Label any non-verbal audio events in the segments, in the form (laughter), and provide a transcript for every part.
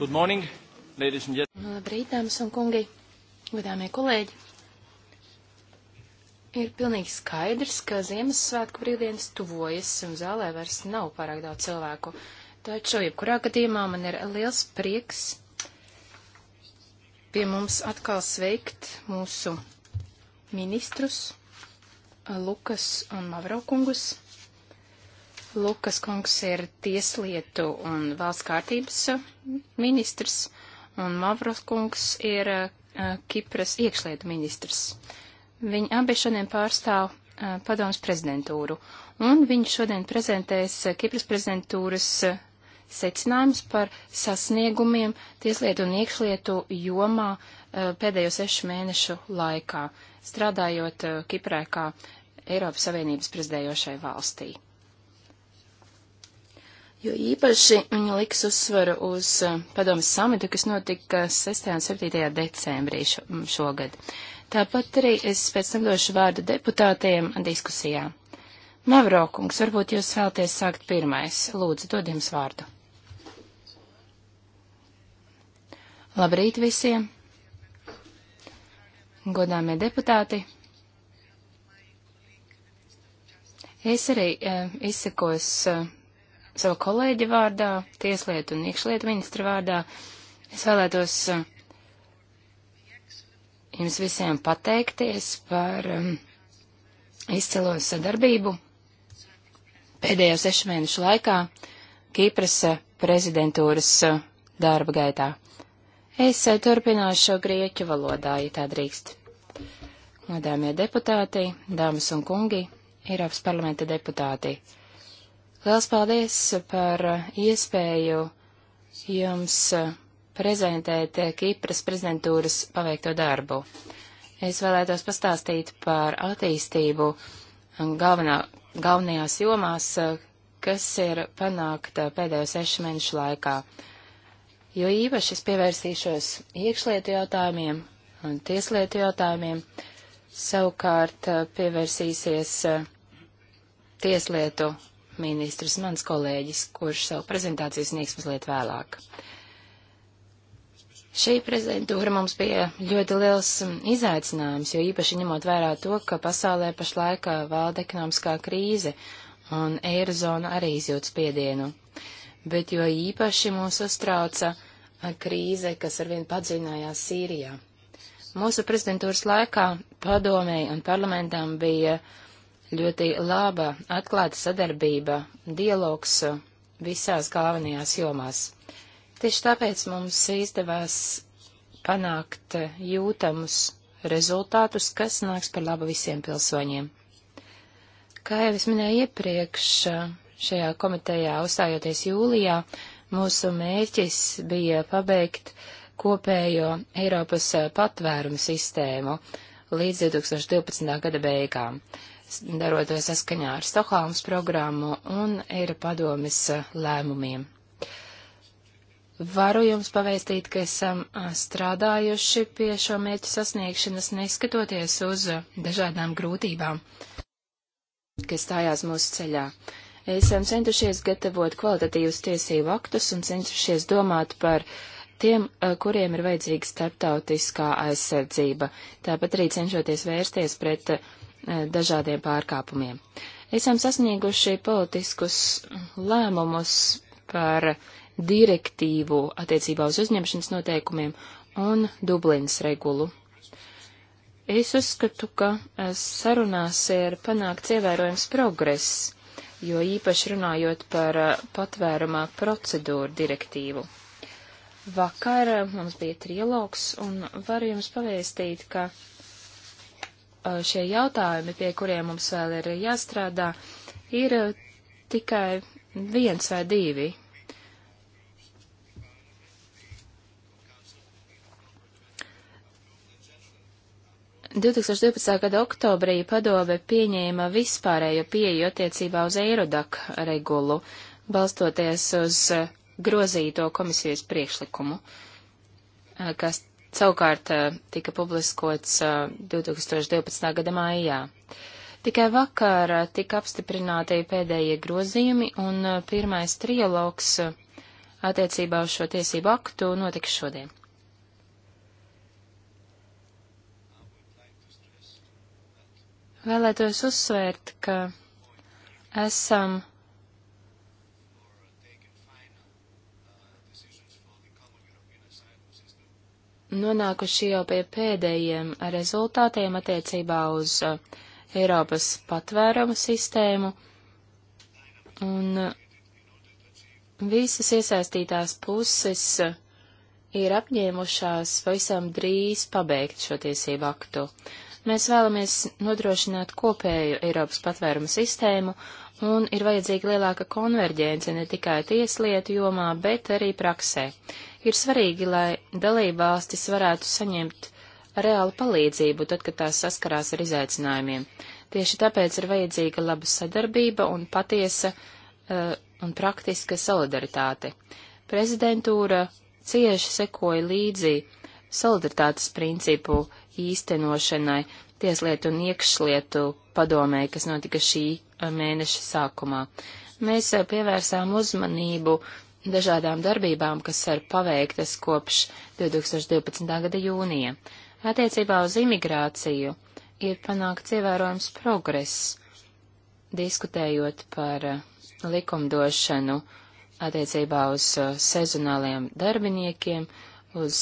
Good morning, ladies and gentlemen. Labrīt, dāmas un kungi, godāmie kolēģi. Ir pilnīgi skaidrs, ka Ziemassvētku brīvdienas tuvojas un zālē vairs nav pārāk daudz cilvēku. Taču, jebkurā gadījumā man ir liels prieks pie mums atkal sveikt mūsu ministrus Lukas un Mavrokungus. Lukas kungs ir tieslietu un valsts kārtības ministrs, un Mavros kungs ir uh, Kipras iekšlietu ministrs. Viņi abi šodien pārstāv uh, padomus prezidentūru, un viņi šodien prezentēs eh, Kipras prezidentūras uh, secinājums par sasniegumiem tieslietu un iekšlietu jomā pēdējo sešu mēnešu laikā, strādājot Kiprē kā Eiropas Savienības prezidējošai valstī jo īpaši viņa liks uzsvaru uz eh, padomas samitu, kas notika 6. Eh, un 7. decembrī šo, šogad. Tāpat arī es pēc tam došu vārdu deputātiem diskusijā. Mavro kungs, varbūt jūs vēlties sākt pirmais. Lūdzu, dod jums vārdu. Labrīt visiem! Godāmie deputāti! Es arī uh, izsakos uh, savu kolēģi vārdā, tieslietu un iekšlietu ministra vārdā. Es vēlētos eh, jums visiem pateikties par um, izcilo sadarbību pēdējo sešu mēnešu laikā Kīpras eh, prezidentūras eh, darba gaitā. Es turpināšu grieķu valodā, ja tā drīkst. Godāmie deputāti, dāmas un kungi, Eiropas parlamenta deputāti. Liels paldies par iespēju jums prezentēt Kipras prezidentūras paveikto darbu. Es vēlētos pastāstīt par attīstību galvenā, galvenajās jomās, kas ir panākta pēdējo sešu mēnešu laikā. Jo īpaši es pievērsīšos iekšlietu jautājumiem un tieslietu jautājumiem, savukārt pievērsīsies tieslietu ministrs, mans kolēģis, kurš savu prezentāciju sniegs mazliet vēlāk. Šī prezentūra mums bija ļoti liels um, izaicinājums, jo īpaši ņemot vērā to, ka pasaulē pašlaik valda ekonomiskā krīze un eirozona arī izjūt spiedienu. Bet jo īpaši mūs uztrauca krīze, kas arvien padziļinājās Sīrijā. Mūsu prezidentūras laikā padomēji un parlamentam bija uh, ļoti laba, atklāta sadarbība, dialogs uh, visās galvenajās jomās. Tieši tāpēc mums izdevās panākt uh, jūtamus rezultātus, kas nāks par labu visiem pilsoņiem. Kā jau es minēju iepriekš, uh, šajā komitejā uzstājoties jūlijā, mūsu mērķis bija pabeigt kopējo Eiropas patvērumu sistēmu līdz 2012. gada beigām darot to saskaņā ar Stokholmas programmu un Eiropadomis eh, lēmumiem. Varu jums pavēstīt, ka esam eh, strādājuši pie šo mērķu sasniegšanas, neskatoties uz eh, dažādām grūtībām, kas stājās mūsu ceļā. Esam centušies gatavot kvalitatīvus tiesību aktus un centušies domāt par tiem, kuriem ir vajadzīga starptautiskā aizsardzība. Tāpat arī cenšoties vērsties pret uh, E, dažādiem pārkāpumiem. Esam sasnieguši politiskus lēmumus par direktīvu attiecībā uz uzņemšanas noteikumiem un Dublinas regulu. Es uzskatu, ka e, sarunās ir panākts ievērojams progress, jo īpaši runājot par e, patvērumā procedūru direktīvu. Vakar mums bija trilogs, un varu jums pavēstīt, ka šie jautājumi, pie kuriem mums vēl ir jāstrādā, ir tikai viens vai divi. gada oktobrī padome pieņēma vispārējo pieeju attiecībā uz Eirodak regulu, balstoties uz grozīto komisijas priekšlikumu, kas Savukārt eh, tika publiskots 2012. Eh, gada maijā. Tikai vakar eh, tika apstiprināti pēdējie grozījumi, un pirmais trialogs attiecībā uz šo tiesību aktu notiks šodien. Vēlētos uzsvērt, ka esam nonākuši jau pie pēdējiem rezultātiem attiecībā uz uh, Eiropas patvērumu sistēmu, un uh, visas iesaistītās puses uh, ir apņēmušās pavisam drīz pabeigt šo tiesību aktu. Mēs vēlamies nodrošināt kopēju Eiropas patvērumu sistēmu un ir vajadzīga lielāka konverģence ne tikai tieslietu jomā, bet arī praksē. Ir svarīgi, lai dalībvalstis varētu saņemt reālu palīdzību tad, kad tās saskarās ar izaicinājumiem. Tieši tāpēc ir vajadzīga laba sadarbība un patiesa uh, un praktiska solidaritāte. Prezidentūra cieši sekoja līdzi solidaritātes principu īstenošanai tieslietu un iekšlietu padomē, kas notika šī mēneša sākumā. Mēs eh, pievērsām uzmanību dažādām darbībām, kas ir paveiktas kopš 2012. gada jūnija. Attiecībā uz imigrāciju ir panākts ievērojams progress, diskutējot par eh, likumdošanu attiecībā uz eh, sezonāliem darbiniekiem, uz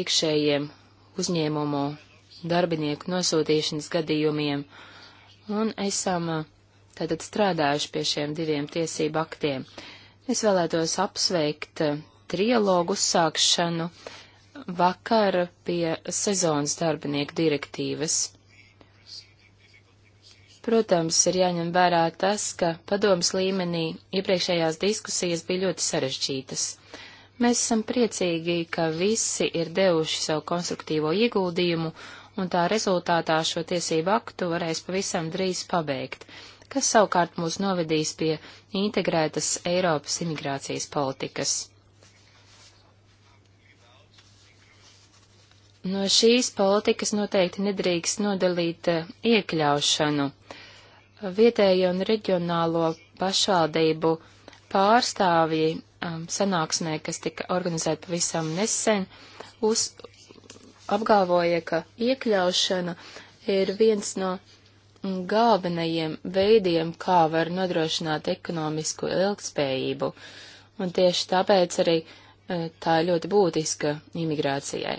iekšējiem uzņēmumu darbinieku nosūtīšanas gadījumiem, uh, un esam tātad strādājuši pie šiem diviem tiesību aktiem. Es vēlētos apsveikt trialogu uzsākšanu vakar pie sezonas darbinieku direktīvas. Protams, ir jāņem vērā tas, ka padomas līmenī iepriekšējās diskusijas bija ļoti sarežģītas. Mēs esam priecīgi, ka visi ir devuši savu konstruktīvo ieguldījumu un tā rezultātā šo tiesību aktu varēs pavisam drīz pabeigt, kas savukārt mūs novedīs pie integrētas Eiropas imigrācijas politikas. No šīs politikas noteikti nedrīkst nodalīt eh, iekļaušanu. Vietējo un reģionālo pašvaldību pārstāvji um, sanāksmē, kas tika organizēta pavisam nesen, uz, apgalvoja, ka iekļaušana ir viens no galvenajiem veidiem, kā var nodrošināt ekonomisku ilgspējību, un tieši tāpēc arī e, tā ir ļoti būtiska imigrācijai.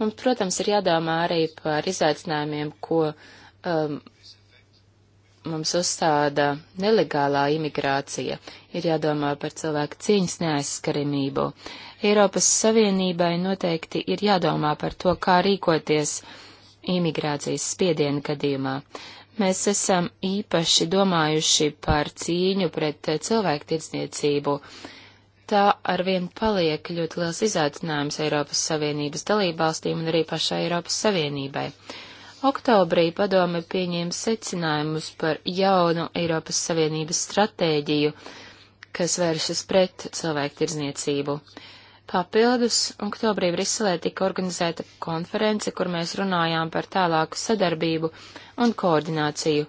Mums, protams, ir jādomā arī par izaicinājumiem, ko um, mums uzstāda nelegālā imigrācija, ir jādomā par cilvēku cieņas neaizskarinību. Eiropas Savienībai noteikti ir jādomā par to, kā rīkoties imigrācijas spiediena gadījumā. Mēs esam īpaši domājuši par cīņu pret cilvēktirdzniecību. Tā arvien paliek ļoti liels izaicinājums Eiropas Savienības dalībvalstīm un arī pašai Eiropas Savienībai. Oktobrī padome pieņēma secinājumus par jaunu Eiropas Savienības stratēģiju, kas vēršas pret cilvēktirdzniecību. Papildus oktobrī Briselē tika organizēta konference, kur mēs runājām par tālāku sadarbību un koordināciju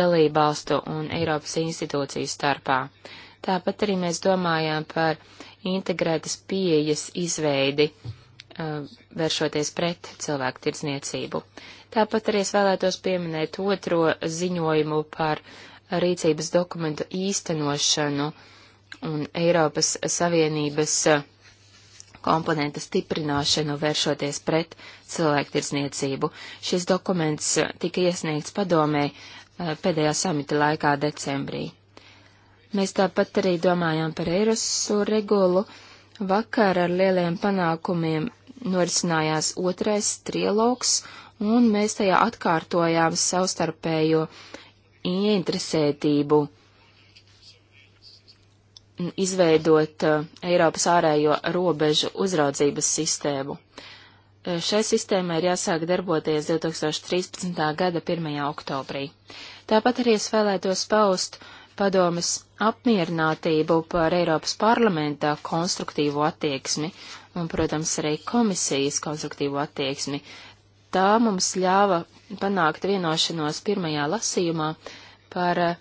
dalībvalstu un Eiropas institūciju starpā. Tāpat arī mēs domājām par integrētas pieejas izveidi Uh, vēršoties pret cilvēku tirdzniecību. Tāpat arī es vēlētos pieminēt otro ziņojumu par rīcības dokumentu īstenošanu un Eiropas Savienības uh, komponenta stiprināšanu vēršoties pret cilvēktirdzniecību. Šis dokuments uh, tika iesniegts padomē pēdējā samita laikā decembrī. Mēs tāpat arī domājām par Eirosu regulu, uh, Vakar ar lieliem panākumiem norisinājās otrais trilogs, un mēs tajā atkārtojām savstarpējo ieinteresētību izveidot uh, Eiropas ārējo robežu uzraudzības sistēmu. Uh, šai sistēmai ir jāsāk darboties 2013. gada 1. oktobrī. Tāpat arī es vēlētos paust padomes apmierinātību par Eiropas parlamentā konstruktīvo attieksmi un, protams, arī komisijas konstruktīvo attieksmi. Tā mums ļāva panākt vienošanos pirmajā lasījumā par eh,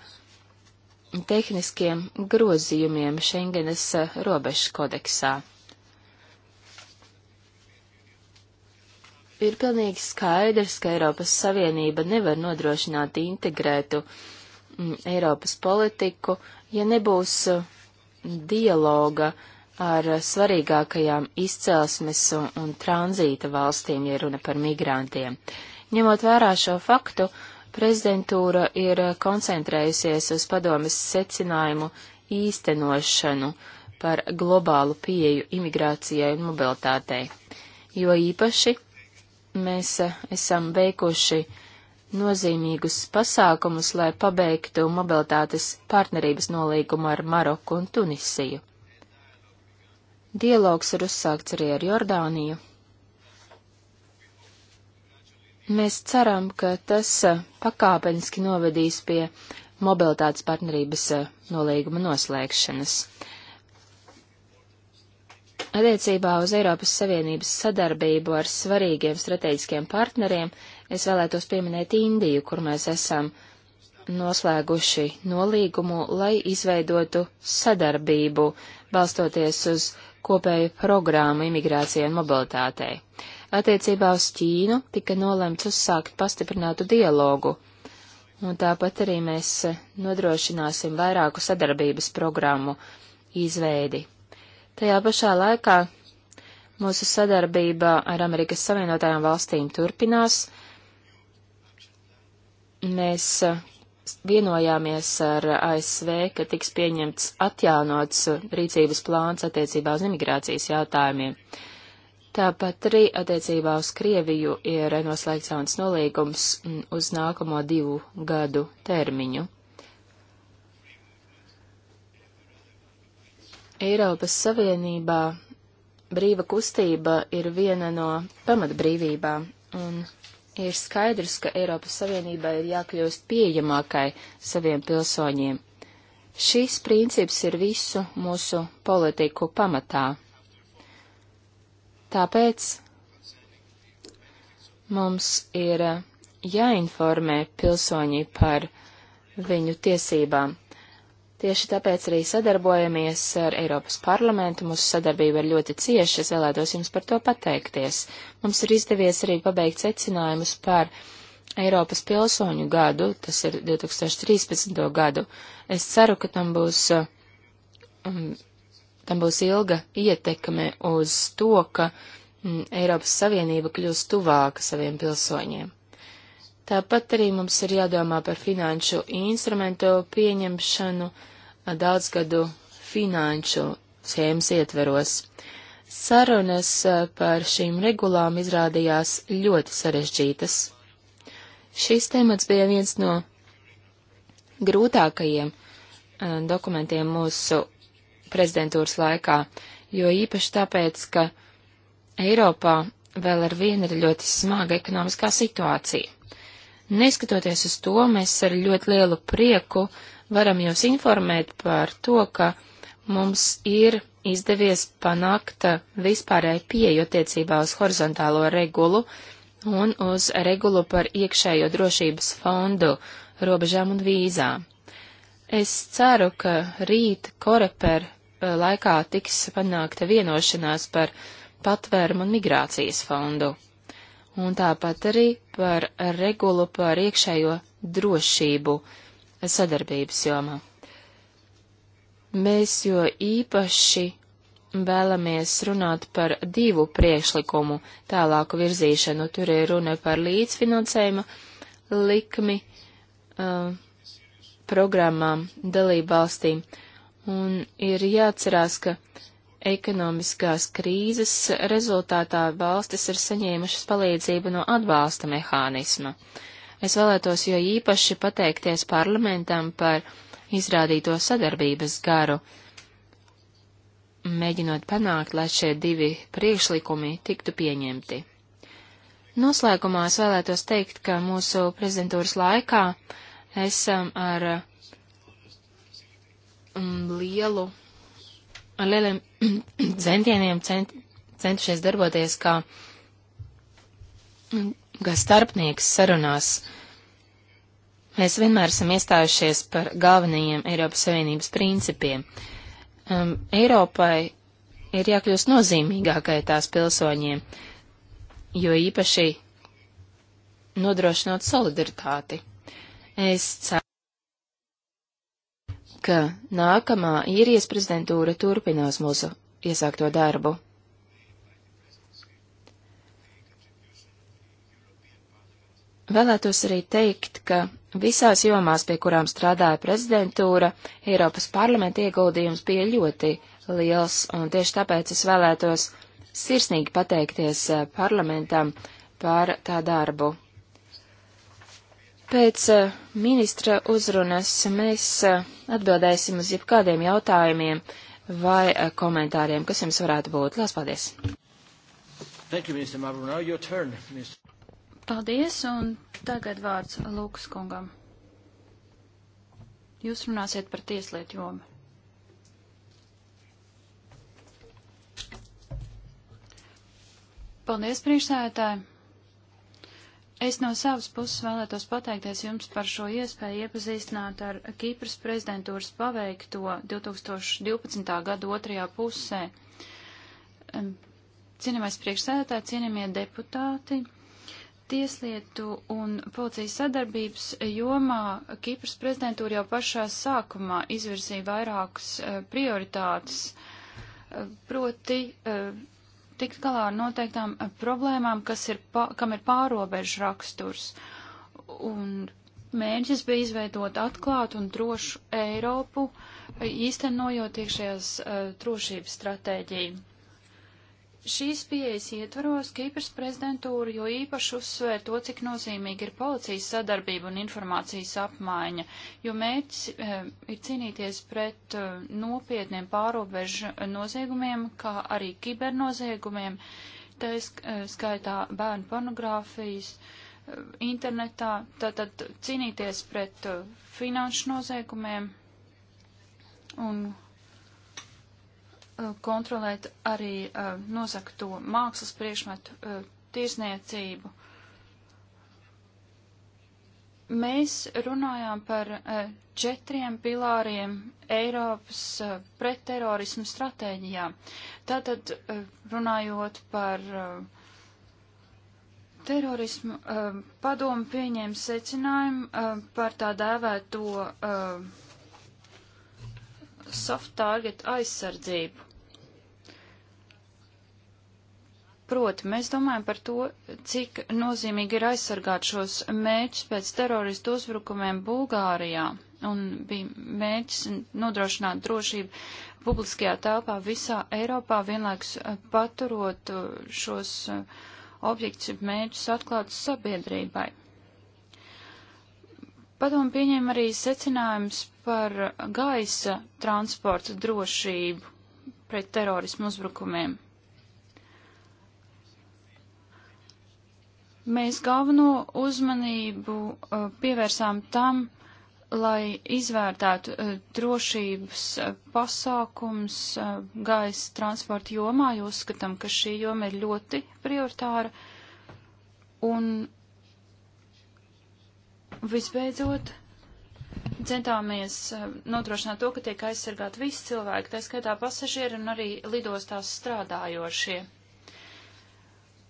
tehniskiem grozījumiem Schengenes eh, robežu kodeksā. Ir pilnīgi skaidrs, ka Eiropas Savienība nevar nodrošināt integrētu uh, Mm, Eiropas politiku, ja nebūs mm, dialoga ar svarīgākajām izcelsmes un, un tranzīta valstīm, ja runa par migrantiem. Ņemot vērā šo faktu, prezidentūra ir koncentrējusies uz padomes secinājumu īstenošanu par globālu pieeju imigrācijai un mobilitātei, jo īpaši mēs eh, esam veikuši uh, nozīmīgus pasākumus, lai pabeigtu mobilitātes partnerības nolīgumu ar Maroku un Tunisiju. Dialogs ir uzsākts arī ar Jordāniju. Mēs ceram, ka tas uh, pakāpeniski novedīs pie mobilitātes partnerības uh, nolīguma noslēgšanas. Attiecībā uz Eiropas Savienības sadarbību ar svarīgiem strateģiskiem partneriem Es vēlētos pieminēt Indiju, kur mēs esam noslēguši nolīgumu, lai izveidotu sadarbību, balstoties uz kopēju programmu imigrācijai un mobilitātei. Attiecībā uz Ķīnu tika nolemts uzsākt pastiprinātu dialogu, un tāpat arī mēs nodrošināsim vairāku sadarbības programmu izveidi. Tajā pašā laikā mūsu sadarbība ar Amerikas Savienotajām valstīm turpinās, Mēs uh, vienojāmies ar ASV, ka tiks pieņemts atjaunots uh, rīcības plāns attiecībā uz imigrācijas jautājumiem. Tāpat arī attiecībā uz Krieviju ir noslēgts jauns nolīgums mm, uz nākamo divu gadu termiņu. Eiropas Savienībā brīva kustība ir viena no pamatbrīvībām, un Ir skaidrs, ka Eiropas Savienībai ir jākļūst pieejamākai saviem pilsoņiem. Šīs princips ir visu mūsu politiku pamatā. Tāpēc mums ir jāinformē pilsoņi par viņu tiesībām. Tieši tāpēc arī sadarbojamies ar Eiropas parlamentu, mūsu sadarbība ir ļoti cieša, es vēlētos jums par to pateikties. Mums ir izdevies arī pabeigt secinājumus par Eiropas pilsoņu gadu, tas ir 2013. gadu. Es ceru, ka tam būs, um, tam būs ilga ietekme uz to, ka um, Eiropas Savienība kļūs tuvāka saviem pilsoņiem. Tāpat arī mums ir jādomā par finanšu instrumentu pieņemšanu daudzgadu finanšu schēmas ietveros. Sarunas par šīm regulām izrādījās ļoti sarežģītas. Šis temats bija viens no grūtākajiem dokumentiem mūsu prezidentūras laikā, jo īpaši tāpēc, ka Eiropā vēl ar vienu ir ļoti smaga ekonomiskā situācija. Neskatoties uz to, mēs ar ļoti lielu prieku varam jūs informēt par to, ka mums ir izdevies panākt vispārēju pieeju attiecībā uz horizontālo regulu un uz regulu par iekšējo drošības fondu, robežām un vīzām. Es ceru, ka rīt koreper eh, laikā tiks panākta vienošanās par patvērumu un migrācijas fondu un tāpat arī par regulu par iekšējo drošību sadarbības jomā. Mēs jo īpaši vēlamies runāt par divu priekšlikumu tālāku virzīšanu. Tur ir runa par līdzfinansējuma likmi uh, programmām dalību valstīm. Un ir jāatcerās, ka ekonomiskās krīzes rezultātā valstis ir saņēmušas palīdzību no atbalsta mehānisma. Es vēlētos jo īpaši pateikties parlamentam par izrādīto sadarbības garu, mēģinot panākt, lai šie divi priekšlikumi tiktu pieņemti. Noslēgumā es vēlētos teikt, ka mūsu prezidentūras laikā esam ar mm, lielu ar lieliem (clears throat) centieniem cent, centušies darboties kā, kā starpnieks sarunās. Mēs vienmēr esam iestājušies par galvenajiem Eiropas Savienības principiem. Um, Eiropai ir jākļūst nozīmīgākai tās pilsoņiem, jo īpaši nodrošinot solidaritāti. Es ceru ka nākamā īrijas prezidentūra turpinās mūsu iesākto darbu. Vēlētos arī teikt, ka visās jomās, pie kurām strādāja prezidentūra, Eiropas parlamenta ieguldījums bija ļoti liels, un tieši tāpēc es vēlētos sirsnīgi pateikties eh, parlamentam par tā darbu. Pēc eh, ministra uzrunas mēs eh, atbildēsim uz jebkādiem jautājumiem vai eh, komentāriem, kas jums varētu būt. Lielas paldies! Thank you, Mr. Mavro. your turn, Mr. Paldies, un tagad vārds Lūkas kungam. Jūs runāsiet par tieslietu jomu. Paldies, priekšsēdētāji! Es no savas puses vēlētos pateikties jums par šo iespēju iepazīstināt ar Kīpras prezidentūras paveikto 2012. gada otrajā pusē. Cienījamais priekšsēdētāji, cienījamie deputāti, tieslietu un policijas sadarbības jomā Kīpras prezidentūra jau pašā sākumā izvirzīja vairākas eh, prioritātes, eh, proti eh, tikt galā ar noteiktām eh, problēmām, kas ir, pa, kam ir pārobežu raksturs. Un mērķis bija izveidot atklātu un drošu Eiropu, eh, īstenojot iekšējās uh, drošības stratēģiju. Šīs pieejas ietvaros Kīpras prezidentūra jo īpaši uzsvēr to, cik nozīmīgi ir policijas sadarbība un informācijas apmaiņa, jo mērķis e, ir cīnīties pret e, nopietniem pārobežu noziegumiem, kā arī kibernoziegumiem, tā e, skaitā bērnu pornogrāfijas, e, internetā, tātad cīnīties pret e, finanšu noziegumiem un Uh, kontrolēt arī uh, nozakto mākslas priekšmetu uh, tirsniecību. Mēs runājām par četriem pilāriem Eiropas pretterorismu stratēģijā. Tātad runājot par terorismu, padomu pieņēma secinājumu par tā dēvēto soft target aizsardzību. Proti, mēs domājam par to, cik nozīmīgi ir aizsargāt šos mēķus pēc teroristu uzbrukumiem Bulgārijā, un bija mēģis nodrošināt drošību publiskajā telpā visā Eiropā, vienlaiks eh, paturot eh, šos eh, objektus mēģus atklātus sabiedrībai. Padomu pieņēma arī secinājums par gaisa transporta drošību pret terorismu uzbrukumiem. Mēs galveno uzmanību uh, pievērsām tam, lai izvērtētu uh, drošības uh, pasākums uh, gaisa transporta jomā, jo uzskatām, ka šī joma ir ļoti prioritāra. Un visbeidzot, centāmies uh, nodrošināt to, ka tiek aizsargāti visi cilvēki, tā skaitā pasažieri un arī lidostās strādājošie.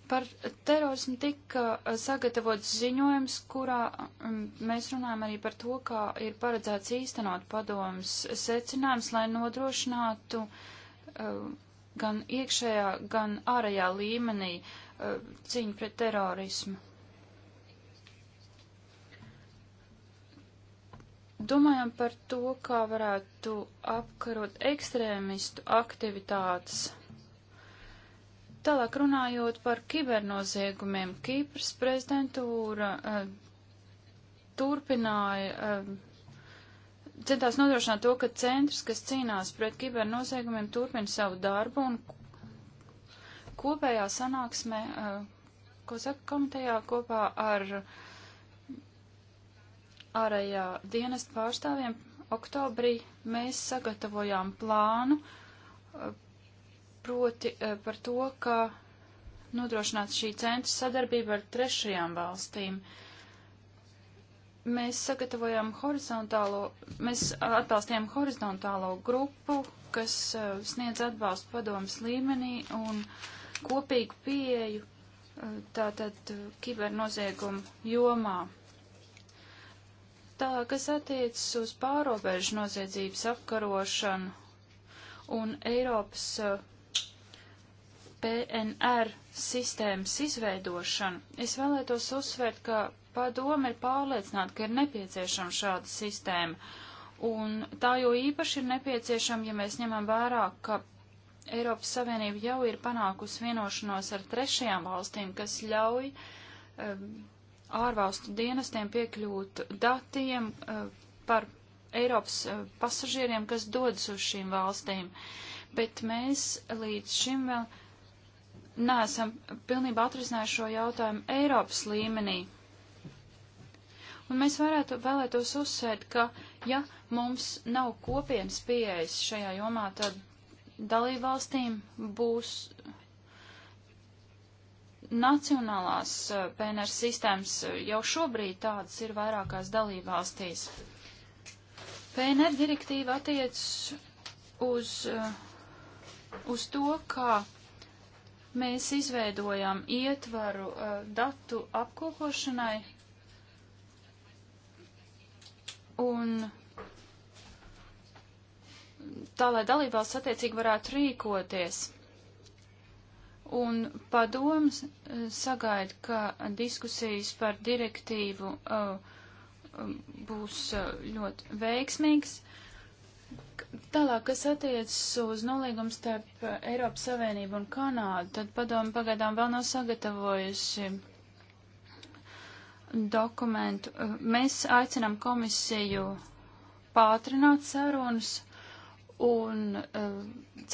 Par terorismu tika eh, sagatavots ziņojums, kurā mm, mēs runājam arī par to, kā ir paredzēts īstenot padomus secinājums, lai nodrošinātu uh, gan iekšējā, gan ārējā līmenī uh, cīņu pret terorismu. Domājam par to, kā varētu apkarot ekstrēmistu aktivitātes Tālāk runājot par kibernoziegumiem, Kīpras prezidentūra uh, turpināja, uh, centās nodrošināt to, ka centrs, kas cīnās pret kibernoziegumiem, turpina savu darbu un kopējā sanāksmē, uh, ko saka komitejā kopā ar ārējā dienesta pārstāvjiem, oktobrī mēs sagatavojām plānu proti eh, par to, ka nodrošināts šī centra sadarbība ar trešajām valstīm. Mēs sagatavojām horizontālo, mēs atbalstījām horizontālo grupu, kas eh, sniedz atbalstu padomas līmenī un kopīgu pieeju eh, tātad kibernoziegumu jomā. Tā, kas attiecas uz pārobežu noziedzības apkarošanu un Eiropas uh, PNR sistēmas izveidošanu, es vēlētos uzsvērt, ka padome ir pārliecināta, ka ir nepieciešama šāda sistēma. Un tā jo īpaši ir nepieciešama, ja mēs ņemam vērā, ka Eiropas Savienība jau ir panākusi vienošanos ar trešajām valstīm, kas ļauj um, ārvalstu dienestiem piekļūt datiem uh, par Eiropas uh, pasažieriem, kas dodas uz šīm valstīm. Bet mēs līdz šim vēl neesam pilnībā atrisinājuši šo jautājumu Eiropas līmenī. Un mēs varētu vēlētos uzsvērt, ka ja mums nav kopienas pieejas šajā jomā, tad dalībvalstīm būs nacionālās eh, PNR sistēmas jau šobrīd tādas ir vairākās dalībvalstīs. PNR direktīva attiec uz, eh, uz to, kā Mēs izveidojam ietvaru uh, datu apkopošanai un tā, lai dalībvalsts attiecīgi varētu rīkoties. Un padoms uh, sagaida, ka diskusijas par direktīvu uh, um, būs uh, ļoti veiksmīgas. Uh, Tālāk, kas attiecas uz nolīgumu starp Eiropas Savienību un Kanādu, tad padomu pagaidām vēl nav sagatavojusi dokumentu. Mēs aicinām komisiju pātrināt sarunas un eh,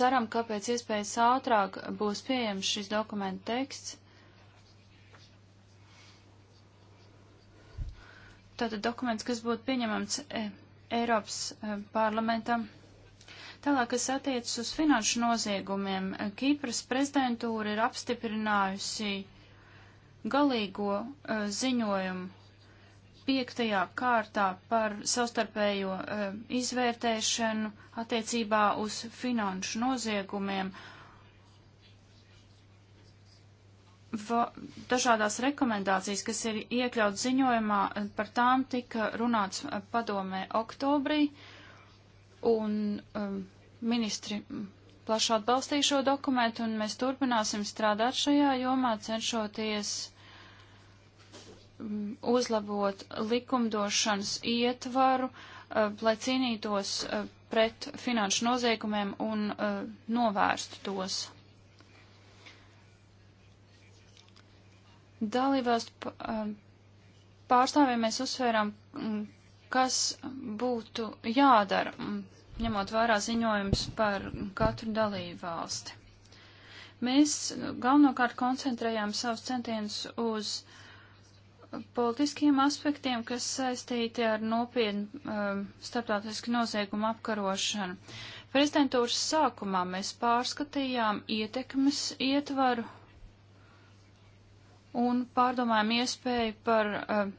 ceram, ka pēc iespējas ātrāk būs pieejams šis dokumentu teksts. Tātad dokuments, kas būtu pieņemams eh, Eiropas eh, parlamentam Tālāk, kas attiecas uz finanšu noziegumiem, Kīpras prezidentūra ir apstiprinājusi galīgo uh, ziņojumu piektajā kārtā par savstarpējo uh, izvērtēšanu attiecībā uz finanšu noziegumiem. Va, dažādās rekomendācijas, kas ir iekļauts ziņojumā, eh, par tām tika runāts padomē oktobrī, un um, Ministri plaši atbalstīja šo dokumentu, un mēs turpināsim strādāt šajā jomā, cenšoties mm, uzlabot likumdošanas ietvaru, eh, lai cīnītos eh, pret finanšu noziegumiem un eh, novērstu tos. Dalībvalstu pārstāvjiem mēs uzsvērām, mm, kas būtu jādara mm, ņemot vērā ziņojums par katru dalību valsti. Mēs galvenokārt koncentrējām savus centienus uz politiskiem aspektiem, kas saistīti ar nopietnu um, starptautisku noziegumu apkarošanu. Prezidentūras sākumā mēs pārskatījām ietekmes ietvaru un pārdomājam iespēju par uh,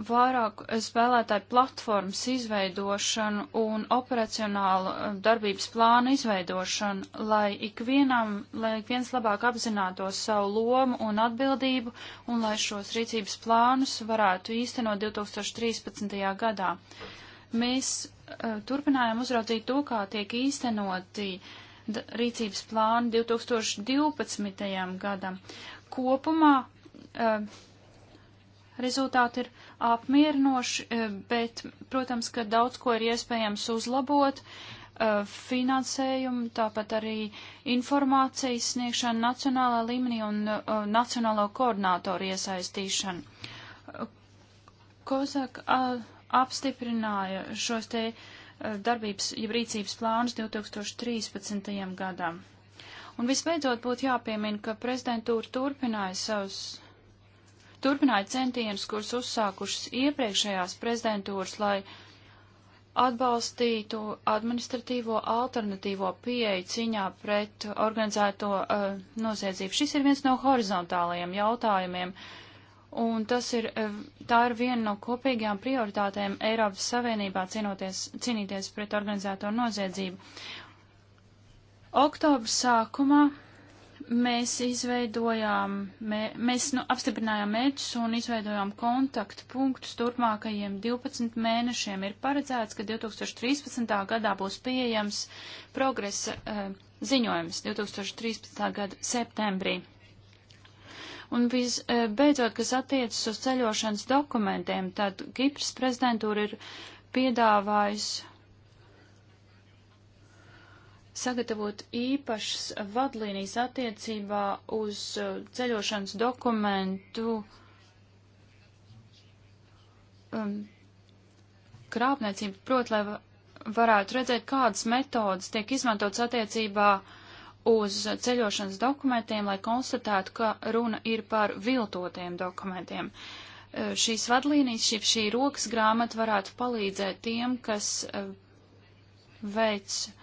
vairāk spēlētāju platformas izveidošanu un operacionālu eh, darbības plānu izveidošanu, lai ikvienam, lai ik viens labāk apzinātos savu lomu un atbildību un lai šos rīcības plānus varētu īstenot 2013. gadā. Mēs uh, turpinājām uzraudzīt to, kā tiek īstenoti rīcības plāni 2012. gadam. Kopumā uh, rezultāti ir apmierinoši, eh, bet, protams, ka daudz ko ir iespējams uzlabot eh, finansējumu, tāpat arī informācijas sniegšanu nacionālā līmenī un uh, nacionālo koordinātoru iesaistīšanu. Kozak uh, apstiprināja šos te uh, darbības, jeb rīcības plānus 2013. gadam. Un visbeidzot būtu jāpiemina, ka prezidentūra turpināja savus turpināja centienus, kurus uzsākušas iepriekšējās prezidentūras, lai atbalstītu administratīvo alternatīvo pieeju ciņā pret organizēto uh, noziedzību. Šis ir viens no horizontālajiem jautājumiem, un tas ir, eh, tā ir viena no kopīgajām prioritātēm Eiropas Savienībā cīnoties, cīnīties pret organizēto noziedzību. Oktobra sākumā Mēs izveidojām, mē, mēs nu, apstiprinājām mērķus un izveidojām kontaktu punktus turpmākajiem 12 mēnešiem. Ir paredzēts, ka 2013. gadā būs pieejams progresa uh, ziņojums 2013. gada septembrī. Un visbeidzot, eh, kas attiecas uz ceļošanas dokumentiem, tad Kipras prezidentūra ir piedāvājusi sagatavot īpašas vadlīnijas attiecībā uz uh, ceļošanas dokumentu um, krāpniecību, proti, lai varētu redzēt, kādas metodas tiek izmantotas attiecībā uz ceļošanas dokumentiem, lai konstatētu, ka runa ir par viltotiem dokumentiem. Uh, šīs vadlīnijas, šī, šī rokas grāmata varētu palīdzēt tiem, kas veids uh,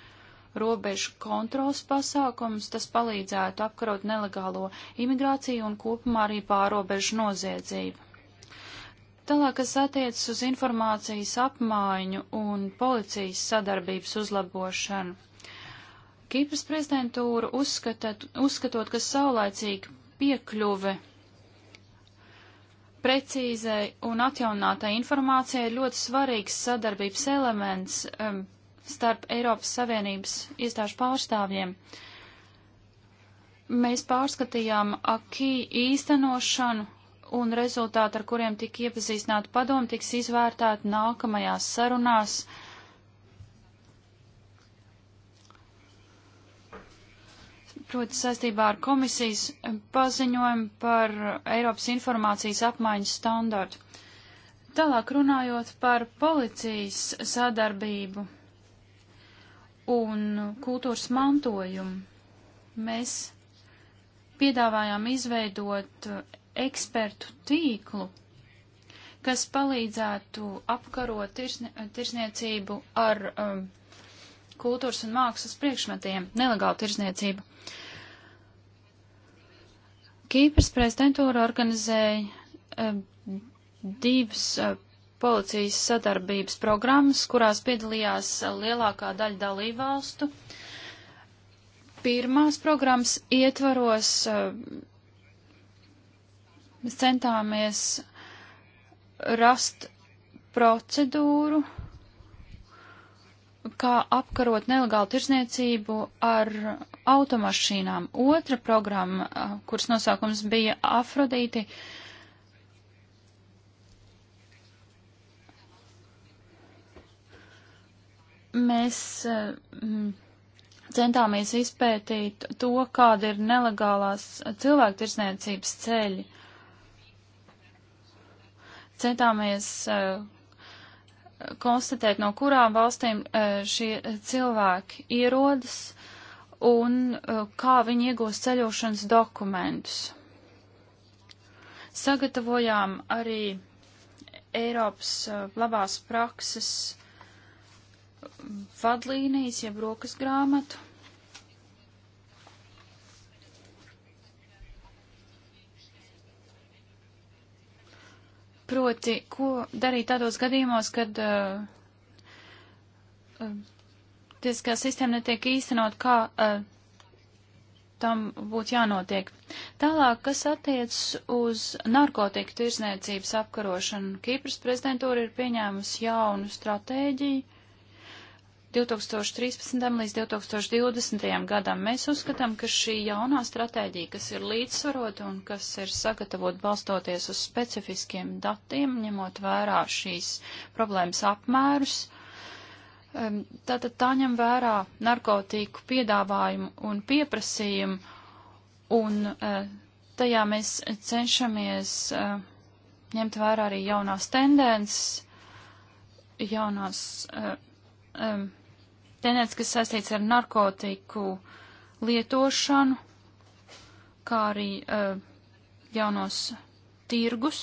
robežu kontrols pasākums, tas palīdzētu apkarot nelegālo imigrāciju un kopumā arī pārobežu noziedzību. Tālāk, kas attiecas uz informācijas apmaiņu un policijas sadarbības uzlabošanu. Kīpras prezidentūra uzskatot, uzskatot ka saulaicīga piekļuve precīzai un atjaunātai informācijai ir ļoti svarīgs sadarbības elements um, starp Eiropas Savienības iestāžu pārstāvjiem. Mēs pārskatījām akī īstenošanu un rezultāti, ar kuriem tika iepazīstināta padoma, tiks izvērtēti nākamajās sarunās. Proti saistībā ar komisijas paziņojumu par Eiropas informācijas apmaiņas standartu. Tālāk runājot par policijas sadarbību un kultūras mantojumu. Mēs piedāvājām izveidot ekspertu tīklu, kas palīdzētu apkarot tirsni, tirsniecību ar um, kultūras un mākslas priekšmetiem, nelegālu tirsniecību. Kīpras prezidentūra organizēja um, divas uh, policijas sadarbības programmas, kurās piedalījās lielākā daļa dalībvalstu. Pirmās programmas ietvaros eh, mēs centāmies rast procedūru, kā apkarot nelegālu tirsniecību ar automašīnām. Otra programma, eh, kuras nosaukums bija Afrodīti, uh, Mēs eh, mm, centāmies izpētīt to, kāda ir nelegālās cilvēktirsniecības ceļi. Centāmies eh, konstatēt, no kurām valstīm eh, šie cilvēki ierodas un kā viņi iegūst ceļošanas dokumentus. Sagatavojām arī Eiropas labās prakses vadlīnijas, jeb rokas grāmatu. Proti, ko darīt tādos gadījumos, kad uh, uh, tiesiskā sistēma netiek īstenot, kā uh, tam būtu jānotiek. Tālāk, kas attiec uz narkotiku tirzniecības apkarošanu, Kīpras prezidentūra ir pieņēmusi jaunu stratēģiju 2013. līdz 2020. gadam. Mēs uzskatām, ka šī jaunā stratēģija, kas ir līdzsvarota un kas ir sagatavot balstoties uz specifiskiem datiem, ņemot vērā šīs problēmas apmērus, tātad tā ņem vērā narkotiku piedāvājumu un pieprasījumu, un e, tajā mēs cenšamies e, ņemt vērā arī jaunās tendences, jaunās um, tendences, kas saistīts ar narkotiku lietošanu, kā arī uh, jaunos tirgus,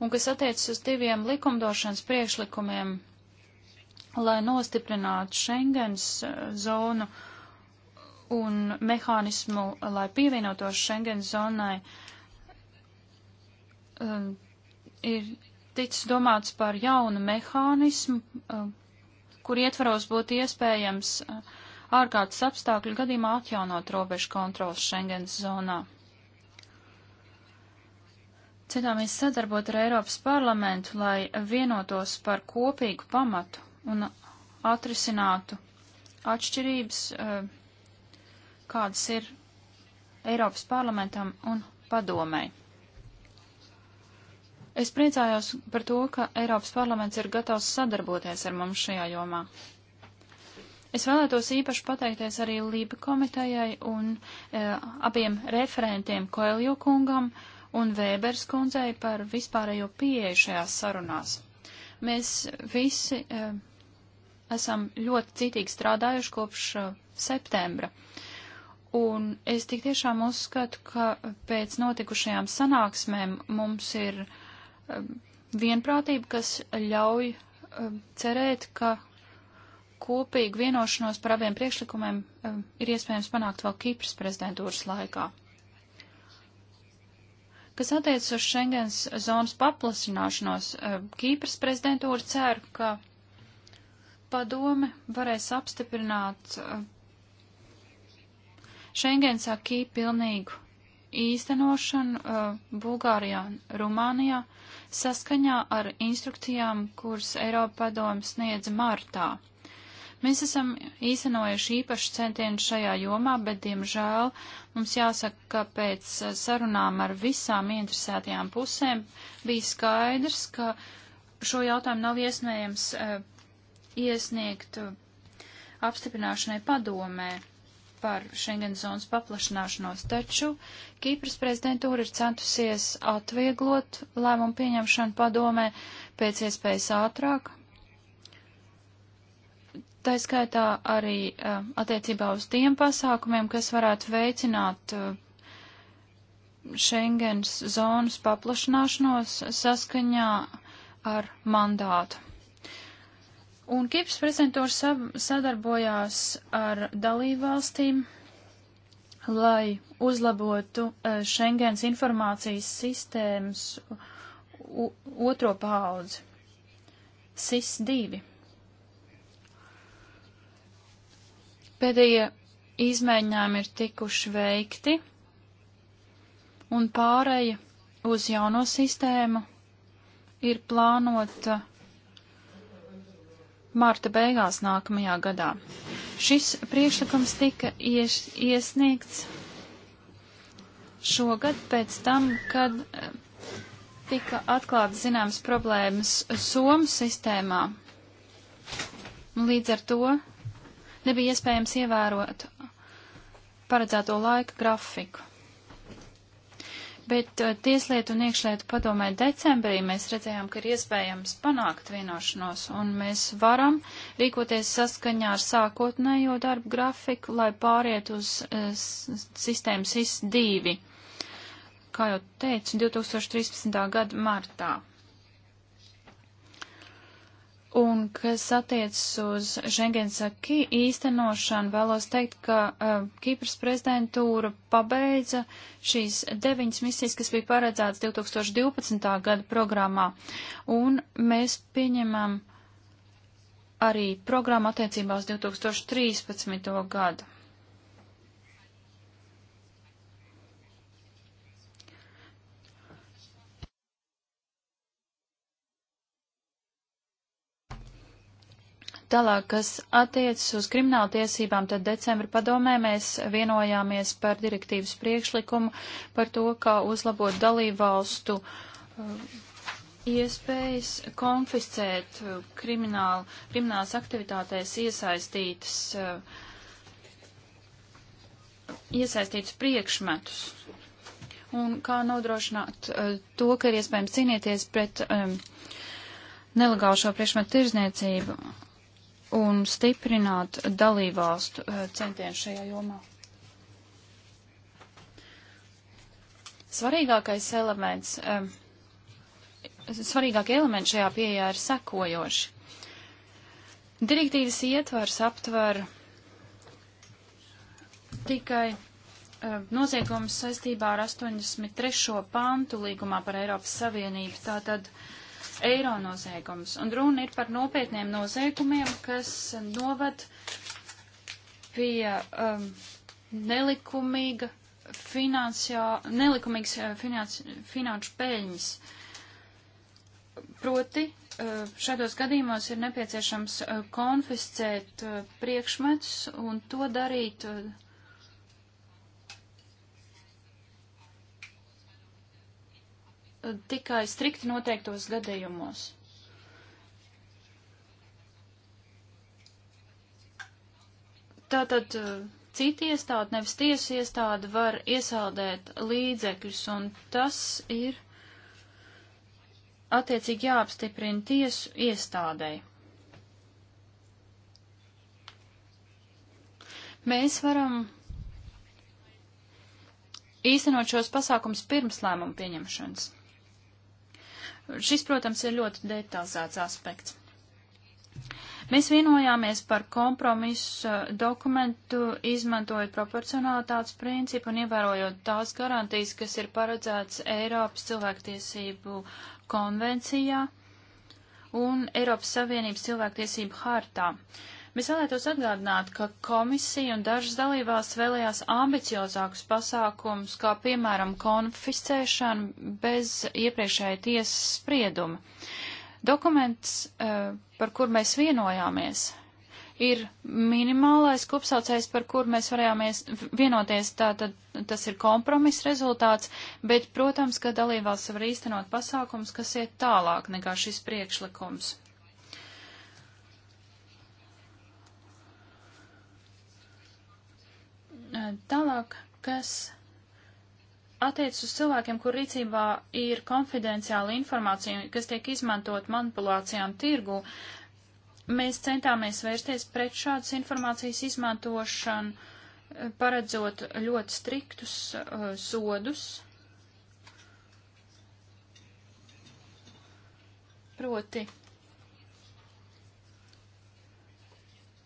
un kas attiecas uz diviem likumdošanas priekšlikumiem, lai nostiprinātu Schengens uh, zonu un mehānismu, lai pievienotos Schengens zonai, uh, ir ticis domāts par jaunu mehānismu, uh, kur ietvaros būtu iespējams uh, ārkārtas apstākļu gadījumā atjaunot robežu kontrols Schengens zonā. Citāmies sadarbot ar Eiropas parlamentu, lai vienotos par kopīgu pamatu un atrisinātu atšķirības, uh, kādas ir Eiropas parlamentam un padomēji. Es priecājos par to, ka Eiropas parlaments ir gatavs sadarboties ar mums šajā jomā. Es vēlētos īpaši pateikties arī Lība komitejai un e, abiem referentiem Koelju kungam un Vēbers kundzei par vispārējo pieeju šajās sarunās. Mēs visi e, esam ļoti citīgi strādājuši kopš e, septembra. Un es tik tiešām uzskatu, ka pēc notikušajām sanāksmēm mums ir. E, Um, vienprātību, kas ļauj um, cerēt, ka kopīgu vienošanos par abiem priekšlikumiem um, ir iespējams panākt vēl Kipras prezidentūras laikā. Kas attiecas uz Schengens zonas paplasināšanos, Kīpras prezidentūra cer, ka padome varēs apstiprināt Schengens akī pilnīgu īstenošanu uh, Bulgārijā un Rumānijā saskaņā ar instrukcijām, kuras Eiropa padomu sniedz martā. Mēs esam īstenojuši īpašu centienu šajā jomā, bet, diemžēl, mums jāsaka, ka pēc uh, sarunām ar visām interesētajām pusēm bija skaidrs, ka šo jautājumu nav iespējams uh, iesniegt uh, apstiprināšanai padomē par Schengen zonas paplašināšanos, taču Kīpras prezidentūra ir centusies atvieglot lēmumu pieņemšanu padomē pēc iespējas ātrāk. Tā skaitā arī uh, attiecībā uz tiem pasākumiem, kas varētu veicināt uh, Schengens zonas paplašināšanos saskaņā ar mandātu. Un Kipras prezidentūra sadarbojās ar dalībvalstīm, lai uzlabotu e, Schengens informācijas sistēmas otro paudzi, SIS-2. Pēdējie izmēģinājumi ir tikuši veikti, un pāreja uz jauno sistēmu ir plānota marta beigās nākamajā gadā. Šis priekšlikums tika ies, iesniegts šogad pēc tam, kad eh, tika atklātas zināmas problēmas Somu sistēmā. Līdz ar to nebija iespējams ievērot paredzēto laika grafiku. Bet uh, Tieslietu un iekšlietu padomē decembrī mēs redzējām, ka ir iespējams panākt vienošanos, un mēs varam rīkoties saskaņā ar sākotnējo darbu grafiku, lai pāriet uz uh, sistēmas SIS-2, kā jau teicu, 2013. gada martā. Un kas attiecas uz Schengens akī īstenošanu, vēlos teikt, ka uh, Kīpras prezidentūra pabeidza šīs deviņas misijas, kas bija paredzētas 2012. gada programmā. Un mēs pieņemam arī programmu attiecībā uz 2013. gadu. Tālāk, kas attiecas uz kriminālu tiesībām, tad decembra padomē mēs vienojāmies par direktīvas priekšlikumu par to, kā uzlabot dalībvalstu um, iespējas konfiscēt uh, kriminālu, kriminālas aktivitātēs iesaistītas, uh, iesaistītas priekšmetus, un kā nodrošināt uh, to, ka ir iespējams cīnīties pret um, nelegālu šo priekšmetu tirzniecību un stiprināt dalībvalstu eh, centienu šajā jomā. Svarīgākais elements, eh, svarīgākie elementi šajā pieejā ir sekojoši. Direktīvas ietvars aptver tikai eh, noziegums saistībā ar 83. pantu līgumā par Eiropas Savienību. Tātad uh, eiro noziegums. Un runa ir par nopietniem noziegumiem, kas novad pie um, nelikumīga finansiā, nelikumīgas uh, finans, finanšu peļņas. Proti, uh, šādos gadījumos ir nepieciešams uh, konfiscēt priekšmetus un to darīt tikai strikti noteiktos gadījumos. Tātad uh, citi iestādi, nevis tiesu iestādi, var iesaldēt līdzekļus, un tas ir attiecīgi jāapstiprina tiesu iestādēji. Mēs varam īstenot šos pasākums pirms lēmumu pieņemšanas. Šis, protams, ir ļoti detalizēts aspekts. Mēs vienojāmies par kompromisu dokumentu, izmantojot proporcionalitātes principu un ievērojot tās garantijas, kas ir paredzētas Eiropas cilvēktiesību konvencijā un Eiropas Savienības cilvēktiesību hartā. Uh, Mēs vēlētos atgādināt, ka komisija un dažas dalībās vēlējās ambiciozākus pasākums, kā piemēram konfiscēšana bez iepriekšēja tiesas sprieduma. Dokuments, eh, par kur mēs vienojāmies, ir minimālais kopsaucējs, par kur mēs varējāmies vienoties, tātad tas ir kompromiss rezultāts, bet, protams, ka dalībvalsts var īstenot pasākums, kas iet tālāk nekā šis priekšlikums. Eh, tālāk, kas attiecas uz cilvēkiem, kur rīcībā ir konfidenciāla informācija, kas tiek izmantot manipulācijām tirgu, mēs centāmies vērsties pret šādas informācijas izmantošanu, eh, paredzot ļoti striktus uh, sodus. Proti,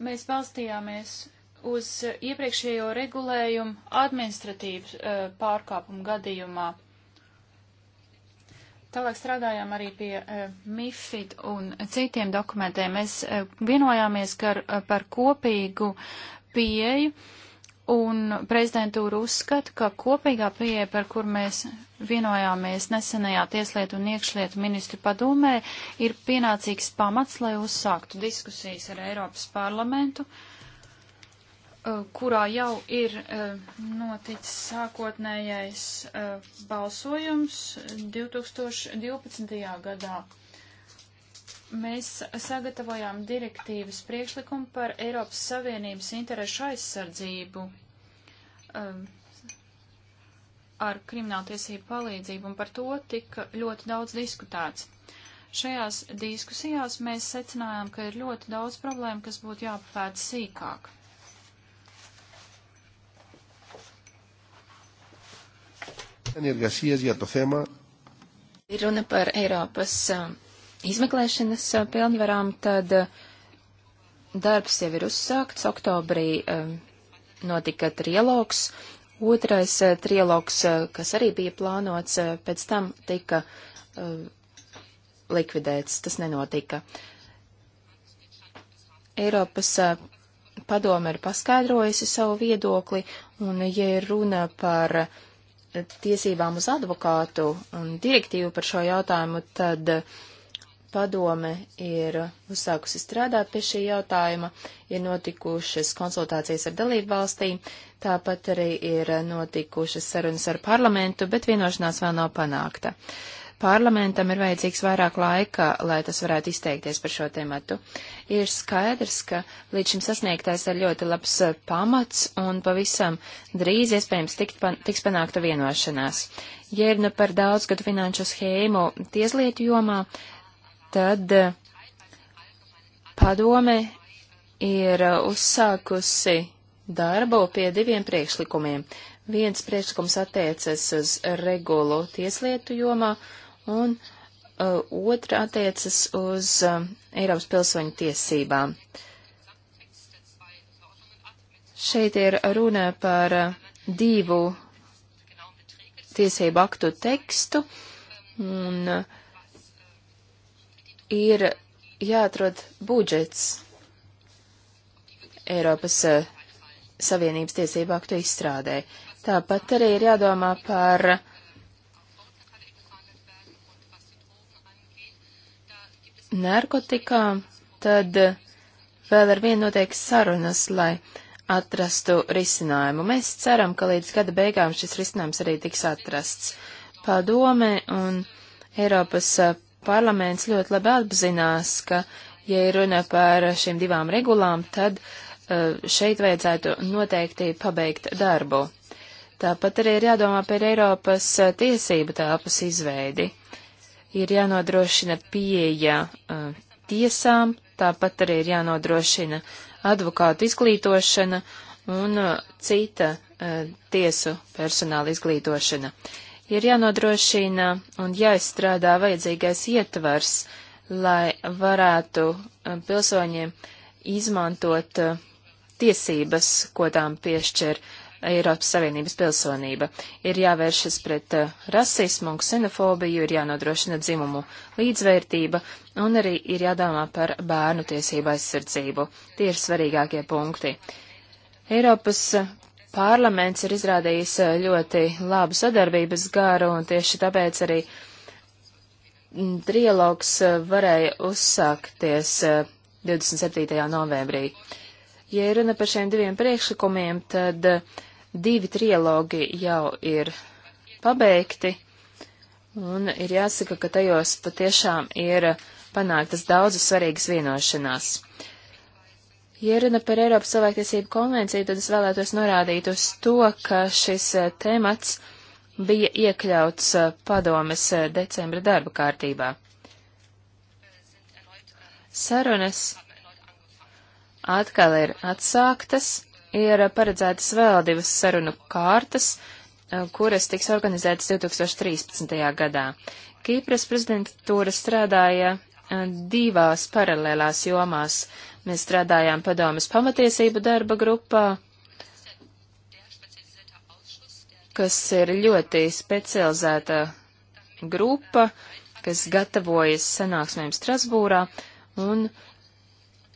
mēs balstījāmies uz eh, iepriekšējo regulējumu administratīvu uh, pārkāpumu gadījumā. Tālāk strādājām arī pie uh, MIFID un citiem dokumentiem. Mēs uh, vienojāmies kar, par kopīgu pieeju, un prezidentūra uzskata, ka kopīgā pieeja, par kur mēs vienojāmies nesenajā Tieslietu un iekšlietu ministru padomē, ir pienācīgs pamats, lai uzsāktu diskusijas ar Eiropas parlamentu. Uh, Uh, kurā jau ir uh, noticis sākotnējais uh, balsojums 2012. gadā. Mēs sagatavojām direktīvas priekšlikumu par Eiropas Savienības interešu aizsardzību ar krimināltiesību palīdzību, un par to tika ļoti daudz diskutēts. Šajās diskusijās mēs secinājām, ka ir ļoti daudz problēmu, kas būtu jāpapēta sīkāk. Ir runa par Eiropas um, izmeklēšanas uh, pilnvarām, tad uh, darbs jau ir uzsākts. Oktobrī um, notika trialogs. Otrais uh, trialogs, kas arī bija plānots, pēc tam tika likvidēts. Tas nenotika. Eiropas padome ir paskaidrojusi savu viedokli, un, ja ir runa par tiesībām uz advokātu un direktīvu par šo jautājumu, tad padome ir uzsākusi strādāt pie šī jautājuma, ir notikušas konsultācijas ar dalību valstīm, tāpat arī ir notikušas sarunas ar parlamentu, bet vienošanās vēl nav panākta. Uh, Parlamentam ir vajadzīgs vairāk laika, lai tas varētu izteikties par šo tematu. Ir skaidrs, ka līdz šim sasniegtais ir ļoti labs eh, pamats un pavisam drīz iespējams tikt, tiks panākta vienošanās. Ja ir nu par daudzgadu finanšu schēmu tieslietu jomā, tad eh, padome ir eh, uzsākusi darbu pie diviem priekšlikumiem. Viens priekšlikums attiecas uz regulu tieslietu jomā, un uh, otra attiecas uz uh, Eiropas pilsoņu tiesībām. Šeit ir runa par uh, divu tiesību aktu tekstu, un uh, ir jāatrod budžets Eiropas uh, Savienības tiesību aktu izstrādē. Tāpat arī ir jādomā par narkotikām, tad vēl ar vienu notiek sarunas, lai atrastu risinājumu. Mēs ceram, ka līdz gada beigām šis risinājums arī tiks atrasts. Padome un Eiropas parlaments ļoti labi atzinās, ka, ja ir runa par šīm divām regulām, tad šeit vajadzētu noteikti pabeigt darbu. Tāpat arī ir jādomā par Eiropas tiesību tāpas izveidi. Uh, ir jānodrošina pieeja uh, tiesām, tāpat arī ir jānodrošina advokātu izglītošana un uh, cita uh, tiesu personāla izglītošana. Ir jānodrošina un jāizstrādā vajadzīgais ietvars, lai varētu pilsoņiem izmantot tiesības, ko tām piešķir Eiropas Savienības pilsonība. Ir jāvēršas pret eh, rasismu un ksenofobiju, ir jānodrošina dzimumu līdzvērtība un arī ir jādomā par bērnu tiesību aizsardzību. Tie ir svarīgākie punkti. Eiropas eh, parlaments ir izrādījis eh, ļoti labu sadarbības garu, un tieši tāpēc arī mm, trialogs varēja uzsākties 27. novembrī. Ja runa par šiem diviem priekšlikumiem, tad Divi trilogi jau ir pabeigti, un ir jāsaka, ka tajos patiešām ir panāktas daudzas svarīgas vienošanās. Ja runa par Eiropas cilvēktiesību konvenciju, tad es vēlētos norādīt uz to, ka šis eh, temats bija iekļauts eh, padomes eh, decembra darba kārtībā. Sarunas atkal ir atsāktas, ir paredzētas vēl divas sarunu kārtas, kuras tiks organizētas 2013. gadā. Kīpras prezidentūra strādāja divās paralēlās jomās. Mēs strādājām padomas pamatiesību darba grupā, kas ir ļoti specializēta grupa, kas gatavojas sanāksmēm Strasbūrā, un uh,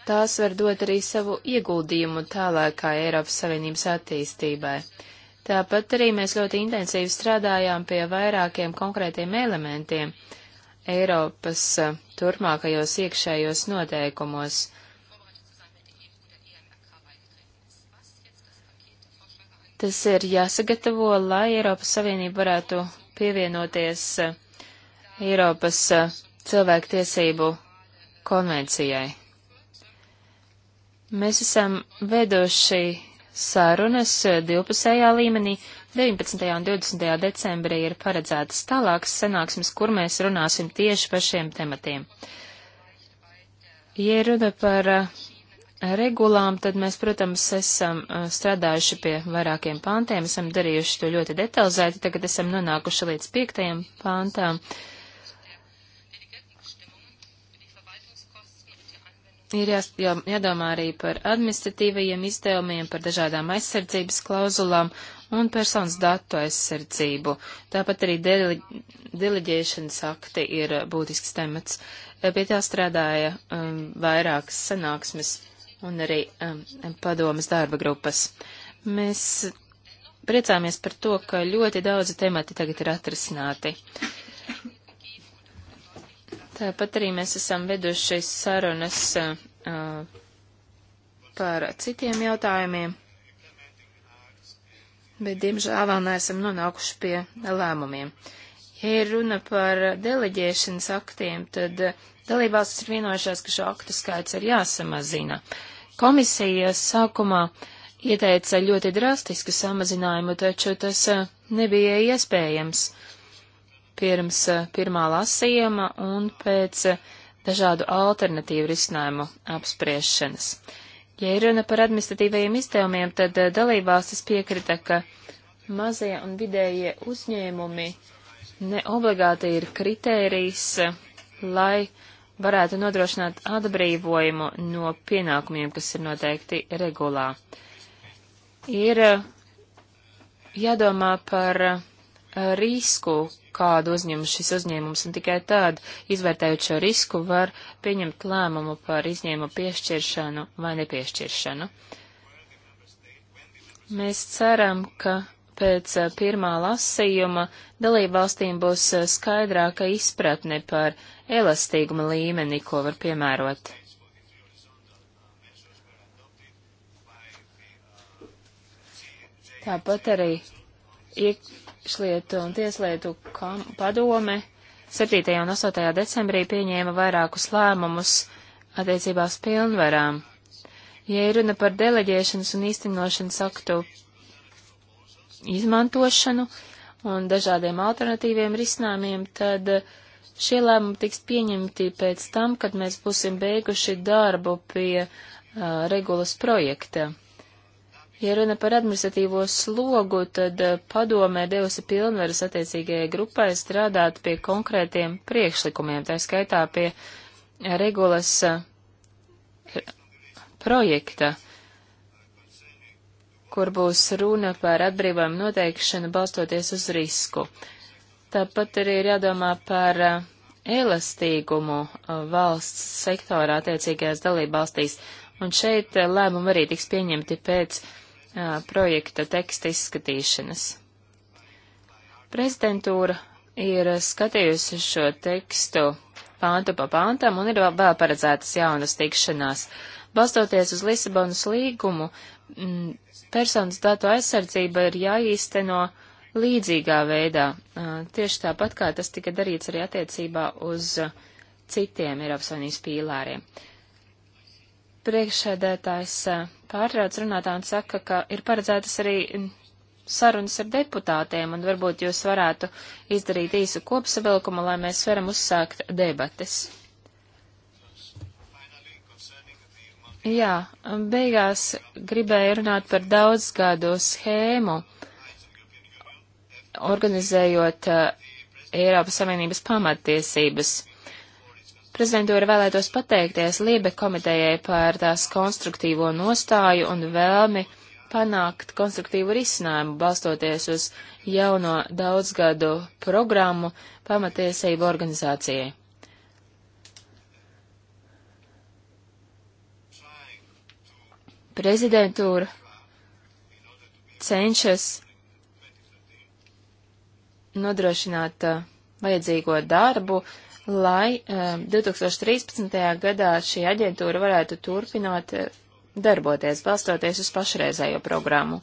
tās var dot arī savu ieguldījumu tālākā Eiropas Savienības attīstībai. Tāpat arī mēs ļoti intensīvi strādājām pie vairākiem konkrētiem elementiem Eiropas eh, turpmākajos iekšējos noteikumos. Tas ir jāsagatavo, lai Eiropas Savienība varētu pievienoties eh, Eiropas eh, cilvēktiesību konvencijai. Mēs esam vedoši sarunas divpusējā līmenī. 19. un 20. decembrī ir paredzētas tālākas sanāksmes, kur mēs runāsim tieši par šiem tematiem. Ja runa par eh, regulām, tad mēs, protams, esam eh, strādājuši pie vairākiem pāntiem, esam darījuši to ļoti detalizēti, tagad esam nonākuši līdz piektajam pāntām. Uh, ir jās, jā, jādomā arī par administratīvajiem izdevumiem, par dažādām aizsardzības klauzulām un personas datu aizsardzību. Tāpat arī deli, deliģēšanas akti ir būtisks temats. E, pie tā strādāja um, vairākas sanāksmes un arī um, padomas darba grupas. Mēs priecāmies par to, ka ļoti daudzi temati tagad ir atrisināti. Tāpat arī mēs esam veduši sarunas uh, par citiem jautājumiem, bet diemžēl vēl neesam nonākuši pie lēmumiem. Ja ir runa par deleģēšanas aktiem, tad dalībvalstis ir vienojušās, ka šo aktu skaits ir jāsamazina. Komisija sākumā ieteica ļoti drastisku samazinājumu, taču tas nebija iespējams. Uh, pirms eh, pirmā lasījuma un pēc eh, dažādu alternatīvu risinājumu apspriešanas. Ja ir runa par administratīvajiem izdevumiem, tad eh, dalībvalstis piekrita, ka mazie un vidējie uzņēmumi neobligāti ir kritērijs, lai varētu nodrošināt atbrīvojumu no pienākumiem, kas ir noteikti regulā. Ir jādomā par risku, kādu uzņem šis uzņēmums, un tikai tad, izvērtējot šo risku, var pieņemt lēmumu par izņēmumu piešķiršanu vai nepiešķiršanu. Mēs ceram, ka pēc eh, pirmā lasījuma dalībvalstīm būs eh, skaidrāka izpratne par elastīguma līmeni, ko var piemērot. Tāpat arī iekšlietu un tieslietu padome 7. un 8. decembrī pieņēma vairākus lēmumus attiecībās pilnvarām. Ja ir runa par deleģēšanas un īstenošanas aktu izmantošanu un dažādiem alternatīviem risinājumiem, tad šie lēmumi tiks pieņemti pēc tam, kad mēs būsim beiguši darbu pie uh, regulas projekta. Ja runa par administratīvo slogu, tad eh, padomē devusi pilnvaras attiecīgajai grupai strādāt pie konkrētiem priekšlikumiem, tā skaitā pie regulas eh, projekta, kur būs runa par atbrīvojumu noteikšanu balstoties uz risku. Tāpat arī ir jādomā par eh, elastīgumu valsts sektora attiecīgajās dalībvalstīs, un šeit lēmumi arī tiks pieņemti pēc projekta teksta izskatīšanas. Prezidentūra ir skatījusi šo tekstu pāntu pa pāntam un ir vēl, vēl paredzētas jaunas tikšanās. Balstoties uz Lisabonas līgumu, m, mm, personas datu aizsardzība ir jāīsteno līdzīgā veidā, tieši tāpat kā tas tika darīts arī attiecībā uz citiem Eiropas Savienības pīlāriem. Uh, Priekšsēdētājs eh, pārtrauc runātā un saka, ka ir paredzētas arī sarunas ar deputātiem, un varbūt jūs varētu izdarīt īsu kopsavilkumu, lai mēs varam uzsākt debates. Jā, beigās gribēju runāt par daudzgadu schēmu, organizējot eh, Eiropas Savienības pamattiesības. Prezidentūra vēlētos pateikties Liebe komitejai par tās konstruktīvo nostāju un vēlmi panākt konstruktīvu risinājumu, balstoties uz jauno daudzgadu programmu pamatiesību organizācijai. Prezidentūra cenšas nodrošināt uh, vajadzīgo darbu, uh, lai 2013. Um, gadā šī aģentūra varētu turpināt uh, darboties, balstoties uz pašreizējo programmu.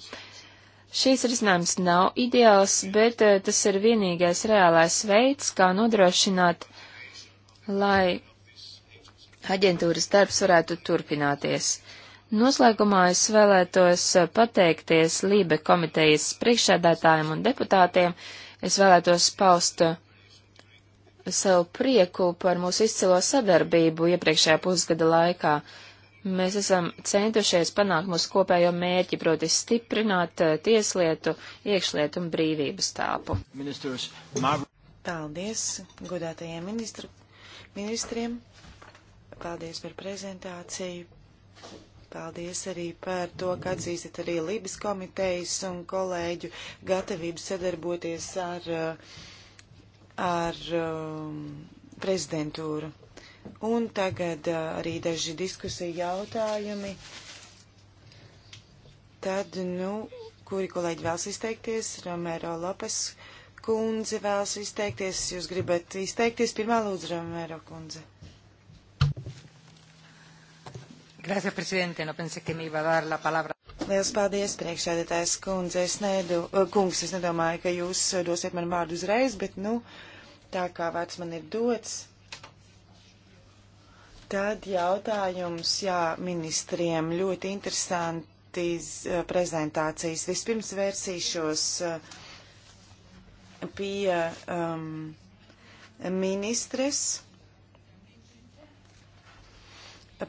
Šīs risinājums nav ideāls, bet uh, tas ir vienīgais reālais veids, kā nodrošināt, lai aģentūras darbs varētu turpināties. Noslēgumā es vēlētos uh, pateikties Lībe komitejas priekšsēdētājiem un deputātiem. Es vēlētos paust savu prieku par mūsu izcilo sadarbību iepriekšējā pusgada laikā. Mēs esam centušies panākt mūsu kopējo mērķi, proti stiprināt eh, tieslietu, iekšlietu un brīvības tāpu. Ministrus, Mar... Paldies godātajiem ministru, ministriem. Paldies par prezentāciju. Paldies arī par to, ka atzīstat arī Libas komitejas un kolēģu gatavību sadarboties ar uh, ar um, prezidentūru. Un tagad uh, arī daži diskusija jautājumi. Tad, nu, kuri kolēģi vēlas izteikties? Romero Lopes kundze vēlas izteikties. Jūs gribat izteikties? Pirmā lūdzu, Romero kundze. Gracias, presidente. No pensé que me iba a dar la palabra. Liels paldies, priekšsēdētājs kundze. Es nedu, eh, kungs, es nedomāju, ka jūs dosiet man vārdu uzreiz, bet, nu, uh, tā kā vārds man ir dots, tad jautājums, jā, ministriem ļoti interesanti eh, prezentācijas. Vispirms vērsīšos eh, pie um, ministres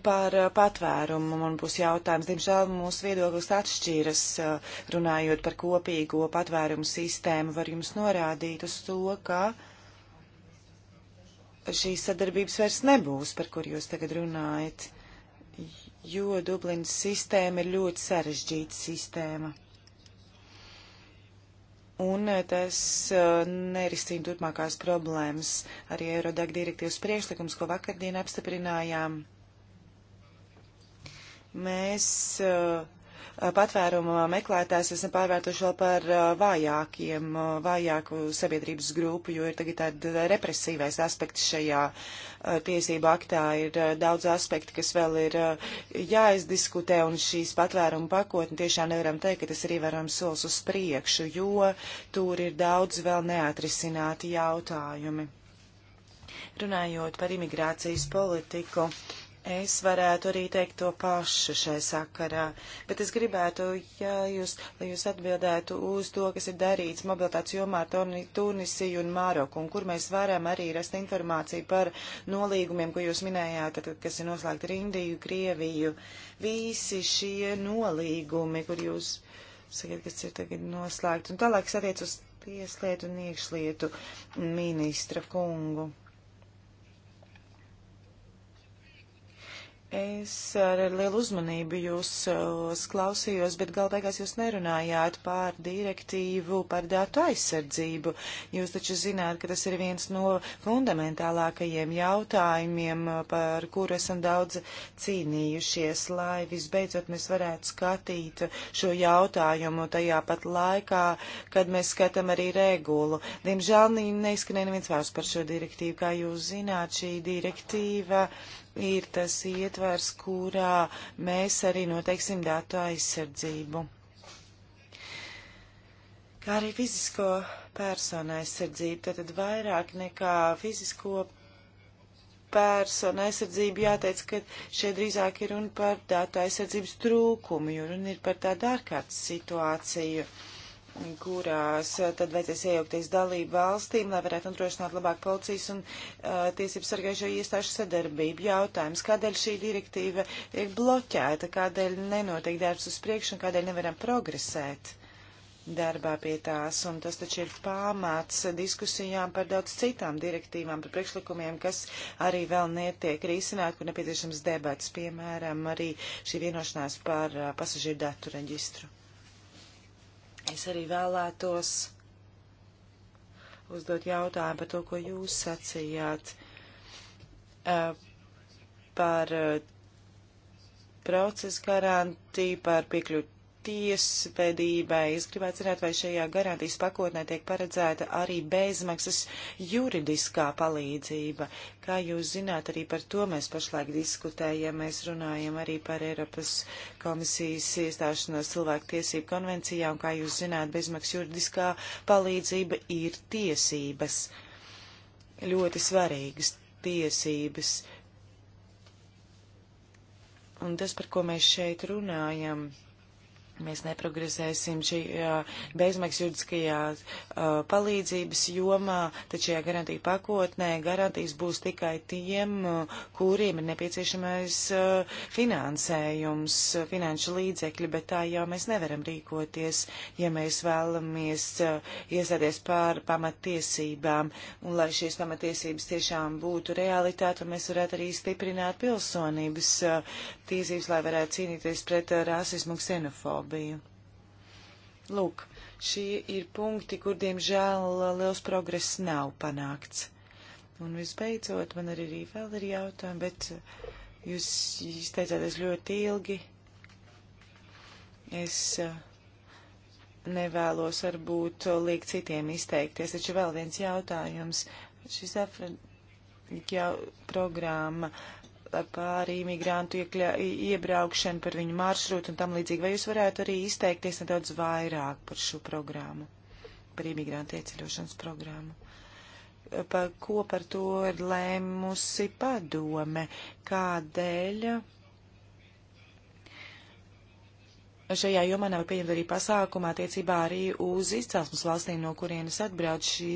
par eh, patvērumu man būs jautājums. Diemžēl mūsu viedoklis atšķīras, runājot par kopīgo patvērumu sistēmu. Var jums norādīt uz to, ka uh, šīs sadarbības vairs nebūs, par kur jūs tagad runājat, jo Dublinas sistēma ir ļoti sarežģīta sistēma. Un eh, tas uh, nerisina turpmākās problēmas. Arī Eurodag direktīvas priekšlikums, ko vakardien apstiprinājām, mēs uh, Eh, patvērumu meklētājs esam pārvērtuši vēl par eh, vājākiem, eh, vājāku sabiedrības grupu, jo ir tagad tāda represīvais aspekts šajā tiesību aktā. Ir daudz aspekti, kas vēl ir jāizdiskutē, un šīs patvērumu pakotni tiešām nevaram teikt, ka tas ir ievērojams solis uz priekšu, jo tur ir daudz vēl neatrisināti jautājumi. Runājot par imigrācijas politiku. Uh, Es varētu arī teikt to pašu šai sakarā, bet es gribētu, ja jūs, lai jūs atbildētu uz to, kas ir darīts mobilitātes jomā ar Tunisiju un Maroku, un kur mēs varam arī rast informāciju par nolīgumiem, ko jūs minējāt, tad, kas ir noslēgti ar Indiju, Krieviju. Visi šie nolīgumi, kur jūs sakat, kas ir tagad noslēgti, un tālāk satiec uz tieslietu un iekšlietu ministra kungu. Es ar lielu uzmanību jūs uh, klausījos, bet gal beigās jūs nerunājāt pār direktīvu par datu aizsardzību. Jūs taču zināt, ka tas ir viens no fundamentālākajiem jautājumiem, uh, par kuru esam daudz cīnījušies, lai visbeidzot mēs varētu skatīt šo jautājumu tajā pat laikā, kad mēs skatām arī regulu. Diemžēl neizskanēja neviens vārds par šo direktīvu. Kā jūs zināt, šī direktīva. Uh, ir tas ietvers, kurā mēs arī noteiksim datu aizsardzību. Kā arī fizisko personu aizsardzību, tad vairāk nekā fizisko personu aizsardzību jāteic, ka šeit drīzāk ir runa par datu aizsardzības trūkumu, jo runa ir par tādu ārkārtas situāciju. Uh, kurās eh, tad vajadzēs iejaukties dalību valstīm, lai varētu nodrošināt labāk policijas un uh, tiesību sargājušo iestāžu sadarbību. Jautājums, kādēļ šī direktīva tiek bloķēta, kādēļ nenotiek darbs uz priekšu un kādēļ nevaram progresēt darbā pie tās. Un tas taču ir pamāts diskusijām par daudz citām direktīvām, par priekšlikumiem, kas arī vēl netiek risināt, kur nepieciešams debats, piemēram, arī šī vienošanās par uh, pasažieru datu reģistru. Es arī vēlētos uzdot jautājumu par to, ko jūs sacījāt par procesu garantiju, par piekļūt tiesvedībai. Es gribētu zināt, vai šajā garantijas pakotnē tiek paredzēta arī bezmaksas juridiskā palīdzība. Kā jūs zināt, arī par to mēs pašlaik diskutējam. Mēs runājam arī par Eiropas komisijas iestāšanos cilvēku tiesību konvencijā, un kā jūs zināt, bezmaksas juridiskā palīdzība ir tiesības. Ļoti svarīgas tiesības. Un tas, par ko mēs šeit runājam, Mēs neprogresēsim šajā bezmaksas juridiskajā uh, palīdzības jomā, taču šajā garantija pakotnē garantijas būs tikai tiem, uh, kuriem ir nepieciešamais uh, finansējums, finanšu līdzekļi, bet tā jau mēs nevaram rīkoties, ja mēs vēlamies iestāties pār pamatiesībām. Un lai šīs pamatiesības tiešām būtu realitāte, mēs varētu arī stiprināt pilsonības tiesības, lai varētu cīnīties pret rasismu ksenofobu ksenofobiju. Lūk, šie ir punkti, kur, diemžēl, liels progress nav panākts. Un visbeidzot, man arī vēl ir jautājumi, bet eh, jūs izteicāties ļoti ilgi. Es eh, nevēlos varbūt liekt citiem izteikties, taču vēl viens jautājums. Šis afrika programma pāri imigrantu iekļa, iebraukšanu, par viņu maršrutu un tam līdzīgi. Vai jūs varētu arī izteikties nedaudz vairāk par šo programmu, par imigrantu ieceļošanas programmu? Pa, ko par to ir lēmusi padome? Kādēļ Šajā jomā nav pieņemta arī pasākuma attiecībā arī uz izcelsmes valstīm, no kurienes atbrauc šī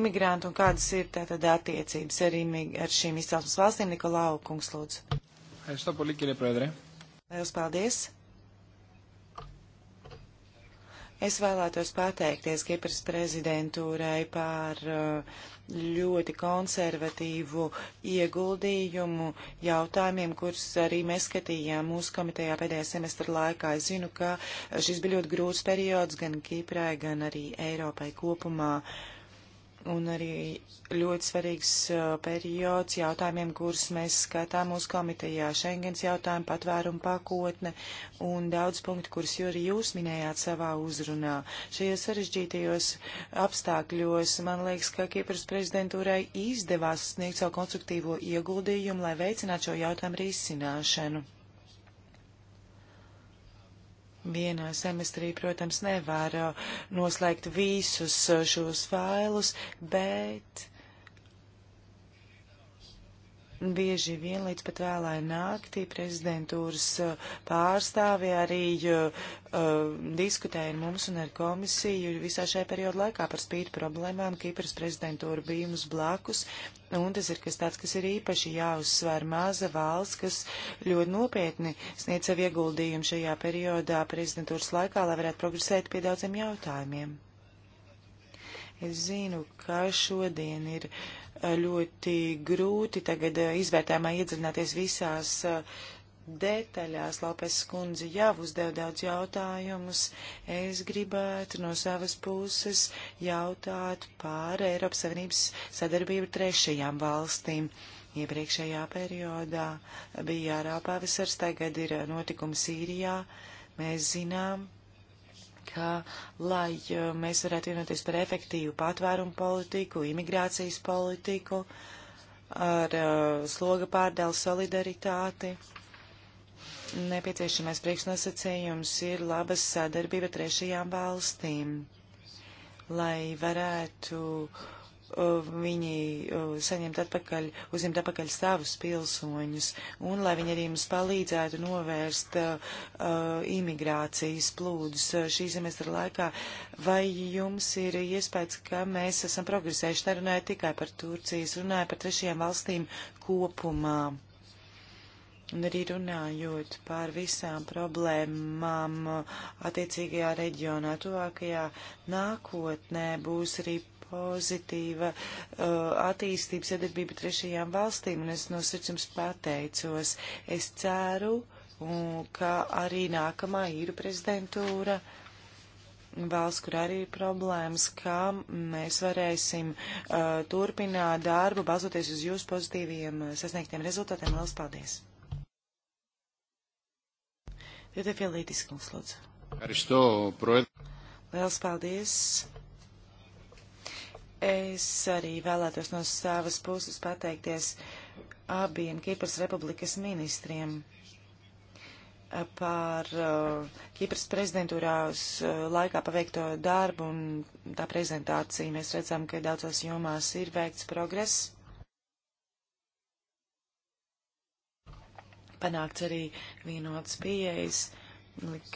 imigranti un kādas ir tātad attiecības ar, ar šīm izcelsmes valstīm. Nikolau Kungs, lūdzu. Lielas paldies! Es vēlētos pateikties Kipras prezidentūrai par uh, ļoti konservatīvu ieguldījumu jautājumiem, kurus arī mēs skatījām mūsu komitejā pēdējā semestra laikā. Es zinu, ka šis bija ļoti grūts periods gan Kiprai, gan arī Eiropai kopumā. Uh, un arī ļoti svarīgs periods jautājumiem, kurus mēs skatām mūsu komitejā. Šengens jautājumu patvērumu pakotne un daudz punktu, kurus arī jūs minējāt savā uzrunā. Šajos sarežģītajos apstākļos man liekas, ka Kipras prezidentūrai izdevās sniegt savu konstruktīvo ieguldījumu, lai veicinātu šo jautājumu risināšanu. Vienā semestrī, protams, nevar uh, noslēgt visus uh, šos failus, bet Bieži vien līdz pat vēlai naktī prezidentūras uh, pārstāvi arī uh, uh, diskutēja ar mums un ar komisiju visā šajā perioda laikā par spīti problēmām. Kipras prezidentūra bija mums blakus, un tas ir kas tāds, kas ir īpaši jāuzsver maza valsts, kas ļoti nopietni sniedz savu ieguldījumu šajā periodā prezidentūras laikā, lai varētu progresēt pie daudziem jautājumiem. Es zinu, ka šodien ir uh, ļoti grūti tagad eh, izvērtējumā iedziļināties visās eh, detaļās. Lopes skundze jau uzdev daudz jautājumus. Es gribētu no savas puses jautāt par Eiropas Savienības sadarbību trešajām valstīm. Iepriekšējā periodā bija ārā pavasars, tagad ir notikums Sīrijā. Mēs zinām, ka, lai e, mēs varētu vienoties par efektīvu patvērumu politiku, imigrācijas politiku, ar uh, sloga pārdēlu solidaritāti, nepieciešamais priekšnosacījums ir labas sadarbība trešajām valstīm, lai varētu uh, Uh, viņi uh, saņemt atpakaļ, uzņemt atpakaļ savus pilsoņus, un lai viņi arī mums palīdzētu novērst uh, uh imigrācijas plūdus šī semestra laikā. Vai jums ir iespējas, ka mēs esam progresējuši, te runāja tikai par Turcijas, runāja par trešajām valstīm kopumā? Un arī runājot par visām problēmām attiecīgajā reģionā, tuvākajā nākotnē būs arī pozitīva uh, attīstības sadarbība trešajām valstīm, un es no sirds jums pateicos. Es ceru, un, ka arī nākamā īru prezidentūra valsts, kur arī ir problēmas, kā mēs varēsim uh, turpināt darbu, bazoties uz jūsu pozitīviem uh, sasniegtiem rezultātiem. Lielas paldies! Jūtefilītis, kungs, lūdzu. Liels paldies! Es arī vēlētos no savas puses pateikties abiem Kipras republikas ministriem par uh, Kipras prezidentūrās uh, laikā paveikto darbu un tā prezentāciju. Mēs redzam, ka daudzās jomās ir veikts progress. Panākts arī vienots pieejas,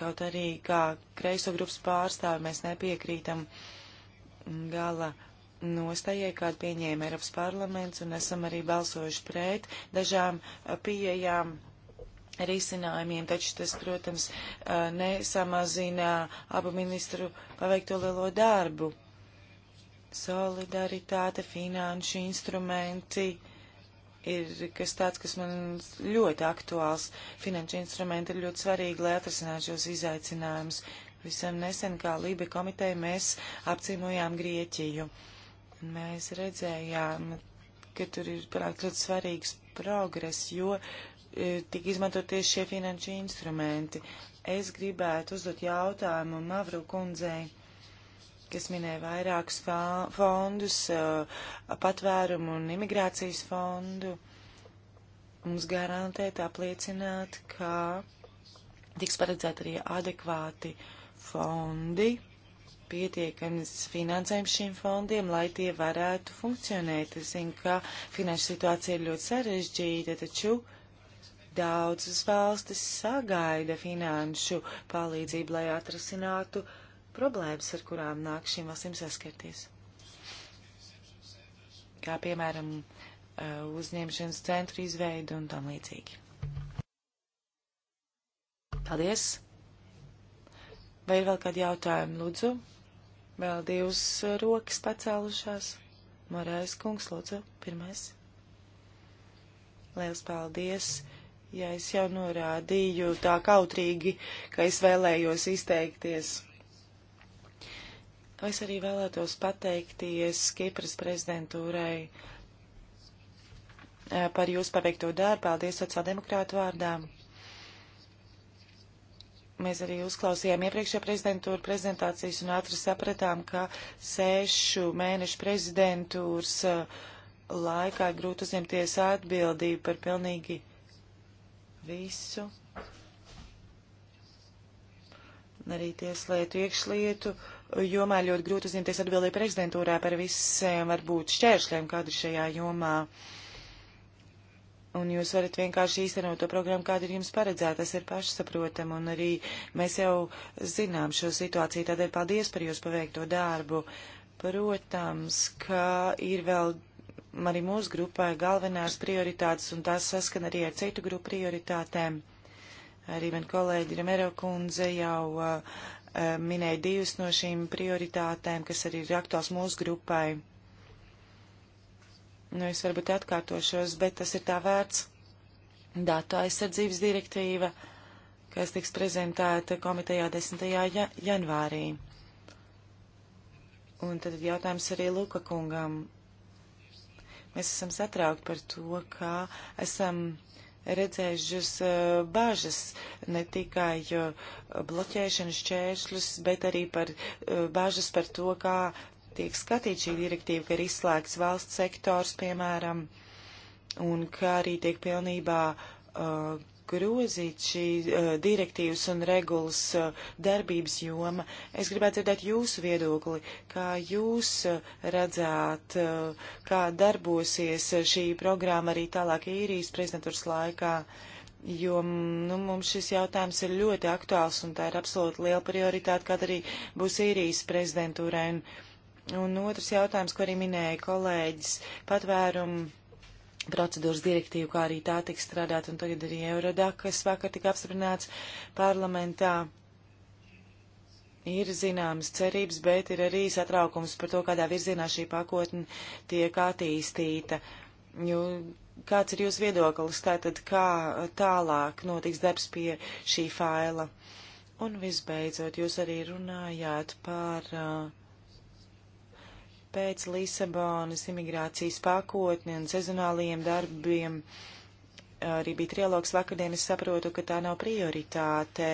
kaut arī kā kreiso grupas pārstāvi mēs nepiekrītam gala uh, nostājai, kādu pieņēma Eiropas parlaments, un esam arī balsojuši pret dažām pieejām risinājumiem, taču tas, protams, nesamazina abu ministru paveikto lielo darbu. Solidaritāte, finanšu instrumenti ir kas tāds, kas man ļoti aktuāls. Finanšu instrumenti ir ļoti svarīgi, lai atrisinātu šos izaicinājumus. Visam nesen, kā Lībe komiteja, mēs apciemojām Grieķiju. Uh, Mēs redzējām, ka tur ir panākt ļoti svarīgs progress, jo e, tika izmantoties šie finanšu instrumenti. Es gribētu uzdot jautājumu Mavru kundzei, kas minēja vairākus fondus, e, patvērumu un imigrācijas fondu. Mums garantēt apliecināt, ka tiks paredzēti arī adekvāti fondi pietiekams finansējums šiem fondiem, lai tie varētu funkcionēt. Es zinu, ka finanšu situācija ir ļoti sarežģīta, taču daudzas valstis sagaida finanšu palīdzību, lai atrasinātu problēmas, ar kurām nāk šīm valstīm saskarties. Kā piemēram uh, uzņemšanas centru izveidu un tam līdzīgi. Paldies! Vai ir vēl kādi jautājumi, lūdzu? Vēl divas rokas pacēlušās. Morais kungs, lūdzu, pirmais. Liels paldies! Ja es jau norādīju tā kautrīgi, ka es vēlējos izteikties. Es arī vēlētos pateikties Kipras prezidentūrai eh, par jūsu paveikto darbu. Paldies sociāldemokrātu vārdām. Mēs arī uzklausījām iepriekšējā prezidentūra prezentācijas un ātri sapratām, ka sešu mēnešu prezidentūras uh, laikā ir grūti uzņemties atbildību par pilnīgi visu. Arī tieslietu, iekšlietu jomā ļoti grūti uzņemties atbildību prezidentūrā par visiem varbūt šķēršļiem, kādi šajā jomā ir un jūs varat vienkārši īstenot to programmu, kāda ir jums paredzēta. Tas ir pašsaprotam, un arī mēs jau zinām šo situāciju, tādēļ paldies par jūsu paveikto darbu. Protams, ka ir vēl arī mūsu grupai galvenās prioritātes, un tās saskan arī ar citu grupu prioritātēm. Arī man kolēģi Remero kundze jau uh, uh, minēja divas no šīm prioritātēm, kas arī ir aktuāls mūsu grupai. Nu, es varbūt atkārtošos, bet tas ir tā vērts. Datu aizsardzības direktīva, kas tiks prezentēta komitejā 10. Ja janvārī. Un tad jautājums arī Luka kungam. Mēs esam satraukti par to, ka esam redzējušas uh, bāžas, ne tikai uh, bloķēšanas čēršļus, bet arī par uh, bāžas par to, kā tiek skatīta šī direktīva, ka ir izslēgts valsts sektors, piemēram, un ka arī tiek pilnībā uh, grozīt šī uh, direktīvas un regulas uh, darbības joma. Es gribētu dzirdēt jūsu viedokli, kā jūs uh, redzāt, uh, kā darbosies uh, šī programma arī tālāk īrijas prezidentūras laikā. Uh, jo mm, nu, mums šis jautājums ir ļoti aktuāls un tā ir absolūti liela prioritāte, kad arī būs īrijas prezidentūrai. Un Un otrs jautājums, ko arī minēja kolēģis, patvērumu procedūras direktīvu, kā arī tā tiks strādāt, un tagad arī Eurodak, kas vakar tika apstiprināts parlamentā. Ir zināmas cerības, bet ir arī satraukums par to, kādā virzienā šī pakotne tiek attīstīta. Jo, kāds ir jūsu viedoklis, tātad kā tālāk notiks darbs pie šī faila? Un visbeidzot, jūs arī runājāt par uh, pēc Lisabonas imigrācijas pakotni un sezonāliem darbiem arī bija trialogs vakardien, es saprotu, ka tā nav prioritāte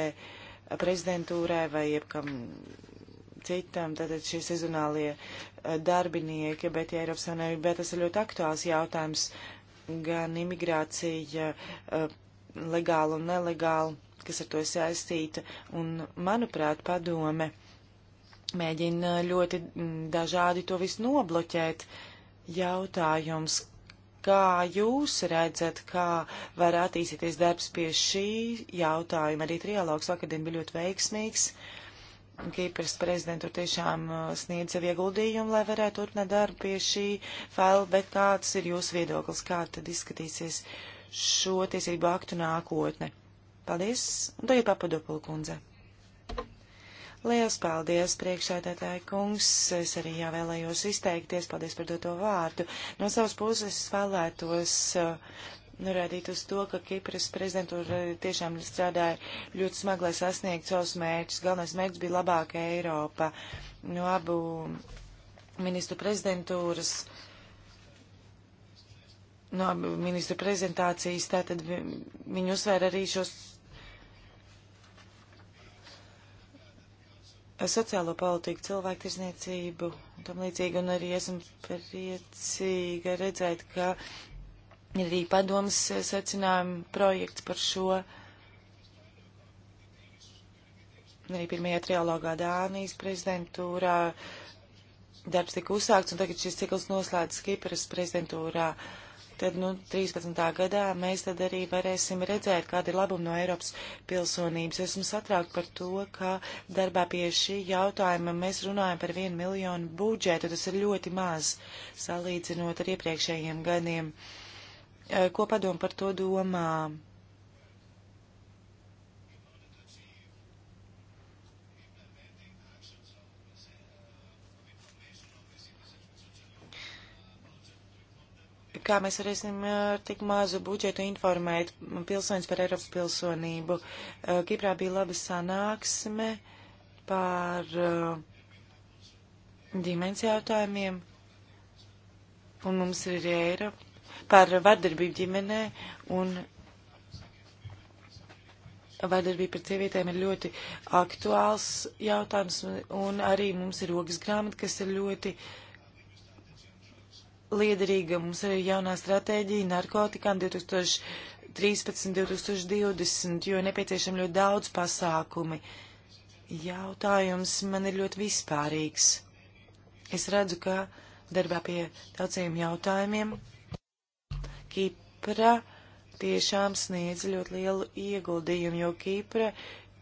prezidentūrai vai jebkam citam, tātad šie sezonālie eh, darbinieki, bet ja Eiropas Savienība, bet tas ir ļoti aktuāls jautājums, gan imigrācija, eh, legāla un nelegāla, kas ar to saistīta, un, manuprāt, padome mēģina ļoti mm, dažādi to visu nobloķēt. Jautājums, kā jūs redzat, kā var attīstīties darbs pie šī jautājuma? Arī trialogs vakardien bija ļoti veiksmīgs. Kīpras prezidentu tiešām uh, sniedz sev ieguldījumu, lai varētu turpināt darbu pie šī faila, bet kāds ir jūsu viedoklis, kā tad izskatīsies šo tiesību aktu nākotne? Paldies, un tagad papadu pulkundze. Liels paldies, priekšsēdētāji kungs. Es arī jāvēlējos izteikties. Paldies par doto vārdu. No savas puses vēlētos uh, norādīt uz to, ka Kipras prezidentūra tiešām strādāja ļoti smagi, lai sasniegtu savus mērķus. Galvenais mērķis bija labāka Eiropa. No abu ministru prezidentūras. No abu ministru prezentācijas tātad viņi uzsvēra arī šos sociālo politiku, cilvēku tirzniecību un tam līdzīgi, un arī esam priecīgi redzēt, ka ir arī padomas secinājuma projekts par šo. Arī pirmajā trialogā Dānijas prezidentūrā darbs tika uzsākts, un tagad šis cikls noslēdzas Kipras prezidentūrā. Uh, tad, nu, 13. gadā mēs tad arī varēsim redzēt, kāda ir labuma no Eiropas pilsonības. Esmu satraukt par to, ka darbā pie šī jautājuma mēs runājam par vienu miljonu budžetu. Tas ir ļoti maz, salīdzinot ar iepriekšējiem gadiem. Ko padomu par to domā? kā mēs varēsim ar tik mazu budžetu informēt pilsoņus par Eiropas pilsonību. Kiprā bija laba sanāksme par ģimenes jautājumiem, un mums ir arī Eiropa par vardarbību ģimenē un Vardarbība pret sievietēm ir ļoti aktuāls jautājums, un arī mums ir rokas grāmata, kas ir ļoti uh, liederīga. Mums arī jaunā stratēģija narkotikām 2013, 2020, jo ir nepieciešami ļoti daudz pasākumi. Jautājums man ir ļoti vispārīgs. Es redzu, ka darbā pie daudziem jautājumiem Kipra tiešām sniedz ļoti lielu ieguldījumu, jo Kipra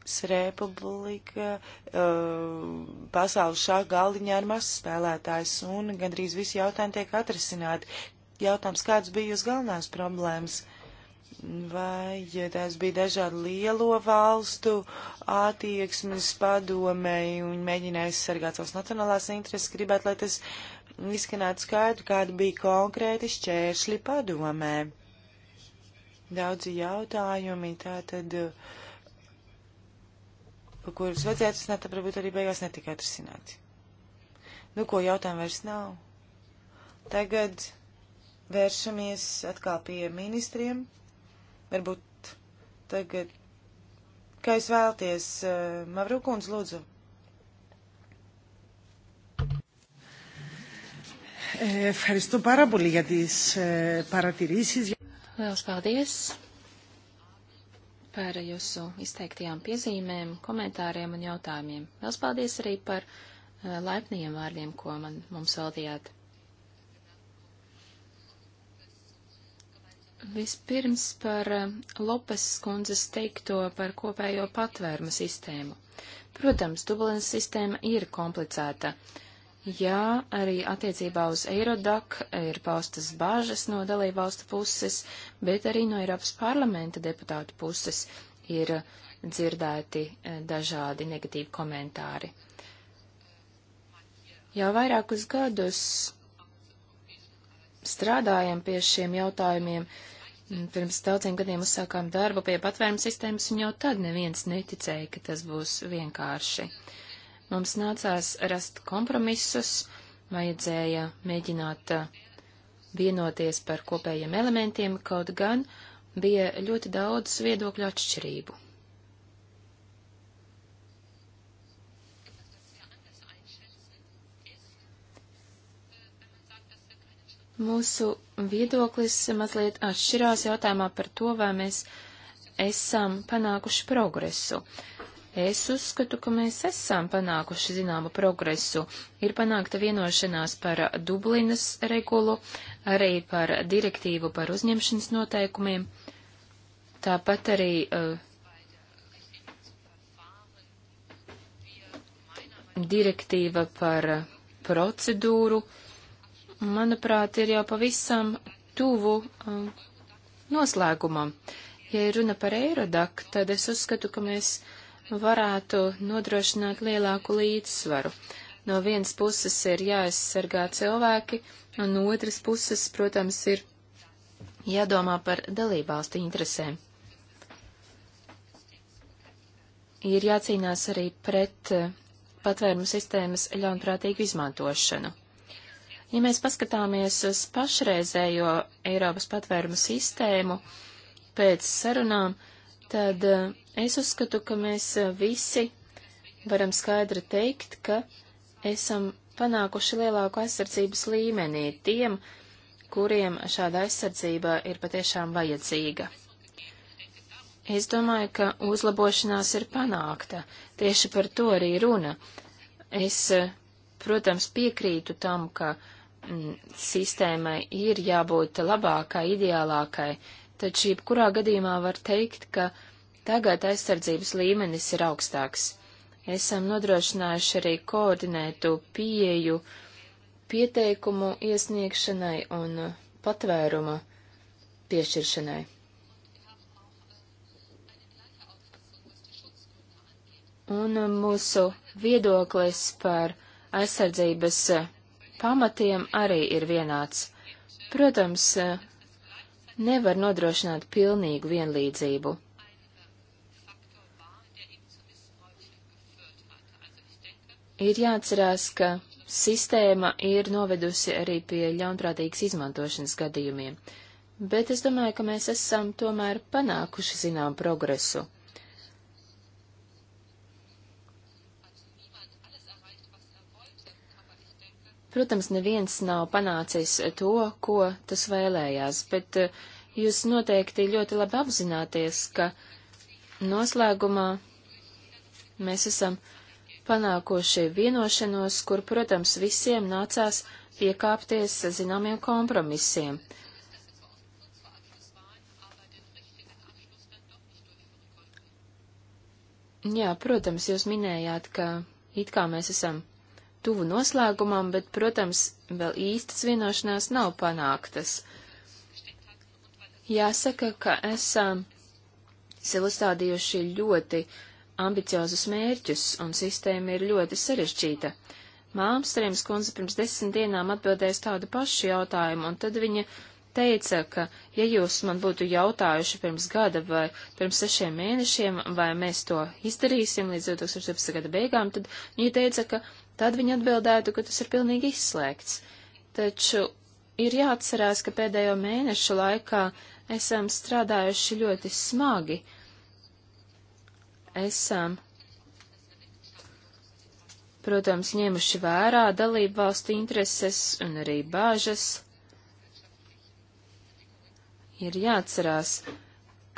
republika uh, pasaules šā galdiņā ir mazs spēlētājs, un gandrīz visi jautājumi tiek atrisināti. Jautājums, kāds bija jūs galvenās problēmas? Vai ja tās bija dažādi lielo valstu attieksmes padomēji un mēģināja aizsargāt savas nacionālās intereses, gribētu, lai tas izskanētu skaidri, kādi bija konkrēti šķēršļi padomē. Daudzi jautājumi tātad. Uh, kurus vajadzētu risināt, tad varbūt arī beigās netika atrisināti. Nu, ko jautājumu vairs nav. Tagad vēršamies atkal pie ministriem. Varbūt tagad, kā jūs vēlties, eh, Mavrūkūns lūdzu. Eh, ευχαριστώ πάρα πολύ για τις eh, παρατηρήσεις. Λέλος Παλδίες par jūsu izteiktajām piezīmēm, komentāriem un jautājumiem. Vēl spaldies arī par uh, laipniem vārdiem, ko man mums veltījāt. Vispirms par uh, Lopes kundzes teikto par kopējo patvērumu sistēmu. Protams, Dublinas sistēma ir komplicēta. Uh, Jā, arī attiecībā uz Eirodak ir paustas bāžas no dalībvalstu puses, bet arī no Eiropas parlamenta deputātu puses ir dzirdēti e, dažādi negatīvi komentāri. Jau vairākus gadus strādājam pie šiem jautājumiem. Mm, pirms daudziem gadiem uzsākām darbu pie patvērums sistēmas, un jau tad neviens neticēja, ka tas būs vienkārši. Uh, Mums nācās rast kompromisus, vajadzēja mēģināt uh, vienoties par kopējiem elementiem, kaut gan bija ļoti daudz viedokļu atšķirību. Mūsu viedoklis mazliet atšķirās jautājumā par to, vai mēs esam panākuši progresu. Uh, Es uzskatu, ka mēs esam panākuši zināmu progresu. Ir panākta vienošanās par Dublinas regulu, arī par direktīvu par uzņemšanas noteikumiem. Tāpat arī uh, direktīva par procedūru, manuprāt, ir jau pavisam tuvu uh, noslēgumam. Ja runa par Eirodak, tad es uzskatu, ka mēs varētu nodrošināt lielāku līdzsvaru. No vienas puses ir jāaizsargā cilvēki, un no otras puses, protams, ir jādomā par dalībvalstu interesēm. Ir jācīnās arī pret eh, patvērumu sistēmas ļaunprātīgu izmantošanu. Ja mēs paskatāmies uz pašreizējo Eiropas patvērumu sistēmu pēc sarunām, uh, tad eh, es uzskatu, ka mēs eh, visi varam skaidri teikt, ka esam panākuši lielāku aizsardzības līmenī tiem, kuriem šāda aizsardzība ir patiešām vajadzīga. Es domāju, ka uzlabošanās ir panākta. Tieši par to arī runa. Es, eh, protams, piekrītu tam, ka mm, sistēmai ir jābūt labākai, ideālākai, uh, taču jebkurā gadījumā var teikt, ka tagad aizsardzības līmenis ir augstāks. Esam nodrošinājuši arī koordinētu pieeju pieteikumu iesniegšanai un patvēruma piešķiršanai. Un mūsu viedoklis par aizsardzības pamatiem arī ir vienāds. Protams, nevar nodrošināt pilnīgu vienlīdzību. Ir jāatcerās, ka sistēma ir novedusi arī pie ļaunprātīgas izmantošanas gadījumiem, bet es domāju, ka mēs esam tomēr panākuši zinām progresu. Protams, neviens nav panācis to, ko tas vēlējās, bet eh, jūs noteikti ļoti labi apzināties, ka noslēgumā mēs esam panākoši vienošanos, kur, protams, visiem nācās piekāpties zināmiem kompromisiem. Jā, protams, jūs minējāt, ka it kā mēs esam tuvu noslēgumam, bet, protams, vēl īstas vienošanās nav panāktas. Jāsaka, ka esam sev uzstādījuši ļoti ambiciozus mērķus, un sistēma ir ļoti sarežģīta. Māmstrēms kundze pirms desmit dienām atbildēs tādu pašu jautājumu, un tad viņa teica, ka, ja jūs man būtu jautājuši pirms gada vai pirms sešiem mēnešiem, vai mēs to izdarīsim līdz 2017. gada beigām, tad viņa teica, ka tad viņi atbildētu, ka tas ir pilnīgi izslēgts. Taču ir jāatcerās, ka pēdējo mēnešu laikā esam strādājuši ļoti smagi. Esam, protams, ņēmuši vērā dalību valstu intereses un arī bāžas. Ir jāatcerās,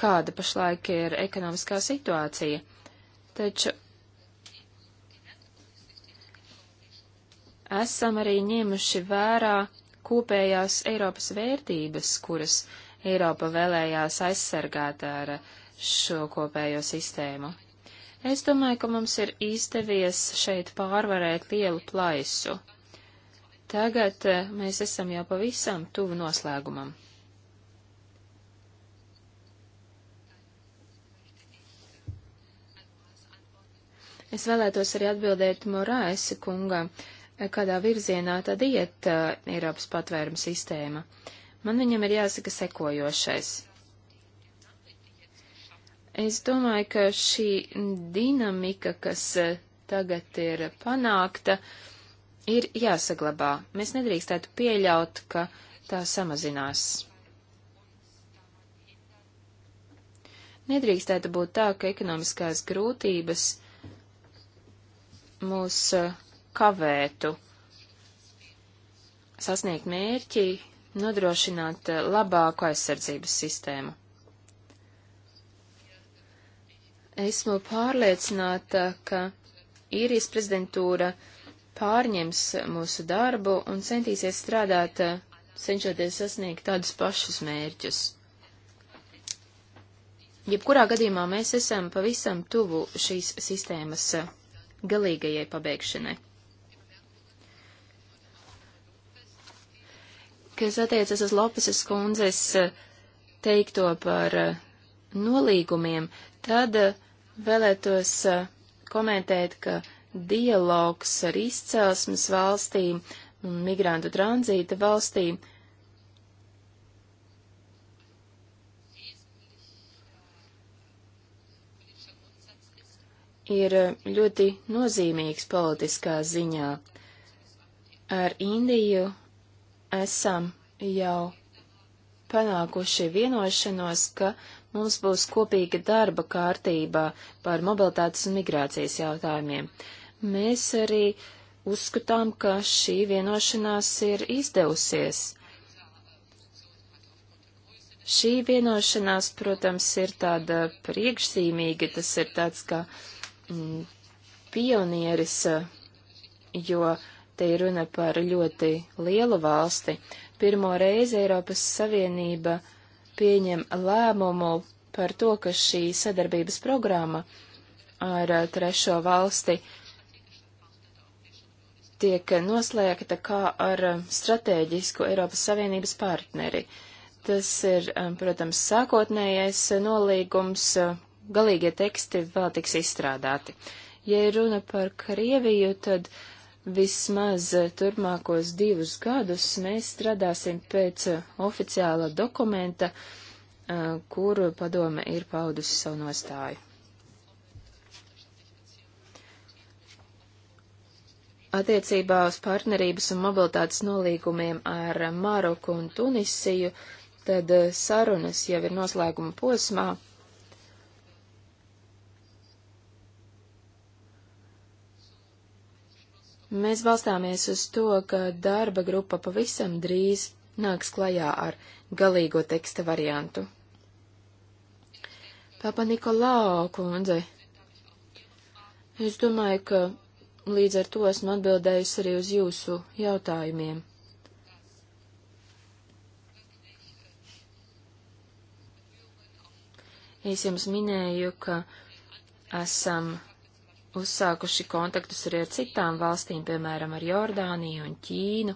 kāda pašlaik ir ekonomiskā situācija. Taču esam arī ņēmuši vērā kopējās Eiropas vērtības, kuras Eiropa vēlējās aizsargāt ar šo kopējo sistēmu. Es domāju, ka mums ir izdevies šeit pārvarēt lielu plaisu. Tagad eh, mēs esam jau pavisam tuvu noslēgumam. Es vēlētos arī atbildēt Morāesi kungam. Uh, kādā virzienā tad iet uh, Eiropas patvēruma sistēma. Man viņam ir jāsaka sekojošais. Es domāju, ka šī dinamika, kas uh, tagad ir panākta, ir jāsaglabā. Mēs nedrīkstētu pieļaut, ka tā samazinās. Nedrīkstētu būt tā, ka ekonomiskās grūtības mūs uh, kavētu sasniegt mērķi, nodrošināt eh, labāku aizsardzības sistēmu. Esmu pārliecināta, ka īrijas prezidentūra pārņems mūsu darbu un centīsies strādāt, eh, cenšoties sasniegt tādus pašus mērķus. Jebkurā gadījumā mēs esam pavisam tuvu šīs sistēmas eh, galīgajai pabeigšanai. Kas attiecas uz Lopeses kundzes eh, teikto par eh, nolīgumiem, tad eh, vēlētos komentēt, ka dialogs ar izcelsmes valstīm un migrantu tranzīta valstīm ir ļoti nozīmīgs politiskā ziņā. Ar Indiju esam jau panākuši vienošanos, ka mums būs kopīga darba kārtība par mobilitātes un migrācijas jautājumiem. Mēs arī uzskatām, ka šī vienošanās ir izdevusies. Šī vienošanās, protams, ir tāda priekšzīmīga, tas ir tāds kā mm, pionieris, jo uh, Te ir runa par ļoti lielu valsti. Pirmo reizi Eiropas Savienība pieņem lēmumu par to, ka šī sadarbības programma ar trešo valsti tiek noslēgta kā ar strateģisku Eiropas Savienības partneri. Tas ir, um, protams, sākotnējais nolīgums, galīgie teksti vēl tiks izstrādāti. Ja runa par Krieviju, tad uh, Vismaz eh, turpmākos divus gadus mēs strādāsim pēc eh, oficiāla dokumenta, eh, kuru padome ir paudusi savu nostāju. Attiecībā uz partnerības un mobilitātes nolīgumiem ar Maroku un Tunisiju, tad sarunas jau ir noslēguma posmā. Mēs balstāmies uz to, ka darba grupa pavisam drīz nāks klajā ar galīgo teksta variantu. Papa Nikolao kundze, es domāju, ka līdz ar to esmu atbildējusi arī uz jūsu jautājumiem. Es jums minēju, ka esam uzsākuši kontaktus arī ar citām valstīm, piemēram, ar Jordāniju un Ķīnu.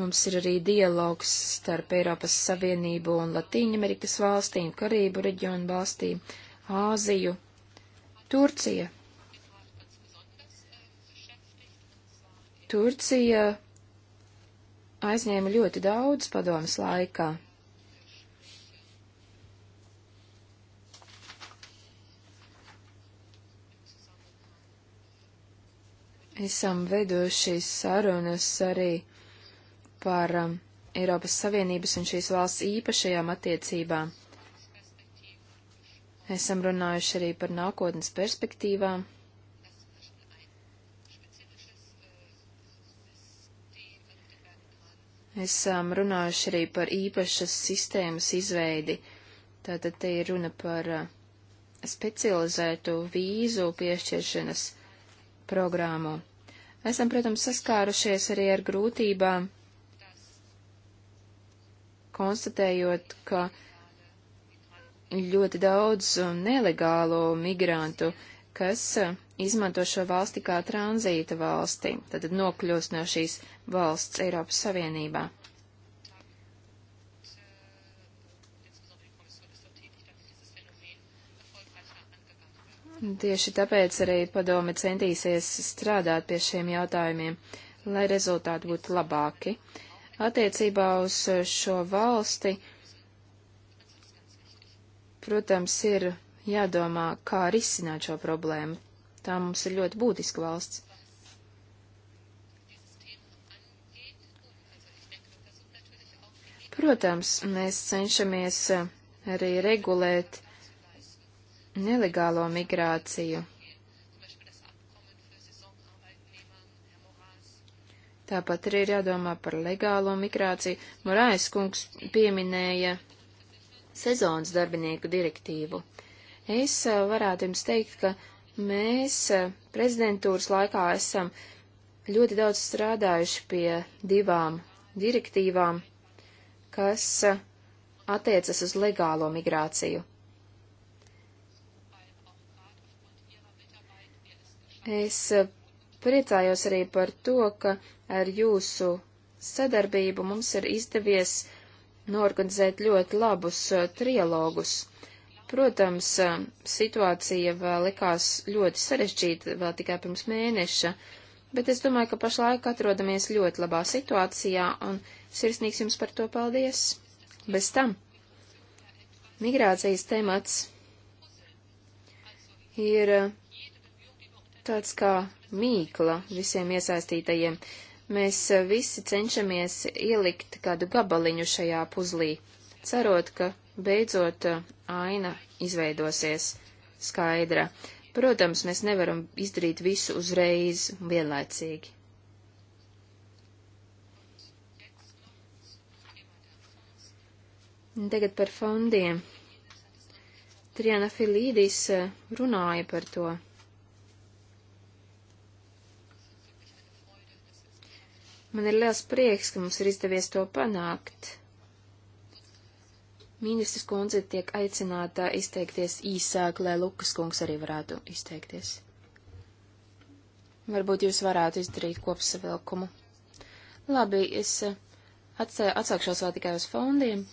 Mums ir arī dialogs starp Eiropas Savienību un Latīņamerikas valstīm, Karību reģionu valstīm, Āziju, Turcija. Turcija aizņēma ļoti daudz padomas laikā. esam veidojuši sarunas arī par um, Eiropas Savienības un šīs valsts īpašajām attiecībām. Esam runājuši arī par nākotnes perspektīvām. Esam runājuši arī par īpašas sistēmas izveidi. Tātad te ir runa par uh, specializētu vīzu piešķiršanas programmu. Esam, protams, saskārušies arī ar grūtībām, konstatējot, ka ļoti daudz nelegālo migrantu, kas eh, izmanto šo valsti kā tranzīta valsti, tad nokļūst no šīs valsts Eiropas Savienībā. Tieši tāpēc arī padome centīsies strādāt pie šiem jautājumiem, lai rezultāti būtu labāki. Attiecībā uz šo valsti, protams, ir jādomā, kā risināt šo problēmu. Tā mums ir ļoti būtiska valsts. Protams, mēs cenšamies eh, arī regulēt nelegālo migrāciju. Tāpat arī ir jādomā par legālo migrāciju. Morais kungs pieminēja sezonas darbinieku direktīvu. Es eh, varētu jums teikt, ka mēs eh, prezidentūras laikā esam ļoti daudz strādājuši pie divām direktīvām, kas eh, attiecas uz legālo migrāciju. Es eh, priecājos arī par to, ka ar jūsu sadarbību mums ir izdevies norganizēt ļoti labus eh, trialogus. Protams, eh, situācija vēl likās ļoti sarežģīta vēl tikai pirms mēneša, bet es domāju, ka pašlaik atrodamies ļoti labā situācijā un sirsnīgs jums par to paldies. Bez tam migrācijas temats ir tāds kā mīkla visiem iesaistītajiem. Mēs eh, visi cenšamies ielikt kādu gabaliņu šajā puzlī, cerot, ka beidzot eh, aina izveidosies skaidra. Protams, mēs nevaram izdarīt visu uzreiz vienlaicīgi. Tagad par fondiem. Triana Filīdis eh, runāja par to. Man ir liels prieks, ka mums ir izdevies to panākt. Ministrs kundze tiek aicināta izteikties īsāk, lai Lukas kungs arī varētu izteikties. Varbūt jūs varētu izdarīt kopsavilkumu. Labi, es eh, atsākšos vēl tikai uz fondiem.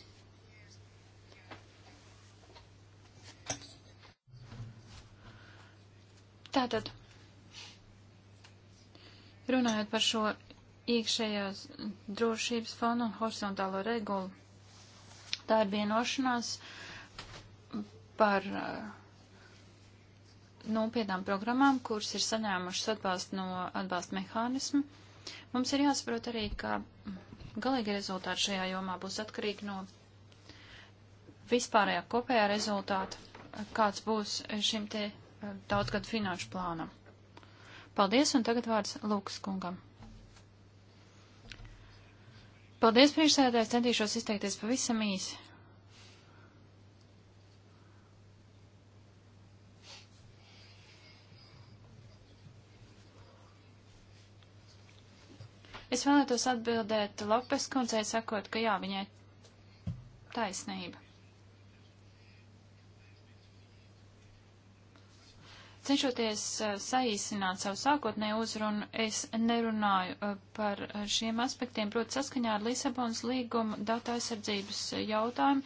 Tātad, runājot par šo iekšējās drošības fondu un horizontālo regulu. Tā ir vienošanās par uh, nopietnām programmām, kuras ir saņēmušas atbalstu no atbalsta mehānismu. Mums ir jāsaprot arī, ka galīgi rezultāti šajā jomā būs atkarīgi no vispārējā kopējā rezultāta, kāds būs šim te uh, daudzgadu finanšu plānam. Paldies, un tagad vārds Lūkas kungam. Paldies, priekšsēdētājs, centīšos izteikties pavisam īsi. Es vēlētos atbildēt Lopes kundzei sakot, ka jā, viņai taisnība. Cenšoties eh, saīsināt savu sākotnēju uzrunu, es nerunāju eh, par eh, šiem aspektiem, proti saskaņā ar Lisabonas līgumu datu aizsardzības jautājumu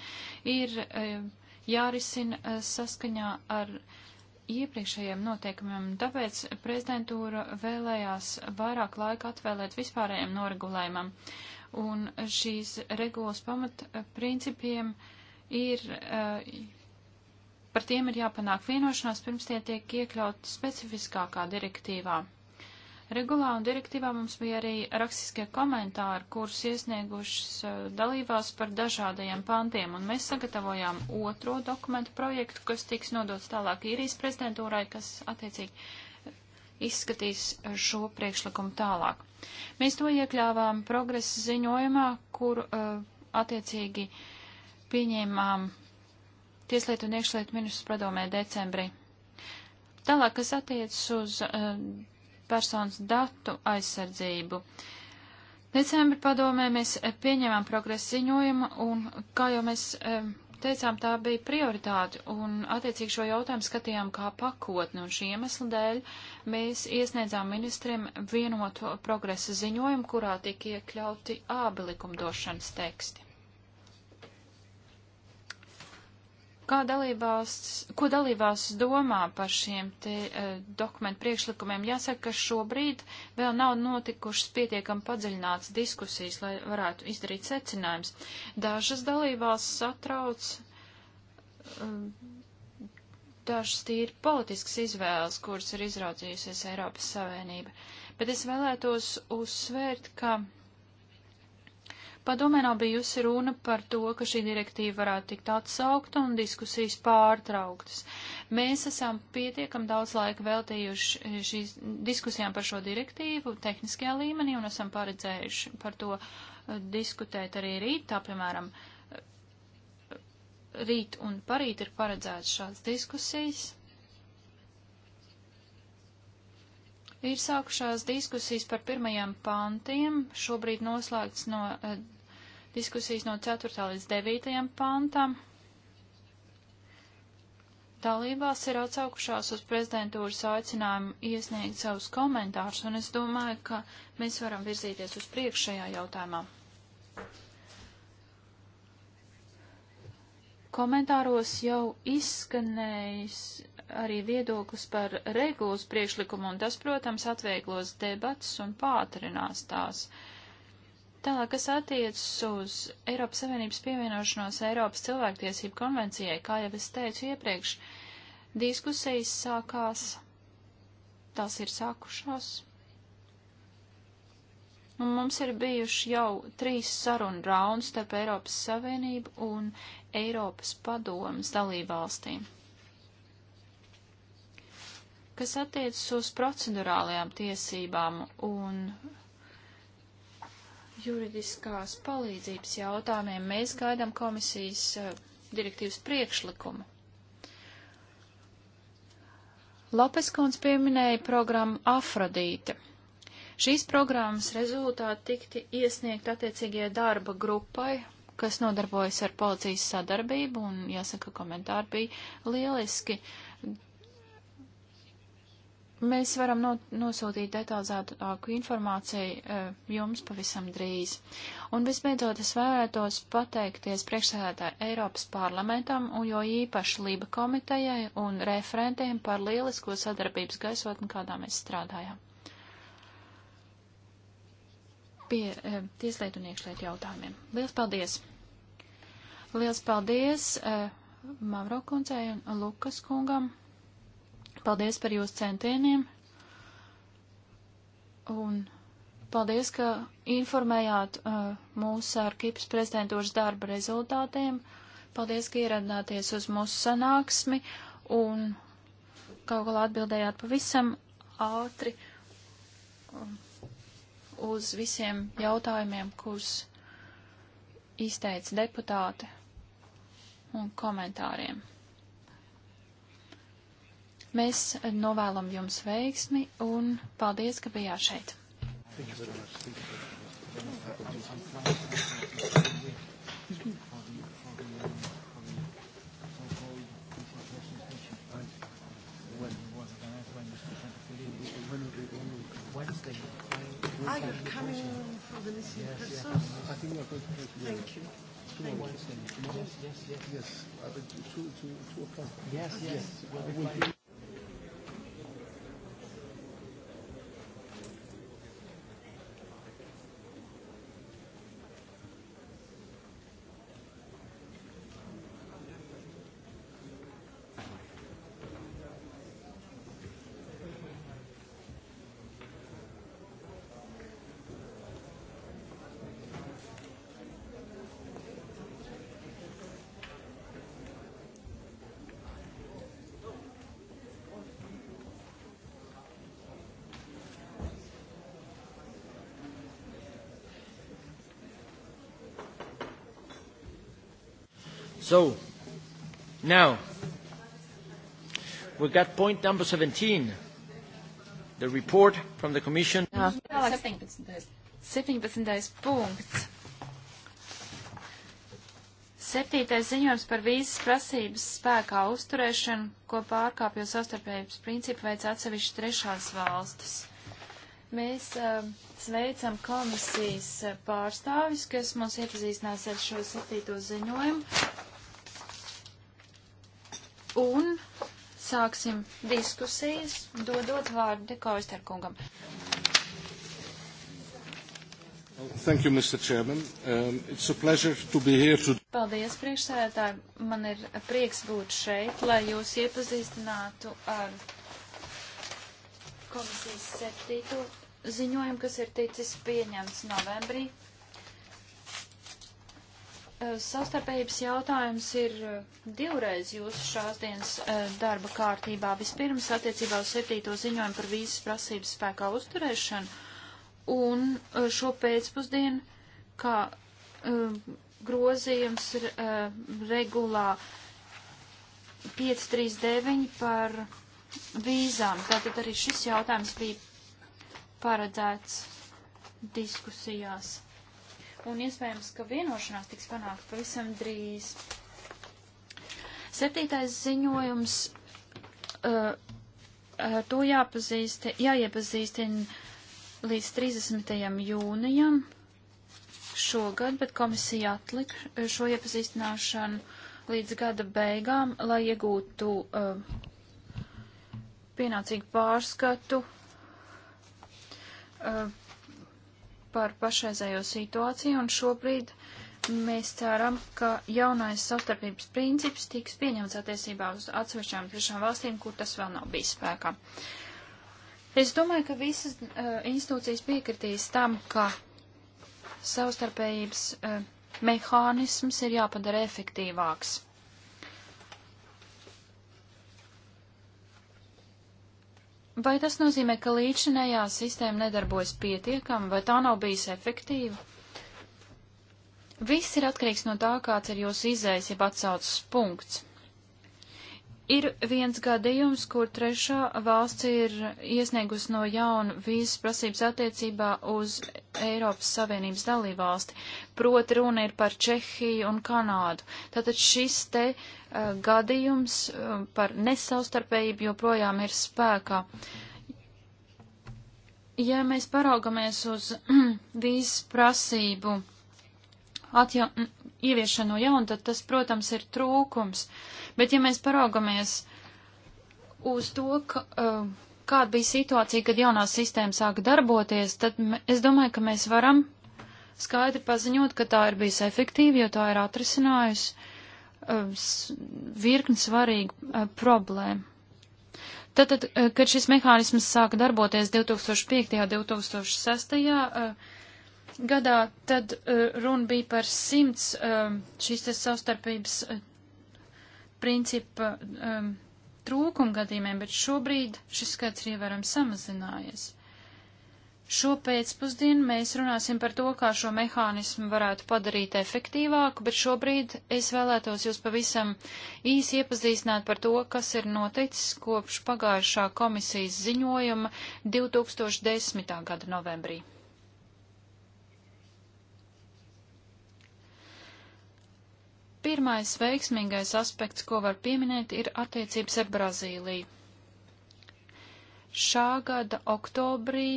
ir jārisina saskaņā ar iepriekšējiem noteikumiem, tāpēc prezidentūra vēlējās vairāk laika atvēlēt vispārējiem noregulējumam. Un šīs regulas pamatprincipiem ir uh, par tiem ir jāpanāk vienošanās, pirms tie tiek iekļauti specifiskākā direktīvā. Regulā un direktīvā mums bija arī rakstiskie komentāri, kurus iesniegušas eh, dalībās par dažādajiem pantiem, un mēs sagatavojām otro dokumentu projektu, kas tiks nodots tālāk īrijas prezidentūrai, kas attiecīgi izskatīs šo priekšlikumu tālāk. Mēs to iekļāvām progresa ziņojumā, kur uh, eh, attiecīgi pieņēmām Tieslietu un iekšlietu ministrs padomē decembrī. Tālāk, kas attiecas uz uh, personas datu aizsardzību. Decembra padomē mēs eh, pieņēmām progresa ziņojumu, un, kā jau mēs uh, teicām, tā bija prioritāte, un attiecīgi šo jautājumu skatījām kā pakotni, un šī iemesla dēļ mēs iesniedzām ministriem vienoto progresa ziņojumu, kurā tika iekļauti abi likumdošanas teksti. Kā dalībvalsts, ko dalībvalsts domā par šiem te uh, dokumentu priekšlikumiem? Jāsaka, ka šobrīd vēl nav notikušas pietiekam padziļināts diskusijas, lai varētu izdarīt secinājums. Dažas dalībvalsts satrauc, uh, dažas tīri politiskas izvēles, kuras ir izraudzījusies Eiropas Savienība. Bet es vēlētos uzsvērt, ka Padomē nav bijusi runa par to, ka šī direktīva varētu tikt atsaukta un diskusijas pārtrauktas. Mēs esam pietiekam daudz laika veltījuši šīs diskusijām par šo direktīvu tehniskajā līmenī un esam paredzējuši par to eh, diskutēt arī rīt, tā piemēram, eh, rīt un parīt ir paredzēts šāds diskusijas. Ir sākušās diskusijas par pirmajiem pantiem, šobrīd noslēgts no uh, diskusijas no 4. līdz 9. pantam. Dalībās ir atsaukušās uz prezidentūras aicinājumu iesniegt savus komentārus, un es domāju, ka mēs varam virzīties uz priekšu šajā jautājumā. Komentāros jau izskanējis arī viedoklis par regulas priekšlikumu, un tas, protams, atvieglos debatas un pātrinās tās. Tālāk, kas attiecas uz Eiropas Savienības pievienošanos Eiropas cilvēktiesību konvencijai, kā jau es teicu iepriekš, diskusijas sākās, tās ir sākušās. Un mums ir bijuši jau trīs sarunu raundi starp Eiropas Savienību un Eiropas padomas dalībvalstīm. Kas attiecas uz procedurālajām tiesībām un juridiskās palīdzības jautājumiem, mēs gaidām komisijas eh, direktīvas priekšlikumu. Lopeskons pieminēja programmu Afrodīte. Šīs programmas rezultāti tikti iesniegt attiecīgajai darba grupai, kas nodarbojas ar policijas sadarbību, un jāsaka, komentāri bija lieliski. Uh, Mēs varam no, nosūtīt detalizētāku informāciju e, jums pavisam drīz. Un visbeidzot, es vēlētos pateikties priekšsēdētāju Eiropas parlamentam un jo īpaši Lība komitejai un referentiem par lielisko sadarbības gaisotni, kādā mēs strādājam. Pie e, tieslietu un iekšlietu jautājumiem. Liels paldies! Liels paldies e, Mavro kundzei un Lukas kungam! Paldies par jūsu centieniem. Un paldies, ka informējāt uh, mūs ar Kipras prezidentūras darba rezultātiem. Paldies, ka ieradāties uz mūsu sanāksmi un kaut kā atbildējāt pavisam ātri um, uz visiem jautājumiem, kurus izteica deputāti un komentāriem. Mēs novēlam jums veiksmi un paldies, ka bijāt šeit. Wednesday. Are you coming for the missing yes, persons? Yes. I think we are going to do it. Thank you. Tomorrow Wednesday. Yes, yes, yes. Yes, uh, two, two, two o'clock. Yes, yes. yes. Uh, we'll be So, now, we got point number 17, the report from the Commission. Jā, 17. 17. punkts. Septītais ziņojums par vīzas prasības spēkā uzturēšanu, ko pārkāpjo sastarpējības principu veic atsevišķi trešās valstis. Mēs uh, sveicam komisijas pārstāvis, kas mums iepazīstinās ar šo septīto ziņojumu, un sāksim diskusijas, dodot vārdu Dekoisterkungam. Thank you, Mr. Chairman. Um, it's a pleasure to be here to... Paldies, priekšsēdētāji. Man ir prieks būt šeit, lai jūs iepazīstinātu ar komisijas septīto ziņojumu, kas ir ticis pieņemts novembrī Eh, Sastarpējības jautājums ir eh, divreiz jūsu šās dienas eh, darba kārtībā. Vispirms attiecībā uz septīto ziņojumu par vīzas prasības spēkā uzturēšanu un šo pēcpusdienu, kā grozījums regulā 539 par vīzām. Tātad arī šis jautājums bija paredzēts diskusijās un iespējams, ka vienošanās tiks panākt pavisam drīz. Septītais ziņojums, uh, to jāpazīste, jāiepazīstina līdz 30. jūnijam šogad, bet komisija atlika šo iepazīstināšanu līdz gada beigām, lai iegūtu uh, pienācīgu pārskatu. Uh, par pašreizējo situāciju, un šobrīd mēs ceram, ka jaunais savstarpības princips tiks pieņemts attiecībā uz atsevišķām trešām valstīm, kur tas vēl nav bijis spēkā. Es domāju, ka visas uh, institūcijas piekritīs tam, ka savstarpējības uh, mehānisms ir jāpadara efektīvāks. Vai tas nozīmē, ka līdzinējā sistēma nedarbojas pietiekami, vai tā nav bijusi efektīva? Viss ir atkarīgs no tā, kāds ir jūsu izējas, jeb atsaucas punkts. Ir viens gadījums, kur trešā valsts ir iesniegusi no jauna vīzas prasības attiecībā uz Eiropas Savienības dalībvalsti, proti runa ir par Čehiju un Kanādu. Tātad šis te uh, gadījums uh, par nesaustarpējību joprojām ir spēkā. Ja mēs paraugamies uz (clears throat) vīzas prasību atja ieviešanu no jauna, tad tas, protams, ir trūkums. Bet ja mēs paraugamies uz to, ka, uh, kāda bija situācija, kad jaunā sistēma sāka darboties, tad es domāju, ka mēs varam skaidri paziņot, ka tā ir bijusi efektīva, jo tā ir atrisinājusi uh, virkni svarīgu uh, problēmu. Tātad, kad šis mehānisms sāka darboties 2005. un 2006 gadā, tad uh, runa bija par simts um, šīs te savstarpības uh, principa um, trūkuma gadījumiem, bet šobrīd šis skaits ir ievērojami samazinājies. Šo pēcpusdienu mēs runāsim par to, kā šo mehānismu varētu padarīt efektīvāku, bet šobrīd es vēlētos jūs pavisam īsi iepazīstināt par to, kas ir noticis kopš pagājušā komisijas ziņojuma 2010. gada novembrī. Pirmais veiksmīgais aspekts, ko var pieminēt, ir attiecības ar Brazīliju. Šā gada oktobrī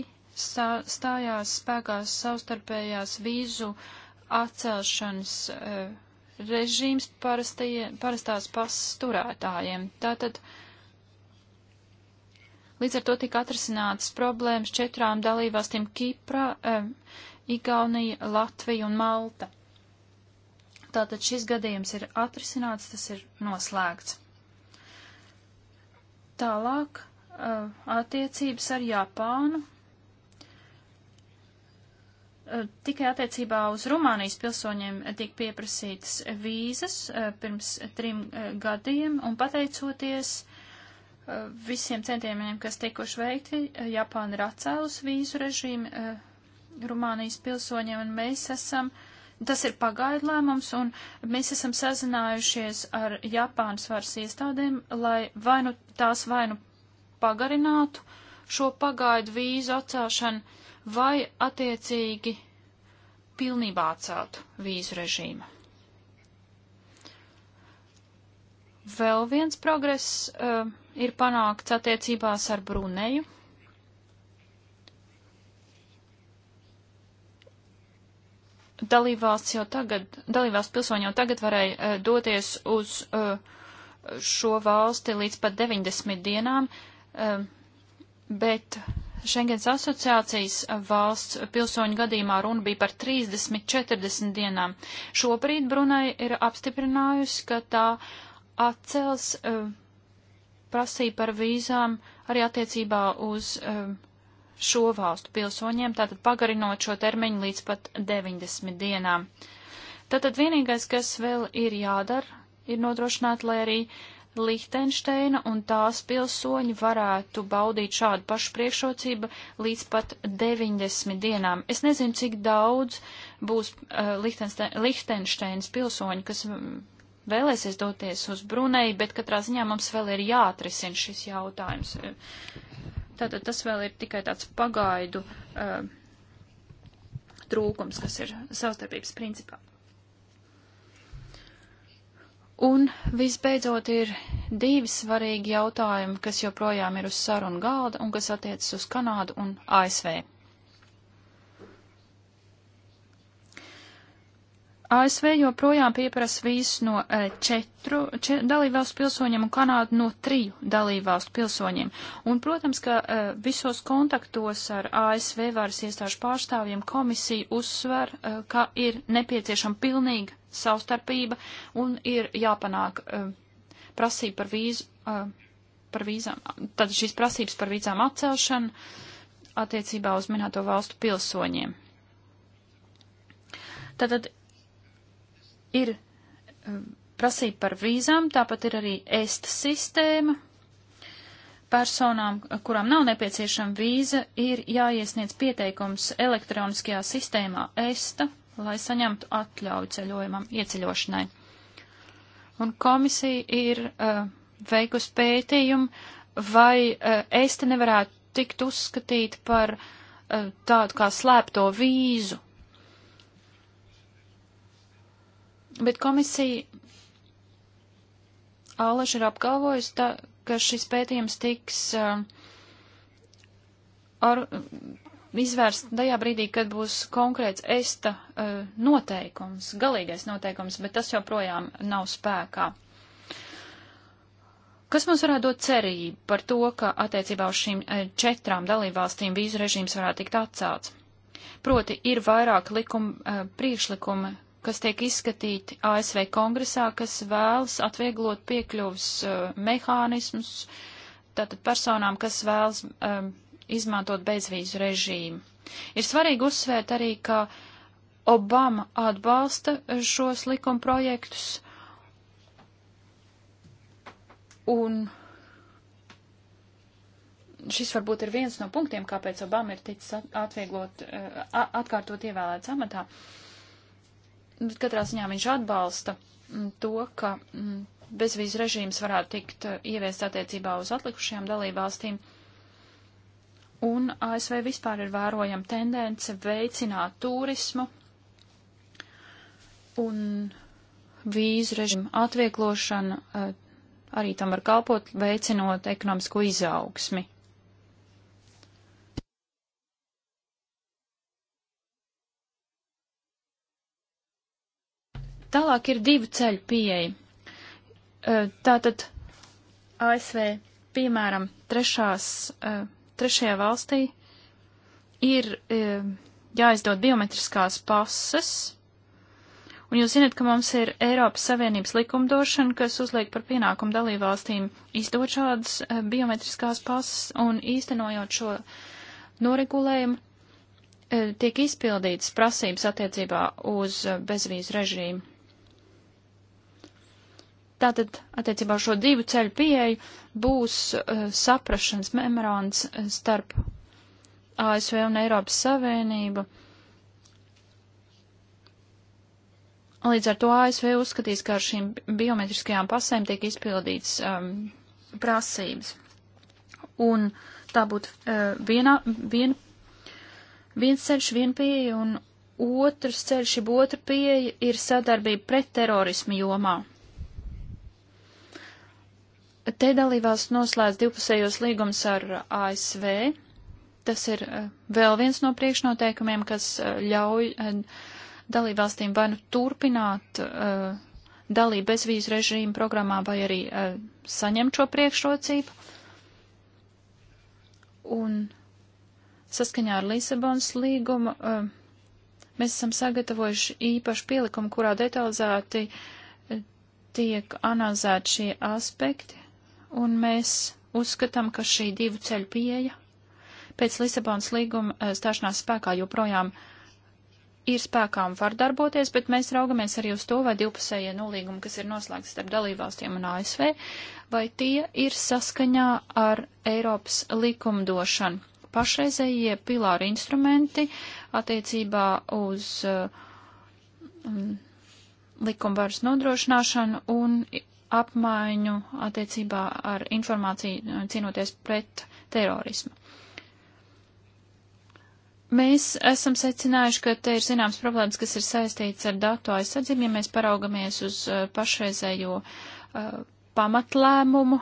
stājās spēkās savstarpējās vīzu atcelšanas e, režīms parastie, parastās pasas turētājiem. Tātad līdz ar to tika atrasinātas problēmas četrām dalībvalstīm Kipra, e, Igaunija, Latvija un Malta. Tātad šis gadījums ir atrisināts, tas ir noslēgts. Tālāk uh, attiecības ar Japānu. Uh, tikai attiecībā uz Rumānijas pilsoņiem tiek pieprasītas vīzas uh, pirms trim gadiem, un pateicoties visiem centieniem, kas tikuši veikti, Japāna ir atcēlus vīzu režīmu Rumānijas pilsoņiem, un mēs esam uh, Tas ir pagaidu lēmums, un mēs esam sazinājušies ar Japānas varas iestādēm, lai vai nu tās vai nu pagarinātu šo pagaidu vīzu atcelšanu, vai attiecīgi pilnībā atceltu vīzu režīmu. Vēl viens progress uh, ir panākts attiecībās ar Bruneju. dalībvalsts jau tagad, dalībvalsts pilsoņi jau tagad varēja eh, doties uz eh, šo valsti līdz pat 90 dienām, eh, bet Schengens asociācijas valsts pilsoņu gadījumā runa bija par 30-40 dienām. Šobrīd Brunai ir apstiprinājusi, ka tā atcels uh, prasību par vīzām arī attiecībā uz uh, šo valstu pilsoņiem, tātad pagarinot šo termiņu līdz pat 90 dienām. Tātad vienīgais, kas vēl ir jādara, ir nodrošināt, lai arī Lihtensteina un tās pilsoņi varētu baudīt šādu pašu priekšrocību līdz pat 90 dienām. Es nezinu, cik daudz būs uh, eh, Lihtensteinas pilsoņi, kas mm, vēlēsies doties uz Brunei, bet katrā ziņā mums vēl ir jāatrisina šis jautājums. Tātad tas vēl ir tikai tāds pagaidu uh, trūkums, kas ir savstarpības principā. Un visbeidzot ir divi svarīgi jautājumi, kas joprojām ir uz sarunu galda un kas attiecas uz Kanādu un ASV. ASV joprojām pieprasa vīzas no e, četru čet, dalībvalstu pilsoņiem un Kanādu no triju dalībvalstu pilsoņiem. Un, protams, ka e, visos kontaktos ar ASV varas iestāžu pārstāvjiem komisija uzsver, e, ka ir nepieciešama pilnīga savstarpība un ir jāpanāk prasība par vīzu, par vīzām, tad šīs prasības par vīzām atcelšanu attiecībā uz minēto valstu pilsoņiem. Tātad ir um, prasība par vīzām, tāpat ir arī esta sistēma. Personām, kurām nav nepieciešama vīza, ir jāiesniedz pieteikums elektroniskajā sistēmā esta, lai saņemtu atļauju ceļojumam ieceļošanai. Un komisija ir uh, veikusi pētījumu, vai uh, esta nevarētu tikt uzskatīt par uh, tādu kā slēpto vīzu Bet komisija Ālaša ir apgalvojusi, tā, ka šis pētījums tiks uh, ar, izvērst tajā brīdī, kad būs konkrēts ESTA uh, noteikums, galīgais noteikums, bet tas joprojām nav spēkā. Kas mums varētu dot cerību par to, ka attiecībā uz šīm eh, četrām dalībvalstīm vīzu režīms varētu tikt atcelts? Proti, ir vairāk likuma eh, priekšlikumi, kas tiek izskatīti ASV kongresā, kas vēlas atvieglot piekļuvas uh, mehānismus, tātad personām, kas vēlas um, izmantot bezvīzu režīmu. Ir svarīgi uzsvērt arī, ka Obama atbalsta šos likumprojektus un šis varbūt ir viens no punktiem, kāpēc Obama ir ticis atvieglot, eh, atkārtot ievēlēts amatā. Uh, bet nu, katrā ziņā viņš atbalsta mm, to, ka mm, bezvīzu režīms varētu tikt eh, ieviests attiecībā uz atlikušajām dalībvalstīm. Un ASV vispār ir vērojama tendence veicināt turismu un vīzu režīmu atvieglošana eh, arī tam var kalpot, veicinot ekonomisko izaugsmi. Tālāk ir divu ceļu pieeja. Tātad ASV, piemēram, trešās, trešajā valstī ir jāizdod biometriskās pases. Un jūs zināt, ka mums ir Eiropas Savienības likumdošana, kas uzliek par pienākumu dalībvalstīm izdot šādas biometriskās pasas, un īstenojot šo noregulējumu, tiek izpildītas prasības attiecībā uz bezvīzu režīmu. Tātad, attiecībā uz šo divu ceļu pieeju, būs uh, saprašanas memorands eh, starp ASV un Eiropas Savienību. Līdz ar to ASV uzskatīs, ka ar šīm biometriskajām pasēm tiek izpildīts um, prasības. Un tā būtu uh, eh, viena, vien, viens ceļš, viena pieeja, un otrs ceļš, jeb otra pieeja ir sadarbība pret terorismu jomā. Te dalībvalsts noslēdz divpusējos līgums ar ASV. Tas ir eh, vēl viens no priekšnoteikumiem, kas eh, ļauj eh, dalībvalstīm vai nu turpināt dalību bezvīzu režīmu programmā vai arī saņemt šo priekšrocību. Un saskaņā ar Lisabonas līgumu mēs esam sagatavojuši īpašu pielikumu, kurā detalizēti tiek analizēti šie aspekti, un mēs uzskatām, ka šī divu ceļu pieeja pēc Lisabonas līguma eh, stāšanās spēkā joprojām ir spēkā un var darboties, bet mēs raugamies arī uz to, vai divpusējie nolīgumi, kas ir noslēgts starp dalībvalstiem un ASV, vai tie ir saskaņā ar Eiropas likumdošanu. Pašreizējie pilāri instrumenti attiecībā uz uh, likumvaras nodrošināšanu un apmaiņu attiecībā ar informāciju eh, cīnoties pret terorismu. Mēs esam secinājuši, ka te ir zināms problēmas, kas ir saistīts ar datu aizsardzību, ja mēs paraugamies uz eh, pašreizējo uh, pamatlēmumu.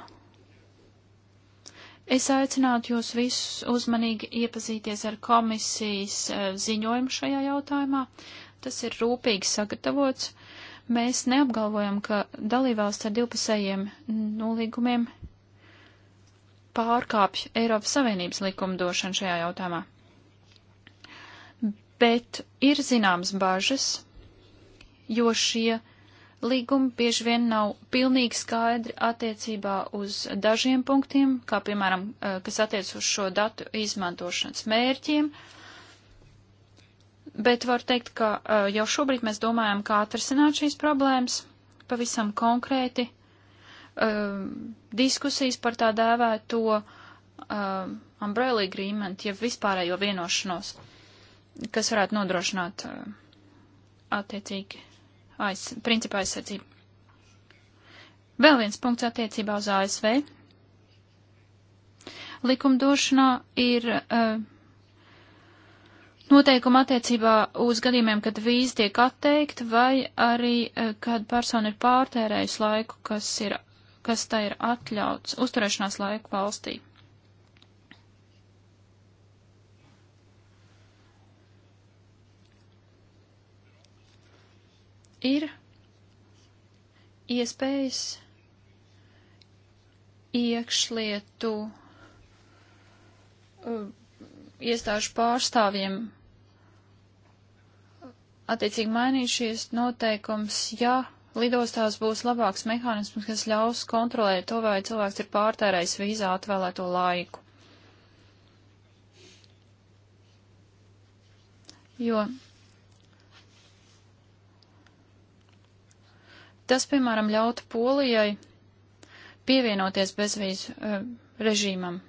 Es aicinātu jūs visus uzmanīgi iepazīties ar komisijas uh, ziņojumu šajā jautājumā. Tas ir rūpīgi sagatavots. Uh, Mēs neapgalvojam, ka dalībvalsts ar divpusējiem nolīgumiem pārkāpj Eiropas Savienības likumdošanu šajā jautājumā. Bet ir zināms bažas, jo šie līgumi bieži vien nav pilnīgi skaidri attiecībā uz dažiem punktiem, kā piemēram, eh, kas attiec uz šo datu izmantošanas mērķiem. Uh, Bet var teikt, ka uh, jau šobrīd mēs domājam, kā atrisināt šīs problēmas pavisam konkrēti. Uh, diskusijas par tā dēvēto uh, umbrella agreement, jeb vispārējo vienošanos, kas varētu nodrošināt uh, attiecīgi aiz, principā aizsardzību. Vēl viens punkts attiecībā uz ASV. Likumdošanā ir. Uh, noteikumi attiecībā uz gadījumiem, kad vīzi tiek atteikta, vai arī, eh, kad persona ir pārtērējusi laiku, kas, ir, kas tā ir atļauts, uzturēšanās laiku valstī. Ir iespējas iekšlietu uh, iestāžu pārstāvjiem attiecīgi mainījušies noteikums, ja lidostās būs labāks mehānisms, kas ļaus kontrolēt to, vai cilvēks ir pārtērējis vīzā atvēlēto laiku. Jo tas, piemēram, ļautu Polijai pievienoties bezvīzu uh, režīmam.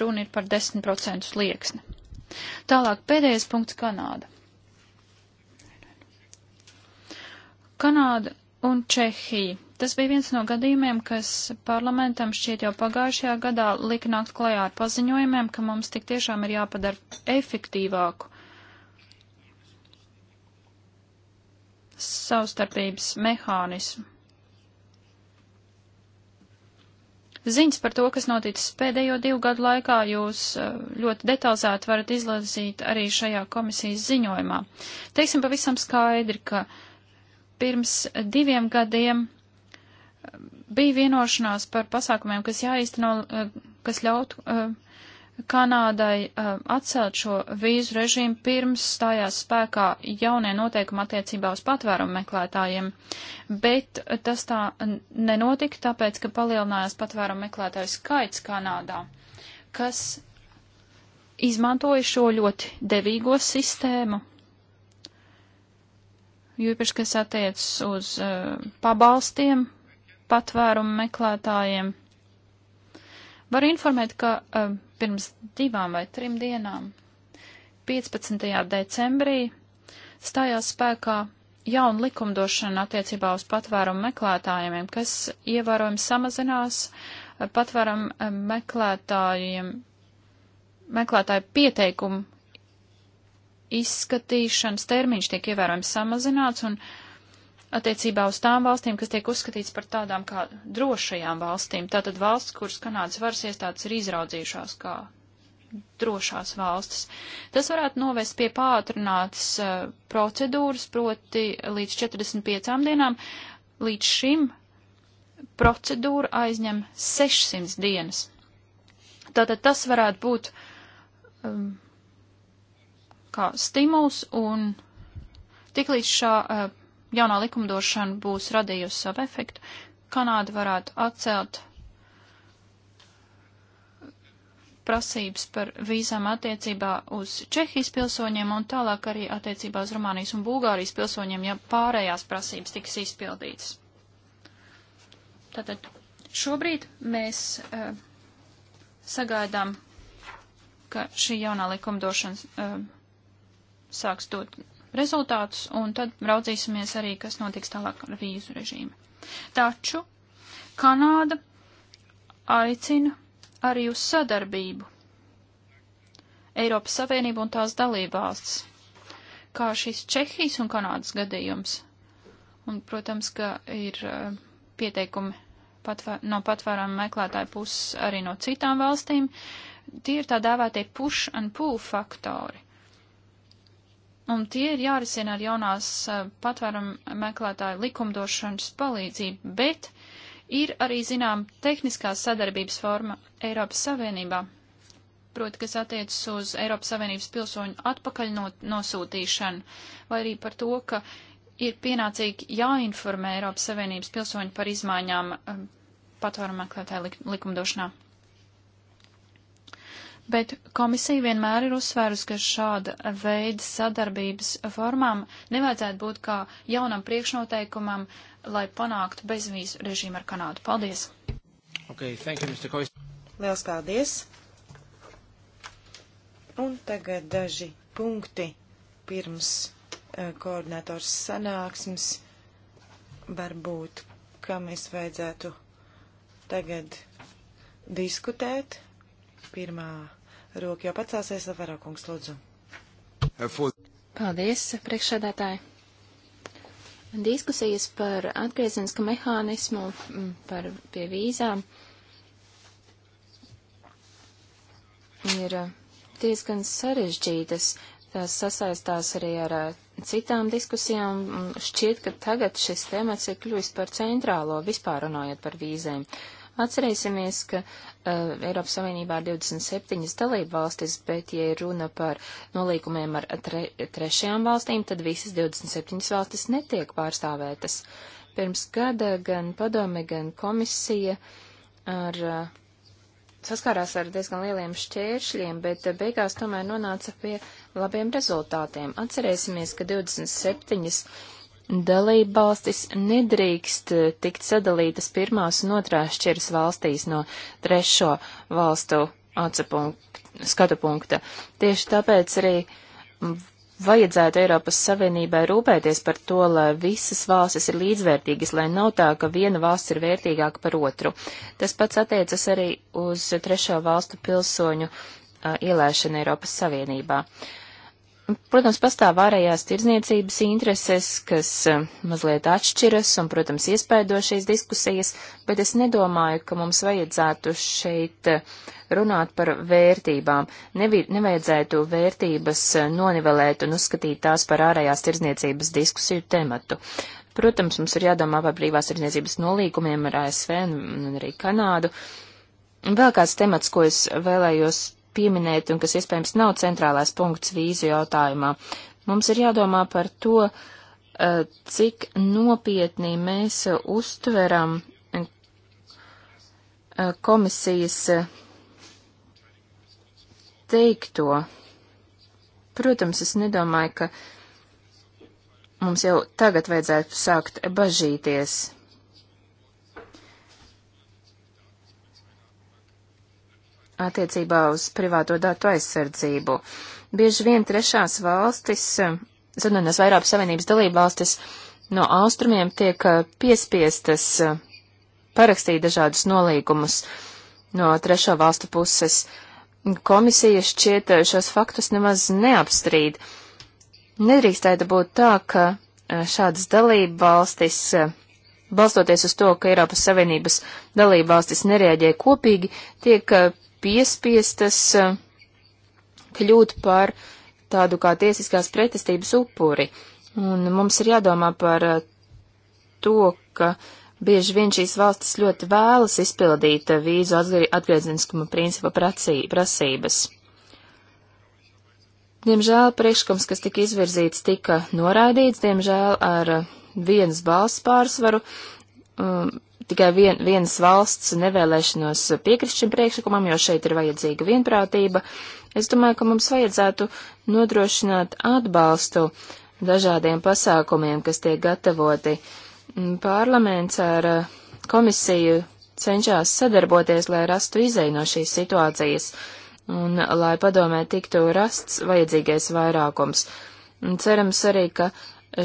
runa ir par 10% slieksni. Tālāk pēdējais punkts Kanāda. Kanāda un Čehija. Tas bija viens no gadījumiem, kas parlamentam šķiet jau pagājušajā gadā lika nākt klajā ar paziņojumiem, ka mums tik tiešām ir jāpadara efektīvāku savstarpības mehānismu. ziņas par to, kas noticis pēdējo divu gadu laikā, jūs eh, ļoti detalizēti varat izlasīt arī šajā komisijas ziņojumā. Teiksim pavisam skaidri, ka pirms diviem gadiem eh, bija vienošanās par pasākumiem, kas jāīsteno, eh, kas ļautu Kanādai uh, atcelt šo vīzu režīmu pirms stājās spēkā jaunie noteikumi attiecībā uz patvērumu meklētājiem, bet tas tā nenotika, tāpēc, ka palielinājās patvērumu meklētāju skaits Kanādā, kas izmantoja šo ļoti devīgo sistēmu, jo īpaši, kas attiecas uz uh, pabalstiem patvērumu meklētājiem. Var informēt, ka uh, pirms divām vai trim dienām, 15. decembrī, stājās spēkā jauna likumdošana attiecībā uz patvērumu meklētājiem, kas ievērojami samazinās patvērumu eh, meklētājiem, meklētāju pieteikumu izskatīšanas termiņš tiek ievērojami samazināts un uh, attiecībā uz tām valstīm, kas tiek uzskatīts par tādām kā drošajām valstīm. Tātad valsts, kuras Kanādas varas iestādes ir izraudzījušās kā drošās valstis. Tas varētu novest pie pātrinātas uh, procedūras, proti līdz 45 dienām. Līdz šim procedūra aizņem 600 dienas. Tātad tas varētu būt um, kā stimuls un tik līdz šā uh, jaunā likumdošana būs radījusi savu efektu. Kanāda varētu atcelt prasības par vīzām attiecībā uz Čehijas pilsoņiem un tālāk arī attiecībā uz Rumānijas un Bulgārijas pilsoņiem, ja pārējās prasības tiks izpildītas. Tātad šobrīd mēs uh, sagaidām, ka šī jaunā likumdošana uh, sāks dot rezultātus, un tad raudzīsimies arī, kas notiks tālāk ar vīzu režīmu. Taču Kanāda aicina arī uz sadarbību Eiropas Savienību un tās dalībvalsts, kā šis Čehijas un Kanādas gadījums. Un, protams, ka ir uh, pieteikumi patvēr, no patvērām meklētāju puses arī no citām valstīm. Tie ir tā dēvētie push and pull faktori. Un tie ir jārisina ar jaunās eh, patvērumu meklētāju likumdošanas palīdzību, bet ir arī, zinām, tehniskā sadarbības forma Eiropas Savienībā, proti, kas attiecas uz Eiropas Savienības pilsoņu atpakaļ no, nosūtīšanu, vai arī par to, ka ir pienācīgi jāinformē Eiropas Savienības pilsoņi par izmaiņām eh, patvērumu meklētāju likumdošanā bet komisija vienmēr ir uzsvērusi, ka šāda veida sadarbības formām nevajadzētu būt kā jaunam priekšnoteikumam, lai panāktu bezvīzu režīmu ar Kanādu. Paldies! Okay, thank you, Mr. Kois. Liels paldies! Un tagad daži punkti pirms uh, koordinators sanāksmes. Varbūt, ka mēs vajadzētu tagad diskutēt Pirmā roka jau pacelsies, Lavaro kungs, lūdzu. Paldies, priekšsēdētāji. Diskusijas par atgriezenisku mehānismu, mm, par pie vīzām ir uh, diezgan sarežģītas. Tās sasaistās arī ar uh, citām diskusijām. Mm, šķiet, ka tagad šis temats ir kļuvis par centrālo, vispār runājot par vīzēm. Uh, Atcerēsimies, ka uh, Eiropas Savienībā ir 27 dalība valstis, bet, ja runa par nolīkumiem ar tre, trešajām valstīm, tad visas 27 valstis netiek pārstāvētas. Pirms gada gan padome, gan komisija ar, uh, saskārās ar diezgan lieliem šķēršļiem, bet uh, beigās tomēr nonāca pie labiem rezultātiem. Atcerēsimies, ka 27 Dalībvalstis nedrīkst eh, tikt sadalītas pirmās un otrās šķiras valstīs no trešo valstu skatu punkta. Tieši tāpēc arī vajadzētu Eiropas Savienībai rūpēties par to, lai visas valstis ir līdzvērtīgas, lai nav tā, ka viena valsts ir vērtīgāka par otru. Tas pats attiecas arī uz trešo valstu pilsoņu uh, ielēšanu Eiropas Savienībā. Uh, Protams, pastāv ārējās tirdzniecības intereses, kas eh, mazliet atšķiras un, protams, iespaido šīs diskusijas, bet es nedomāju, ka mums vajadzētu šeit eh, runāt par vērtībām. Nevi, nevajadzētu vērtības eh, nonivelēt un uzskatīt tās par ārējās tirdzniecības diskusiju tematu. Protams, mums ir jādomā par brīvās tirdzniecības nolīgumiem ar ASV un arī Kanādu. Un vēl kāds temats, ko es vēlējos pieminēt un kas iespējams nav centrālais punkts vīzu jautājumā. Mums ir jādomā par to, eh, cik nopietni mēs uztveram eh, komisijas eh, teikto. Protams, es nedomāju, ka mums jau tagad vajadzētu sākt bažīties attiecībā uz privāto datu aizsardzību. Bieži vien trešās valstis, zinoties vairākas savienības dalību valstis, no austrumiem tiek eh, piespiestas eh, parakstīt dažādus nolīgumus no trešo valstu puses. Komisija šķiet eh, šos faktus nemaz neapstrīd. Nedrīkstētu būt tā, ka šādas dalību valstis, balstoties uz to, ka Eiropas Savienības dalību valstis nereaģē kopīgi, tiek piespiestas eh, kļūt par tādu kā tiesiskās pretestības upuri. Un mums ir jādomā par eh, to, ka bieži vien šīs valstis ļoti vēlas izpildīt eh, vīzu atgriezeniskuma principa prasības. Diemžēl priekšlikums, kas tika izvirzīts, tika noraidīts, diemžēl ar vienas balss pārsvaru. Um, tikai vien, vienas valsts nevēlēšanos piekrist šim priekšlikumam, jo šeit ir vajadzīga vienprātība. Es domāju, ka mums vajadzētu nodrošināt atbalstu dažādiem pasākumiem, kas tiek gatavoti. Mm, Parlaments ar eh, komisiju cenšas sadarboties, lai rastu izēju no šīs situācijas un lai padomē tiktu rasts vajadzīgais vairākums. Un mm, cerams arī, ka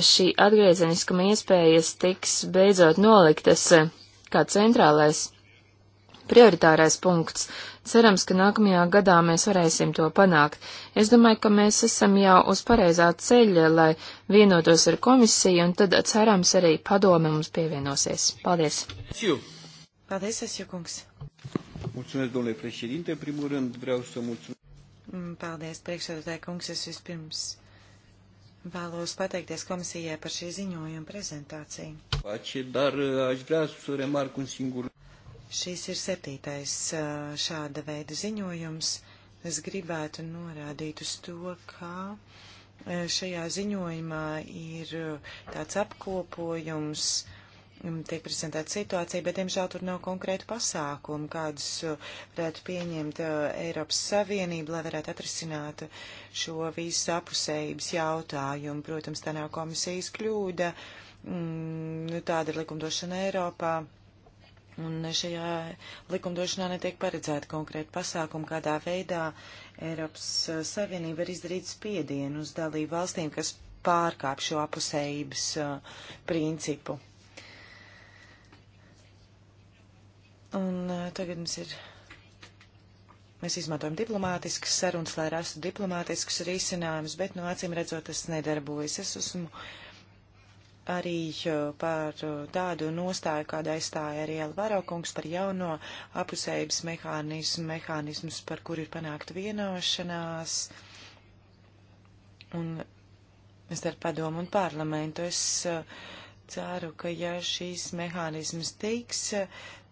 šī atgriezeniskuma iespējas tiks beidzot noliktas eh, kā centrālais prioritārais punkts. Cerams, ka nākamajā gadā mēs varēsim to panākt. Es domāju, ka mēs esam jau uz pareizā ceļa, lai vienotos ar komisiju, un tad cerams arī padome mums pievienosies. Paldies! Paldies, Esjukungs! Mulțumesc, domnule președinte. În primul rând vreau să mulțumesc. Mm, paldies, priekšsēdētāji kungs. Es vispirms Vēlos pateikties komisijai par šī ziņojuma prezentāciju. Šis ir septītais šāda veida ziņojums. Es gribētu norādīt uz to, ka šajā ziņojumā ir tāds apkopojums, uh, Mm, tiek prezentēta situācija, bet, diemžēl, tur nav konkrētu pasākumu, kādus uh, varētu pieņemt uh, Eiropas Savienība, lai varētu atrisināt šo visu apusējības jautājumu. Protams, tā nav komisijas kļūda, mm, nu, tāda ir likumdošana Eiropā. Un šajā likumdošanā netiek paredzēta konkrēta pasākuma, kādā veidā Eiropas uh, Savienība var izdarīt spiedienu uz dalību valstīm, kas pārkāp šo apusējības uh, principu. Un uh, tagad mums ir. Mēs izmantojam diplomātiskas sarunas, lai rastu diplomātiskus risinājumus, bet, nu, acīm redzot, tas nedarbojas. Es esmu arī eh, par eh, tādu nostāju, kāda aizstāja arī Elvaro kungs par jauno apusējības mehānismu, mehānismus, par kur ir panākt vienošanās. Un es ar padomu un parlamentu es ceru, ka ja šīs mehānismas tiks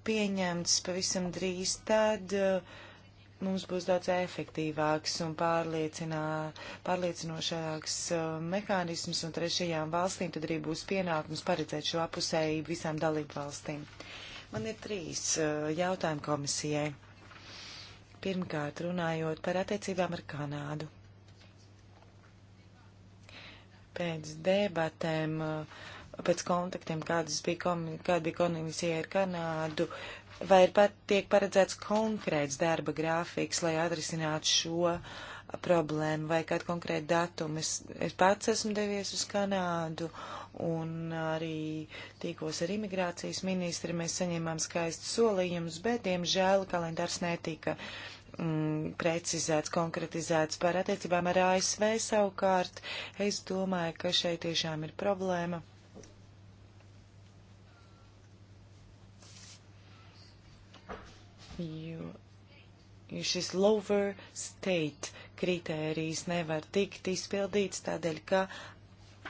pieņemts pavisam drīz, tad uh, mums būs daudz efektīvāks un pārliecinošāks uh, mehānisms, un trešajām valstīm tad arī būs pienākums paredzēt šo apusējību visām dalību valstīm. Man ir trīs uh, jautājumi komisijai. Pirmkārt, runājot par attiecībām ar Kanādu. Pēc debatēm uh, pēc kontaktiem, kādas bija, komi, kāda bija komisija ar Kanādu, vai ir pat tiek paredzēts konkrēts darba grāfiks, lai atrisinātu šo problēmu, vai kādu konkrētu datumu. Es, es pats esmu devies uz Kanādu un arī tīkos ar imigrācijas ministri. Mēs saņēmām skaistu solījumus, bet, diemžēl, kalendārs netika mm, precizēts, konkretizēts par attiecībām ar ASV savukārt. Es domāju, ka šeit tiešām ir problēma. jo šis lower state kritērijs nevar tikt izpildīts tādēļ, ka uh,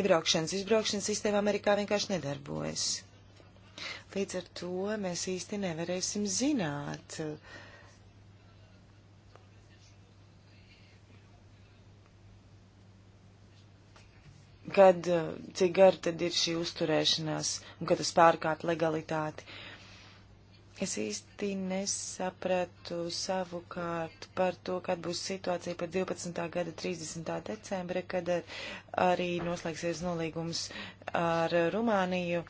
iebraukšanas, izbraukšanas sistēma Amerikā vienkārši nedarbojas. Līdz ar to mēs īsti nevarēsim zināt. Kad, cik gara tad ir šī uzturēšanās, un kad tas pārkārt legalitāti, Es īsti nesapratu savukārt par to, kad būs situācija par 12. gada 30. decembra, kad ar, arī noslēgsies nolīgums ar Rumāniju.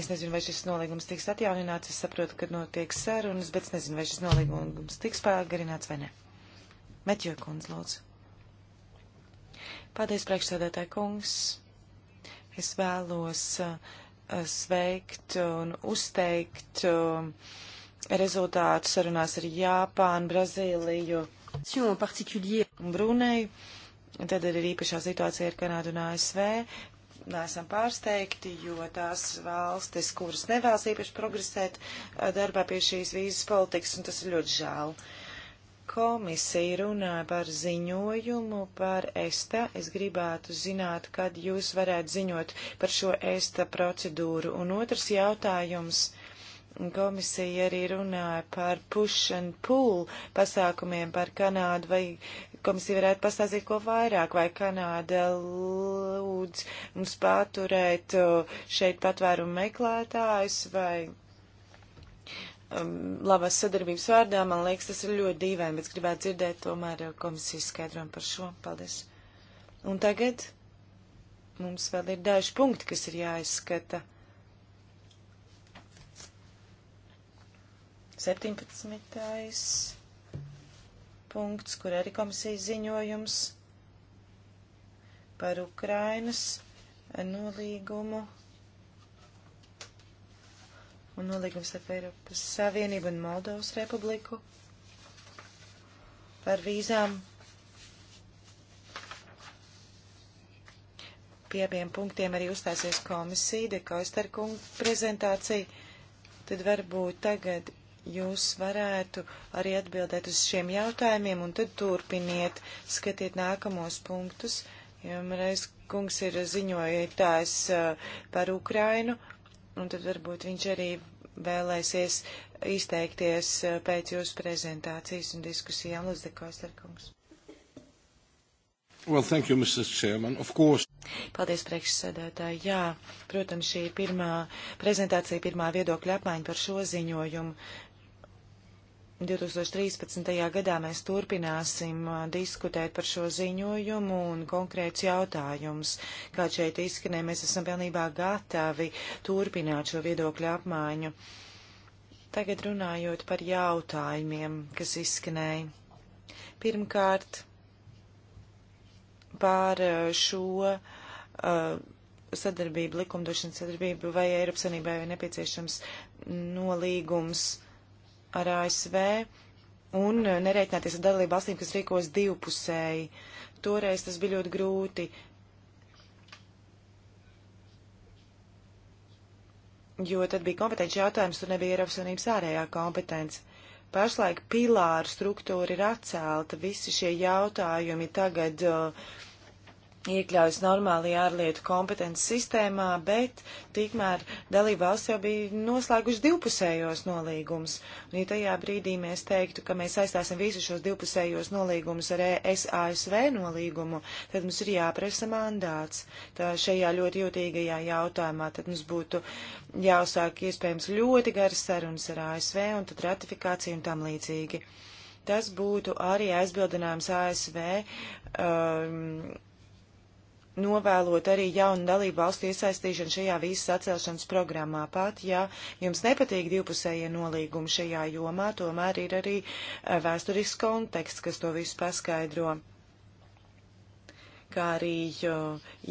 Es nezinu, vai šis nolīgums tiks atjaunināts, es saprotu, ka notiek sarunas, bet es nezinu, vai šis nolīgums tiks pārgarināts vai ne. Metjo kundz, lūdzu. Paldies, priekšsēdētāji kungs. Es vēlos uh, sveikt un uzteikt. Uh, rezultātu sarunās ar Japānu, Brazīliju un Bruneju. Tad arī ir īpašā situācija ar Kanādu un ASV. Nesam pārsteigti, jo tās valstis, kuras nevēlas īpaši progresēt eh, darbā pie šīs vīzas politikas, un tas ir ļoti žēl. Komisija runāja par ziņojumu par ESTA. Es gribētu zināt, kad jūs varētu ziņot par šo ESTA procedūru. Un otrs jautājums Komisija arī runāja par push and pull pasākumiem par Kanādu, vai komisija varētu pastāstīt ko vairāk, vai Kanāda lūdz mums paturēt šeit patvērumu meklētājus, vai um, labās sadarbības vārdā, man liekas, tas ir ļoti dīvaini, bet gribētu dzirdēt tomēr komisijas skaidrojumu par šo. Paldies. Un tagad mums vēl ir daži punkti, kas ir jāizskata. 17. punkts, kur arī komisijas ziņojums par Ukrainas nolīgumu un nolīgums ar Eiropas Savienību un Moldovas Republiku par vīzām pie abiem punktiem arī uzstāsies komisija, dekoistarkunga prezentācija, tad varbūt tagad jūs varētu arī atbildēt uz šiem jautājumiem, un tad turpiniet, skatiet nākamos punktus. Vienreiz kungs ir ziņojotājs uh, par Ukrainu, un tad varbūt viņš arī vēlēsies izteikties uh, pēc jūsu prezentācijas un diskusijām. Lūdzu, Kostarkungs. Well, thank you, Mr. Chairman. Of course. Paldies, priekšsēdētāji. Jā, protams, šī pirmā prezentācija, pirmā viedokļa apmaiņa par šo ziņojumu 2013. gadā mēs turpināsim uh, diskutēt par šo ziņojumu un konkrēts jautājums. Kā šeit izskanē, mēs esam pilnībā gatavi turpināt šo viedokļu apmaiņu. Tagad runājot par jautājumiem, kas izskanēja. Pirmkārt, pār uh, šo. Uh, sadarbību, likumdošanas sadarbību, vai Eiropas Savienībai ir nepieciešams nolīgums uh, ar ASV un nereikināties ar dalību valstīm, kas rīkos divpusēji. Toreiz tas bija ļoti grūti. Jo tad bija kompetenci jautājums, tur nebija Eiropas Savienības ārējā kompetence. Pašlaik pilāru struktūra ir atcelta, visi šie jautājumi tagad uh, iekļaujas normālajā ārlietu kompetences sistēmā, bet tikmēr dalībvalsts jau bija noslēguši divpusējos nolīgumus. Un ja tajā brīdī mēs teiktu, ka mēs aizstāsim visus šos divpusējos nolīgumus ar ES-ASV nolīgumu, tad mums ir jāpresa mandāts Tā šajā ļoti jūtīgajā jautājumā. Tad mums būtu jāuzsāk iespējams ļoti garas sarunas ar ASV un tad ratifikācija un tam līdzīgi. Tas būtu arī aizbildinājums ASV. Um, novēlot arī jaunu dalību valstu iesaistīšanu šajā vīzas atcelšanas programmā. Pat, ja jums nepatīk divpusējie nolīgumi šajā jomā, tomēr ir arī eh, vēsturisks konteksts, kas to visu paskaidro kā arī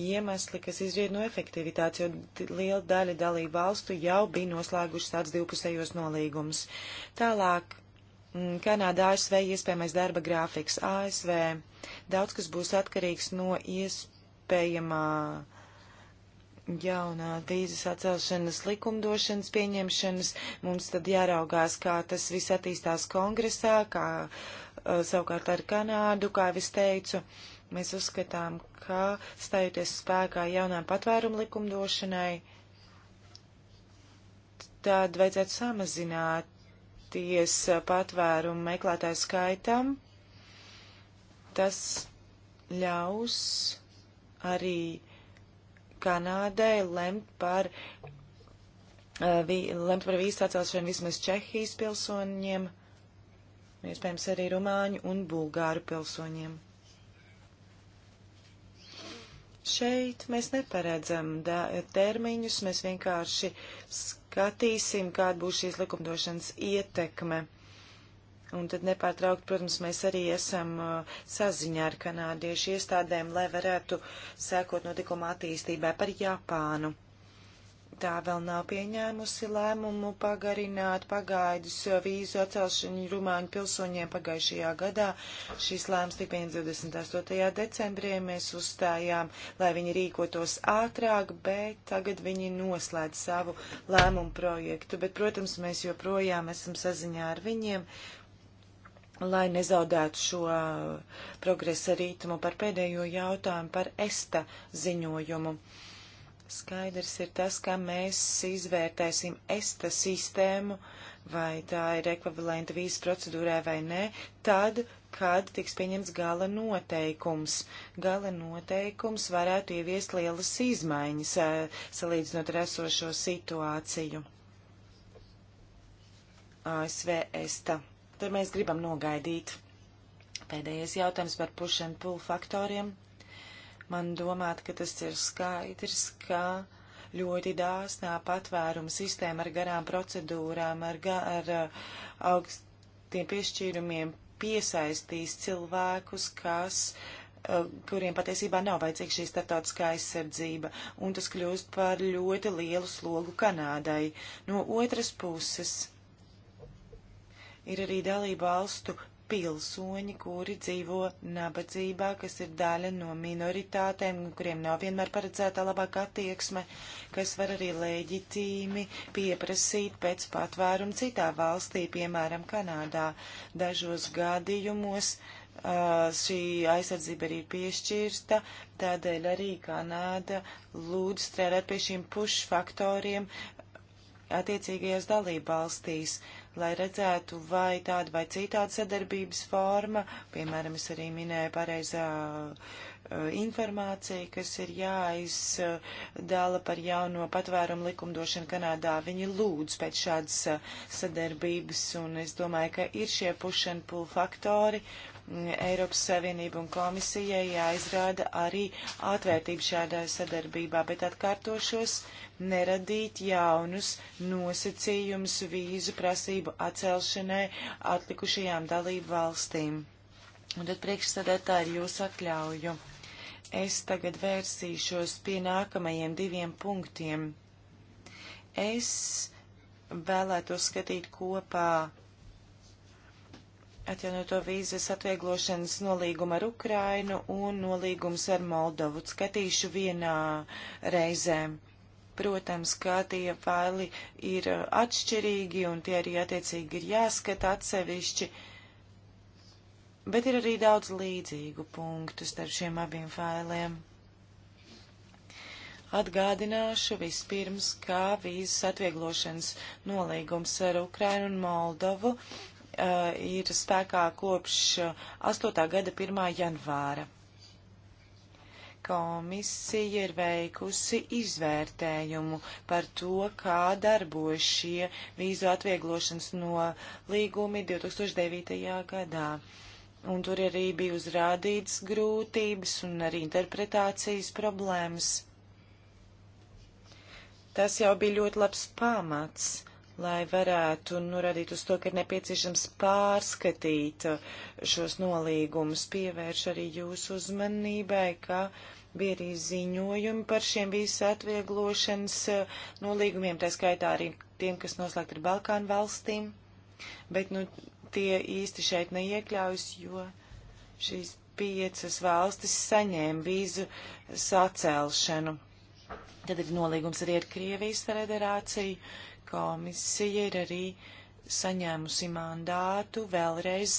iemesli, kas izried no efektivitātes, jo liela daļa dalību valstu jau bija noslēgušas tāds divpusējos nolīgums. Tālāk, mm, Kanādā ASV iespējamais darba grāfiks ASV. Daudz kas būs atkarīgs no iespējas iespējamā jaunā vīzas atcelšanas likumdošanas pieņemšanas. Mums tad jāraugās, kā tas viss attīstās kongresā, kā savukārt ar Kanādu, kā es teicu. Mēs uzskatām, ka stājoties spēkā jaunām patvērumu likumdošanai, tad vajadzētu samazināties patvērumu meklētāju skaitam. Tas ļaus arī Kanādai lemt par, uh, vi, lemt par vīzu atcelšanu vismaz Čehijas pilsoņiem, iespējams arī Rumāņu un Bulgāru pilsoņiem. Šeit mēs neparedzam termiņus, mēs vienkārši skatīsim, kāda būs šīs likumdošanas ietekme. Un tad nepārtraukt, protams, mēs arī esam uh, saziņā ar kanādiešu iestādēm, lai varētu sekot notikuma attīstībai par Japānu. Tā vēl nav pieņēmusi lēmumu pagarināt pagaidus vīzu atcelšanu Rumāņu pilsoņiem pagājušajā gadā. Šis lēmums tika pieņemts 28. decembrī. Mēs uzstājām, lai viņi rīkotos ātrāk, bet tagad viņi noslēdz savu lēmumu projektu. Bet, protams, mēs joprojām esam saziņā ar viņiem lai nezaudētu šo progresa rītumu par pēdējo jautājumu par ESTA ziņojumu. Skaidrs ir tas, ka mēs izvērtēsim ESTA sistēmu, vai tā ir ekvivalenta vīzas procedūrē vai nē, tad, kad tiks pieņemts gala noteikums. Gala noteikums varētu ieviest lielas izmaiņas, eh, salīdzinot ar esošo situāciju. ASV ESTA Tad mēs gribam nogaidīt. Pēdējais jautājums par push and pull faktoriem. Man domāt, ka tas ir skaidrs, ka ļoti dāsnā patvēruma sistēma ar garām procedūrām, ar, ga ar uh, augstiem piešķīrumiem piesaistīs cilvēkus, kas uh, kuriem patiesībā nav vajadzīga šī startautiskā aizsardzība, un tas kļūst par ļoti lielu slogu Kanādai. No otras puses, ir arī dalību valstu pilsoņi, kuri dzīvo nabadzībā, kas ir daļa no minoritātēm, kuriem nav vienmēr paredzēta labāka attieksme, kas var arī leģitīmi pieprasīt pēc patvērumu citā valstī, piemēram, Kanādā. Dažos gadījumos uh, šī aizsardzība arī ir piešķirta, tādēļ arī Kanāda lūdz strādāt pie šiem push faktoriem attiecīgajās dalību valstīs. Uh, lai redzētu, vai tāda vai citāda sadarbības forma, piemēram, es arī minēju pareizā uh, informācija, kas ir jāizdala par jauno patvērumu likumdošanu Kanādā. Viņi lūdz pēc šādas uh, sadarbības, un es domāju, ka ir šie push and pull faktori, Eiropas Savienība un komisijai jāizrāda arī atvērtība šādā sadarbībā, bet atkārtošos neradīt jaunus nosacījumus vīzu prasību atcelšanai atlikušajām dalību valstīm. Un tad priekšsēdētāji jūs atļauju. Es tagad vērsīšos pie nākamajiem diviem punktiem. Es vēlētos skatīt kopā atjaunoto vīzas atvieglošanas nolīgumu ar Ukrainu un nolīgums ar Moldovu. Skatīšu vienā reizē. Protams, kā tie faili ir atšķirīgi un tie arī attiecīgi ir jāskata atsevišķi, bet ir arī daudz līdzīgu punktu starp šiem abiem failiem. Atgādināšu vispirms, kā vīzas atvieglošanas nolīgums ar Ukrainu un Moldovu uh, ir spēkā kopš 8. Uh, gada 1. janvāra. Komisija ir veikusi izvērtējumu par to, kā darbojas šie vīzu atvieglošanas no līgumi 2009. gadā. Un tur arī bija uzrādīts grūtības un arī interpretācijas problēmas. Tas jau bija ļoti labs pamats lai varētu norādīt nu, uz to, ka ir nepieciešams pārskatīt uh, šos nolīgumus, pievērš arī jūsu uzmanībai, ka bija arī ziņojumi par šiem visu atvieglošanas uh, nolīgumiem, tā skaitā arī tiem, kas noslēgt ar Balkānu valstīm, bet nu, tie īsti šeit neiekļaujas, jo šīs piecas valstis saņēma vīzu sacelšanu. Tad ir nolīgums arī ar Krievijas federāciju. Uh, komisija ir arī saņēmusi mandātu vēlreiz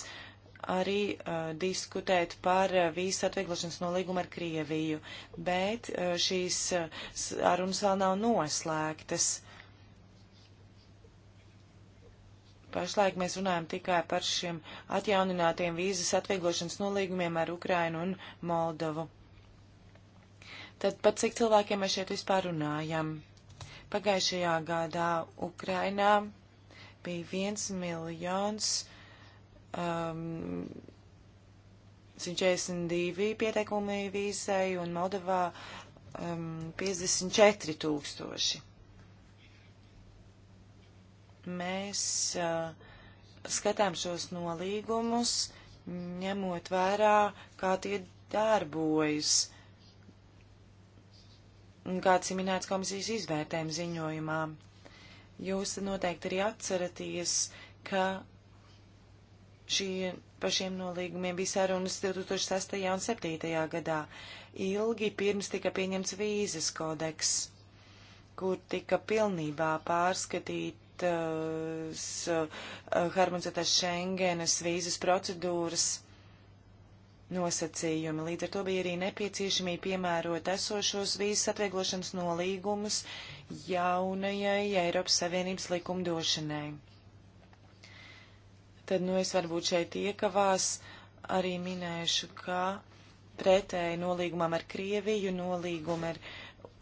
arī uh, diskutēt par uh, vīzu atvieglošanas nolīgumu ar Krieviju, bet uh, šīs uh, sarunas vēl nav noslēgtas. Pašlaik mēs runājam tikai par šiem atjauninātiem vīzas atvieglošanas nolīgumiem ar Ukrainu un Moldovu. Tad pat cik cilvēkiem mēs šeit vispār runājam? Pagājušajā gadā Ukrainā bija viens miljons um, 142 pieteikumi vīzai un Moldovā um, 54 tūkstoši. Mēs uh, skatām šos nolīgumus, ņemot vērā, kā tie darbojas. Uh, kāds ir minēts komisijas izvērtējuma ziņojumā. Jūs noteikti arī atceraties, ka šie, par šiem nolīgumiem bija sarunas 2006. un 2007. gadā, ilgi pirms tika pieņemts vīzes kodeks, kur tika pilnībā pārskatītas uh, eh, harmonizētās Schengenas vīzes procedūras nosacījumi. Līdz ar to bija arī nepieciešamība piemērot esošos vīzas atvieglošanas nolīgumus jaunajai Eiropas Savienības likumdošanai. Tad, nu, es varbūt šeit iekavās arī minēšu, ka pretēji nolīgumam ar Krieviju, nolīgumu ar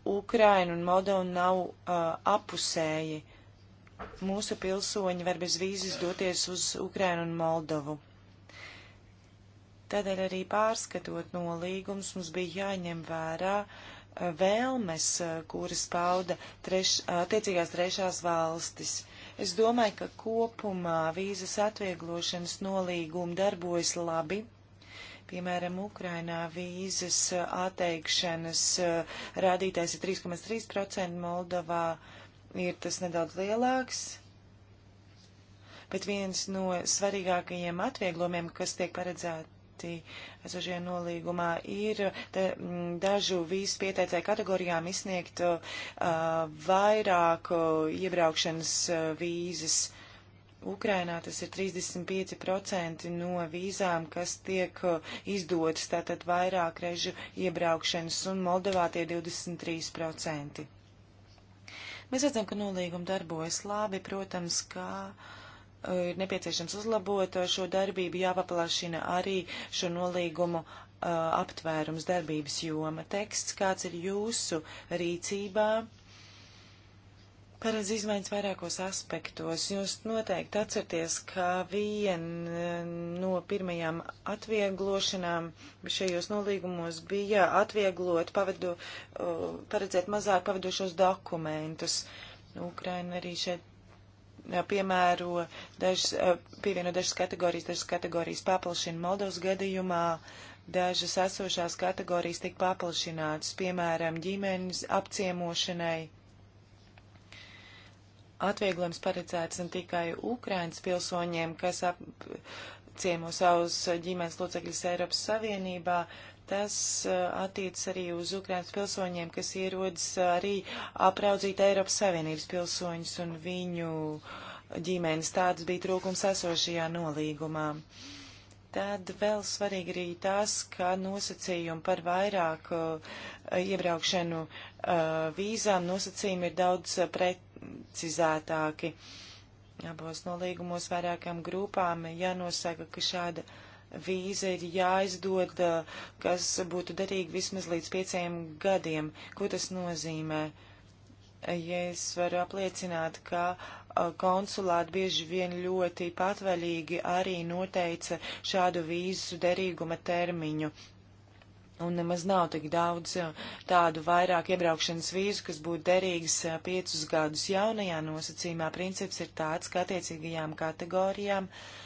Ukrainu un Moldovu nav uh, apusēji. Mūsu pilsoņi var bez vīzes doties uz Ukrainu un Moldovu. Tādēļ arī pārskatot nolīgums mums bija jāņem vērā eh, vēlmes, eh, kuras pauda treš, eh, attiecīgās trešās valstis. Es domāju, ka kopumā vīzas atvieglošanas nolīgumi darbojas labi. Piemēram, Ukrainā vīzas atteikšanas rādītājs ir 3,3%, Moldovā ir tas nedaudz lielāks, bet viens no svarīgākajiem atvieglojumiem, kas tiek paredzēti minēti esošajā nolīgumā, ir te, mm, dažu visu pieteicēju kategorijām izsniegt uh, vairāk uh, iebraukšanas uh, vīzes. Ukrainā tas ir 35% no vīzām, kas tiek uh, izdotas, tātad vairāk režu iebraukšanas, un Moldovā tie 23%. Mēs redzam, ka nolīguma darbojas labi, protams, kā. Ka ir nepieciešams uzlabot šo darbību, jāpaplašina arī šo nolīgumu aptvērums darbības joma. Teksts, kāds ir jūsu rīcībā, paredz izmaiņas vairākos aspektos. Jūs noteikti atcerieties, ka viena no pirmajām atvieglošanām šajos nolīgumos bija atvieglot, pavadu, paredzēt mazāk pavadošos dokumentus. Ukraina arī šeit piemēro dažas, pievieno dažas kategorijas, dažas kategorijas paplašina Moldovas gadījumā. Dažas esošās kategorijas tika paplašinātas, piemēram, ģimenes apciemošanai. Atvieglojums paredzēts ne tikai Ukrainas pilsoņiem, kas ap, ciemo savus ģimenes locekļus Eiropas Savienībā, Tas uh, attiec arī uz Ukrainas pilsoņiem, kas ierodas uh, arī apraudzīt Eiropas Savienības pilsoņus un viņu ģimenes. Tāds bija trūkums esošajā nolīgumā. Tad vēl svarīgi arī tas, ka nosacījumi par vairāk uh, iebraukšanu uh, vīzām nosacījumi ir daudz uh, precizētāki. Abos nolīgumos vairākām grupām jānosaka, ka šāda uh, vīza ir jāizdod, kas būtu derīga vismaz līdz pieciem gadiem. Ko tas nozīmē? Ja es varu apliecināt, ka konsulāti bieži vien ļoti patvaļīgi arī noteica šādu vīzu derīguma termiņu. Un nemaz nav tik daudz tādu vairāk iebraukšanas vīzu, kas būtu derīgas piecus gadus jaunajā nosacījumā. Princips ir tāds, ka attiecīgajām kategorijām uh,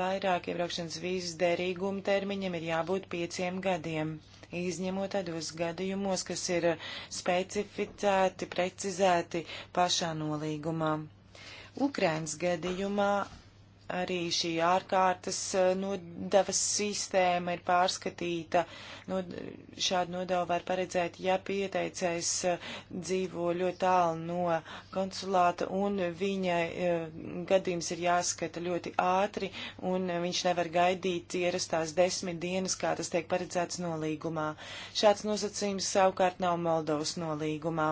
vairāk iebraukšanas vīzas derīguma termiņam ir jābūt pieciem gadiem, izņemot tādos gadījumos, kas ir specificēti, precizēti pašā nolīgumā. Ukrainas gadījumā Arī šī ārkārtas eh, nodevas sistēma ir pārskatīta. No, šādu nodevu var paredzēt, ja pieteicējs eh, dzīvo ļoti tālu no konsulāta un viņa eh, gadījums ir jāskata ļoti ātri un viņš nevar gaidīt ierastās desmit dienas, kā tas tiek paredzēts nolīgumā. Šāds nosacījums savukārt nav Moldovas nolīgumā.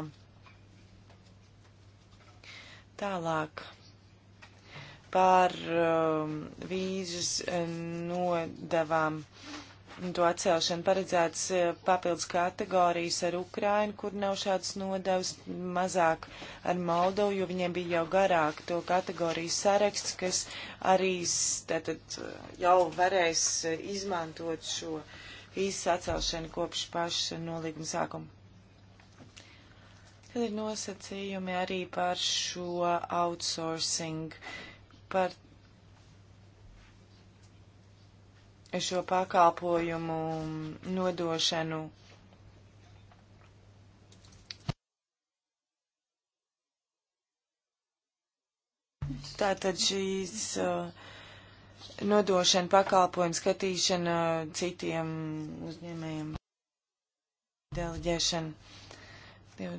Tālāk par um, vīzas um, nodavām. To atcelšanu paredzēts uh, papildus kategorijas ar Ukrainu, kur nav šāds nodevs, mazāk ar Moldovu, jo viņiem bija jau garāk to kategoriju saraksts, kas arī tātad, uh, jau varēs uh, izmantot šo vīzas atcelšanu kopš paša nolīguma sākuma. Tad ir nosacījumi arī par šo outsourcing. Uh, par šo pakalpojumu nodošanu Tātad šīs uh, nodošana pakalpojumu skatīšana citiem uzņēmējiem deleģēšana.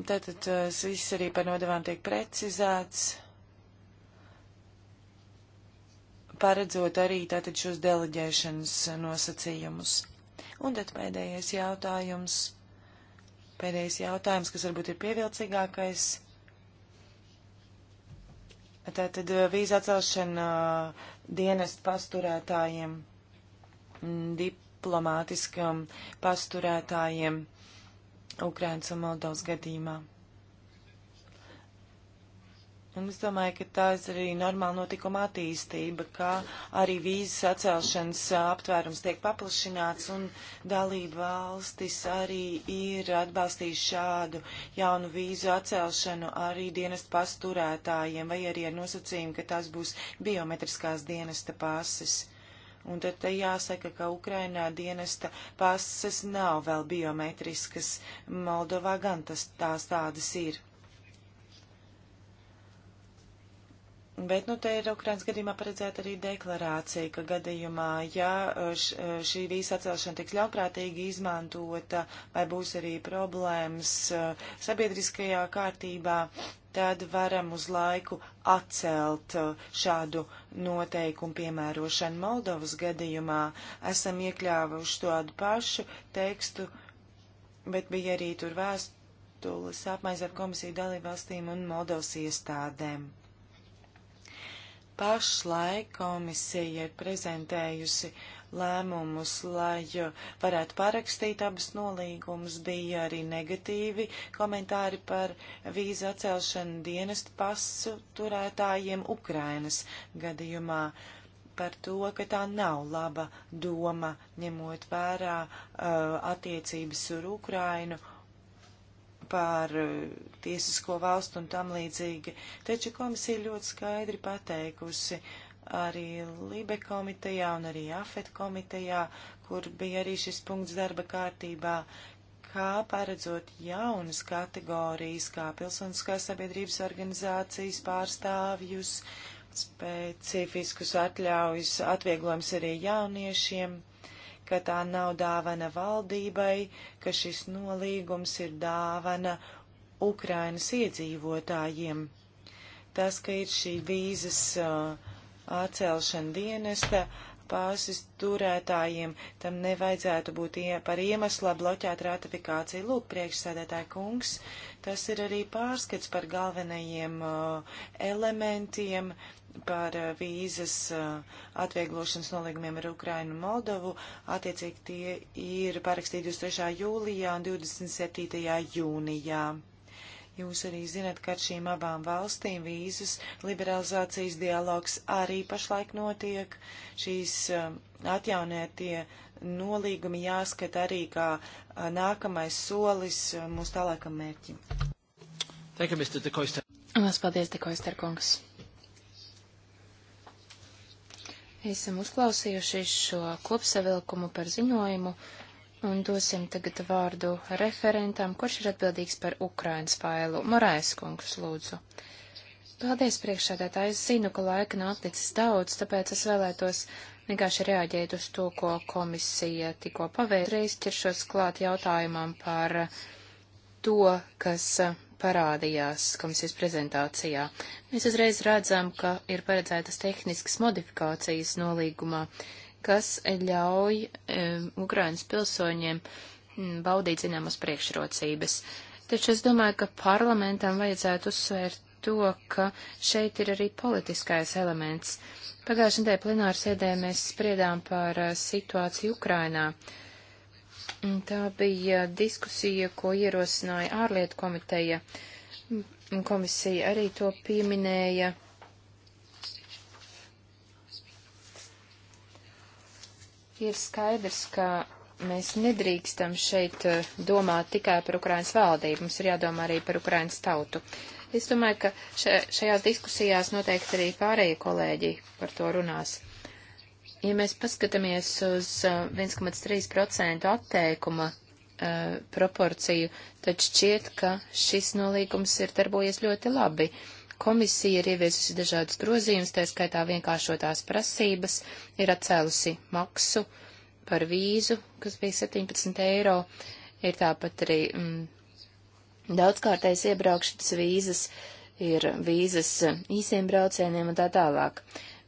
Tātad tas eh, viss arī par nodevām tiek precizēts, paredzot arī tātad šos deleģēšanas nosacījumus. Un tad pēdējais jautājums, pēdējais jautājums, kas varbūt ir pievilcīgākais. Tātad eh, vīza atcelšana eh, dienestu pasturētājiem, mm, diplomātiskam pasturētājiem. Ukrainas un Moldovas gadījumā. Un es domāju, ka tā ir arī normāla notikuma attīstība, kā arī vīzas atcelšanas aptvērums tiek paplašināts un dalība valstis arī ir atbalstījuši šādu jaunu vīzu atcelšanu arī dienestu pasturētājiem vai arī ar nosacījumu, ka tās būs biometriskās dienesta pases. Un tad te jāsaka, ka Ukrainā dienesta pases nav vēl biometriskas, Moldovā gan tas tās tādas ir. Bet, nu, te ir Ukrainas gadījumā paredzēta arī deklarācija, ka gadījumā, ja uh, š, uh, šī vīza atcelšana tiks ļauprātīgi izmantota, vai būs arī problēmas uh, sabiedriskajā kārtībā, tad varam uz laiku atcelt uh, šādu noteikumu piemērošanu. Moldovas gadījumā esam iekļāvuši tādu pašu tekstu, bet bija arī tur vēstules apmaiņas ar komisiju dalībvalstīm un Moldovas iestādēm. Pašlaik komisija ir prezentējusi uh, lēmumus, lai uh, varētu parakstīt abas nolīgumus. Bija arī negatīvi komentāri par vīzu atcelšanu dienestu pasu turētājiem Ukrainas gadījumā par to, ka tā nav laba doma, ņemot vērā uh, attiecības ar Ukrainu par uh, tiesisko valstu un tam līdzīgi. Taču komisija ļoti skaidri pateikusi, uh, arī Libe komitejā un arī AFET komitejā, kur bija arī šis punkts darba kārtībā, kā paredzot jaunas kategorijas, kā pilsoniskās sabiedrības organizācijas pārstāvjus, specifiskus atļaujas, atvieglojums arī jauniešiem, ka tā nav dāvana valdībai, ka šis nolīgums ir dāvana Ukrainas iedzīvotājiem. Tas, ka ir šī vīzas uh, atcelšana dienesta pāsis turētājiem, tam nevajadzētu būt ie, par iemeslu bloķēt ratifikāciju. Lūk, priekšsēdētāja kungs, tas ir arī pārskats par galvenajiem uh, elementiem, par uh, vīzas uh, atvieglošanas nolīgumiem ar Ukrainu un Moldovu. Attiecīgi tie ir parakstīti 23. jūlijā un 27. jūnijā. Jūs arī zinat, ka ar šīm abām valstīm vīzas liberalizācijas dialogs arī pašlaik notiek. Šīs um, atjaunētie nolīgumi jāskata arī kā uh, nākamais solis uh, mūsu tālākam mērķim. Thank you, Mr. De Koister. Lielas paldies, Dekoister kungs. Esam uzklausījuši šo kopsavilkumu par ziņojumu, Un dosim tagad vārdu referentam, kurš ir atbildīgs par Ukrainas failu. Morais kungs, lūdzu. Paldies priekšādētā. Es zinu, ka laika nav atlicis daudz, tāpēc es vēlētos vienkārši reaģēt uz to, ko komisija tikko paveic. Reiz ķeršos klāt jautājumam par to, kas parādījās komisijas prezentācijā. Mēs uzreiz redzam, ka ir paredzētas tehniskas modifikācijas nolīgumā. Uh, kas ļauj um, Ukrainas pilsoņiem um, baudīt zināmas priekšrocības. Taču es domāju, ka parlamentam vajadzētu uzsvērt to, ka šeit ir arī politiskais elements. Pagājušajā nedēļā plenāra sēdē mēs spriedām par uh, situāciju Ukrainā. Tā bija diskusija, ko ierosināja ārlietu komiteja. Komisija arī to pieminēja Ir skaidrs, ka mēs nedrīkstam šeit eh, domāt tikai par Ukrainas valdību, mums ir jādomā arī par Ukrainas tautu. Es domāju, ka šajās diskusijās noteikti arī pārējie kolēģi par to runās. Ja mēs paskatāmies uz 1,3% eh, atteikuma uh, proporciju, tad šķiet, ka šis nolīgums ir darbojies ļoti labi. Uh, Komisija ir ieviesusi dažādus grozījumus, tā skaitā vienkāršotās prasības, ir atcēlusi maksu par vīzu, kas bija 17 eiro, ir tāpat arī mm, daudzkārtais iebraukšanas vīzas, ir vīzas īsiem braucieniem un tā tālāk.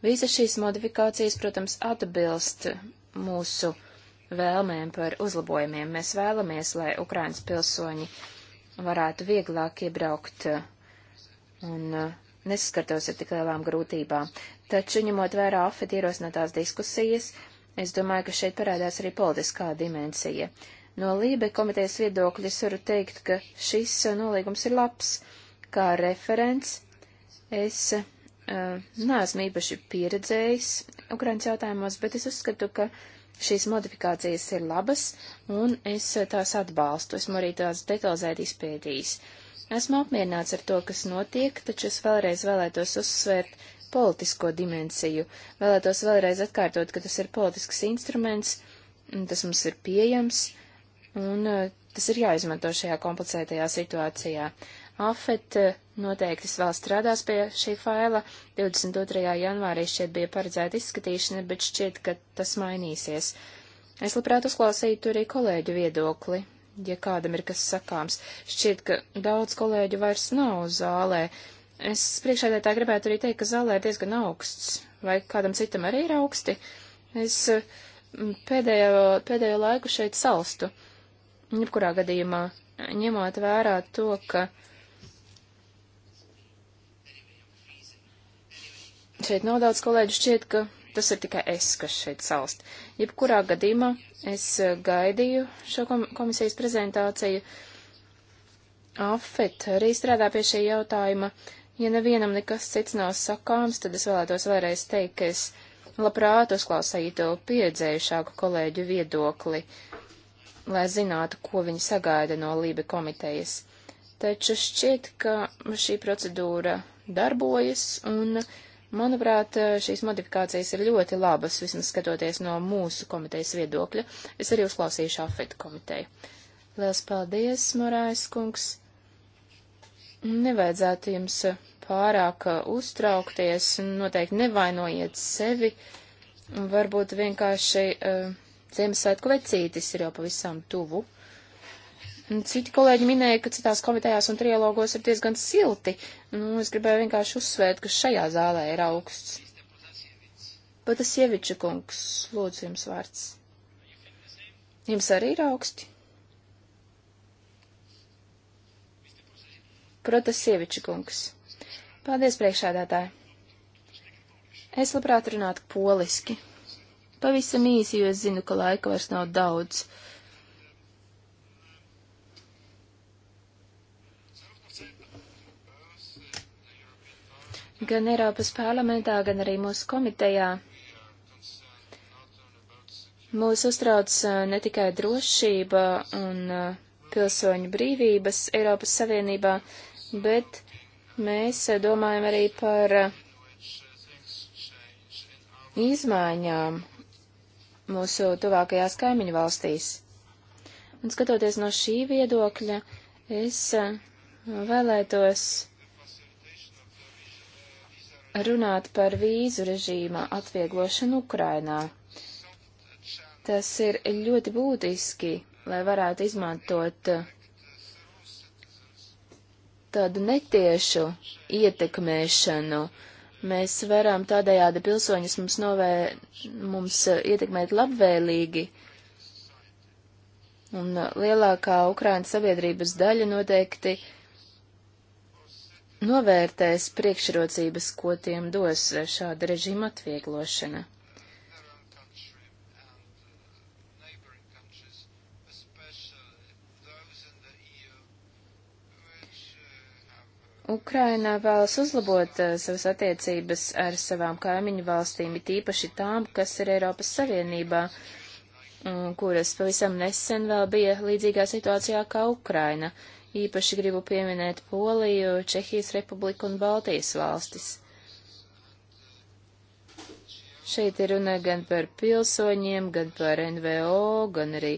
Visas šīs modifikācijas, protams, atbilst mūsu vēlmēm par uzlabojumiem. Mēs vēlamies, lai Ukrainas pilsoņi varētu vieglāk iebraukt un uh, nesaskartos ar tik lielām grūtībām. Taču, ņemot vērā afet ierosinātās diskusijas, es domāju, ka šeit parādās arī politiskā dimensija. No Lībe komitejas viedokļa es varu teikt, ka šis uh, nolīgums ir labs. Kā referents es uh, neesmu īpaši pieredzējis Ukrainas jautājumos, bet es uzskatu, ka šīs modifikācijas ir labas, un es uh, tās atbalstu. Esmu arī tās detalizēti izpētījis. Uh, Esmu apmierināts ar to, kas notiek, taču es vēlreiz vēlētos uzsvērt politisko dimensiju. Vēlētos vēlreiz atkārtot, ka tas ir politisks instruments, tas mums ir pieejams, un uh, tas ir jāizmanto šajā komplicētajā situācijā. AFET uh, noteikti vēl strādās pie šī faila. 22. janvārī šķiet bija paredzēta izskatīšana, bet šķiet, ka tas mainīsies. Es labprāt uzklausītu arī kolēģu viedokli, ja kādam ir kas sakāms. Šķiet, ka daudz kolēģu vairs nav zālē. Es priekšādētāji gribētu arī teikt, ka zālē ir diezgan augsts, vai kādam citam arī ir augsti. Es mm, pēdējo, pēdējo laiku šeit salstu. Jebkurā gadījumā, ņemot vērā to, ka šeit nav daudz kolēģu, šķiet, ka tas ir tikai es, kas šeit salst. Jebkurā gadījumā es eh, gaidīju šo komisijas prezentāciju. Afet arī strādā pie šī jautājuma. Ja nevienam nekas cits nav sakāms, tad es vēlētos vēlreiz teikt, ka es labprāt uzklausītu pieredzējušāku kolēģu viedokli, lai zinātu, ko viņi sagaida no Lība komitejas. Taču šķiet, ka šī procedūra darbojas, un Manuprāt, eh, šīs modifikācijas ir ļoti labas, vismaz skatoties no mūsu komitejas viedokļa. Es arī uzklausīšu afetu komiteju. Lielas paldies, Morājas kungs. Nevajadzētu jums eh, pārāk eh, uztraukties, noteikti nevainojiet sevi. Varbūt vienkārši uh, Ziemassvētku vecītis ir jau pavisam tuvu. Citi kolēģi minēja, ka citās komitejās un trialogos ir diezgan silti. Nu, es gribēju vienkārši uzsvērt, ka šajā zālē ir augsts. Bet tas ieviča kungs, lūdzu jums vārds. Jums arī ir augsti? Protas Sieviča kungs. Paldies, priekšādātāji. Es labprāt runātu poliski. Pavisam īsi, jo es zinu, ka laika vairs nav daudz. Uh, gan Eiropas parlamentā, gan arī mūsu komitejā. Mūs uztrauc uh, ne tikai drošība un uh, pilsoņu brīvības Eiropas Savienībā, bet mēs uh, domājam arī par izmaiņām mūsu tuvākajās kaimiņu valstīs. Un skatoties no šī viedokļa, es vēlētos runāt par vīzu režīma atvieglošanu Ukrainā. Tas ir ļoti būtiski, lai varētu izmantot uh, tādu netiešu ietekmēšanu. Mēs varam tādējādi pilsoņus mums, novē, mums uh, ietekmēt labvēlīgi, un uh, lielākā Ukrainas sabiedrības daļa noteikti uh, novērtēs priekšrocības, ko tiem dos šāda režīma atvieglošana. Ukraina vēlas uzlabot uh, savas attiecības ar savām kaimiņu valstīm, it īpaši tām, kas ir Eiropas Savienībā, um, kuras pavisam nesen vēl bija līdzīgā situācijā kā Ukraina. Īpaši gribu pieminēt Poliju, Čehijas republiku un Baltijas valstis. Šeit ir runa gan par pilsoņiem, gan par NVO, gan arī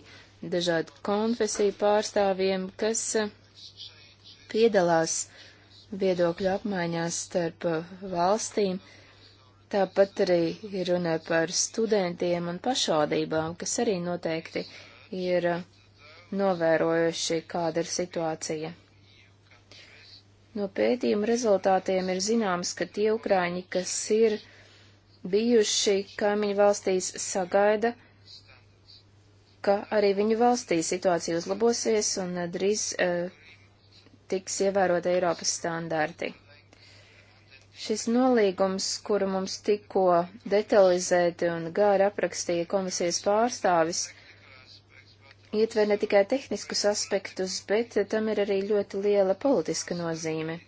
dažādu konfesiju pārstāvjiem, kas eh, piedalās viedokļu apmaiņās starp eh, valstīm. Tāpat arī ir runa par studentiem un pašvaldībām, kas arī noteikti ir uh, novērojuši, kāda ir situācija. No pētījuma rezultātiem ir zināms, ka tie ukraiņi, kas ir bijuši kaimiņu valstīs, sagaida, ka arī viņu valstī situācija uzlabosies un drīz uh, tiks ievērota Eiropas standarti. Šis nolīgums, kuru mums tikko detalizēti un gāri aprakstīja komisijas pārstāvis, uh, ietver ne tikai tehniskus aspektus, bet tam ir arī ļoti liela politiska nozīme.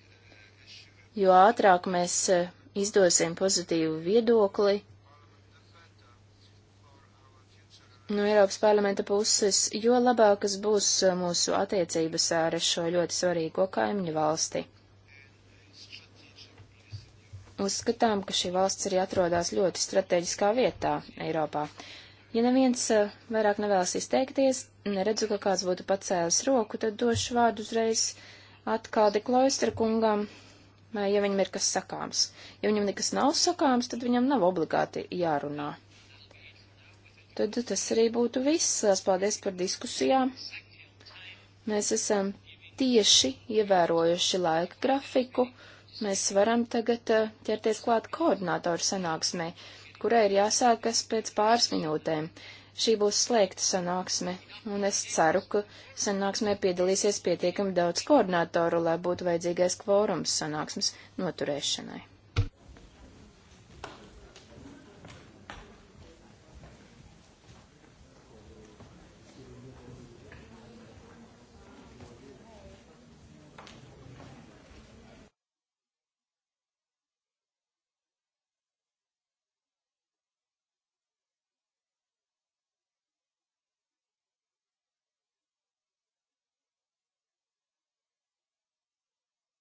Jo ātrāk mēs eh, izdosim pozitīvu viedokli no Eiropas parlamenta puses, jo labākas būs eh, mūsu attiecības ar šo ļoti svarīgo kaimiņu valsti. Uzskatām, ka šī valsts arī atrodas ļoti strateģiskā vietā Eiropā. Ja neviens eh, vairāk nevēlas izteikties, neredzu, ka kāds būtu pacēlis roku, tad došu vārdu uzreiz atkal deklaistra kungam, vai ja viņam ir kas sakāms. Ja viņam nekas nav sakāms, tad viņam nav obligāti jārunā. Tad tas arī būtu viss. Lās paldies par diskusijām. Mēs esam tieši ievērojuši laika grafiku. Mēs varam tagad eh, ķerties klāt koordinātoru sanāksmē, kurai ir jāsākas pēc pāris minūtēm. Šī būs slēgta sanāksme, un es ceru, ka sanāksmē piedalīsies pietiekami daudz koordinātoru, lai būtu vajadzīgais kvorums sanāksmes noturēšanai.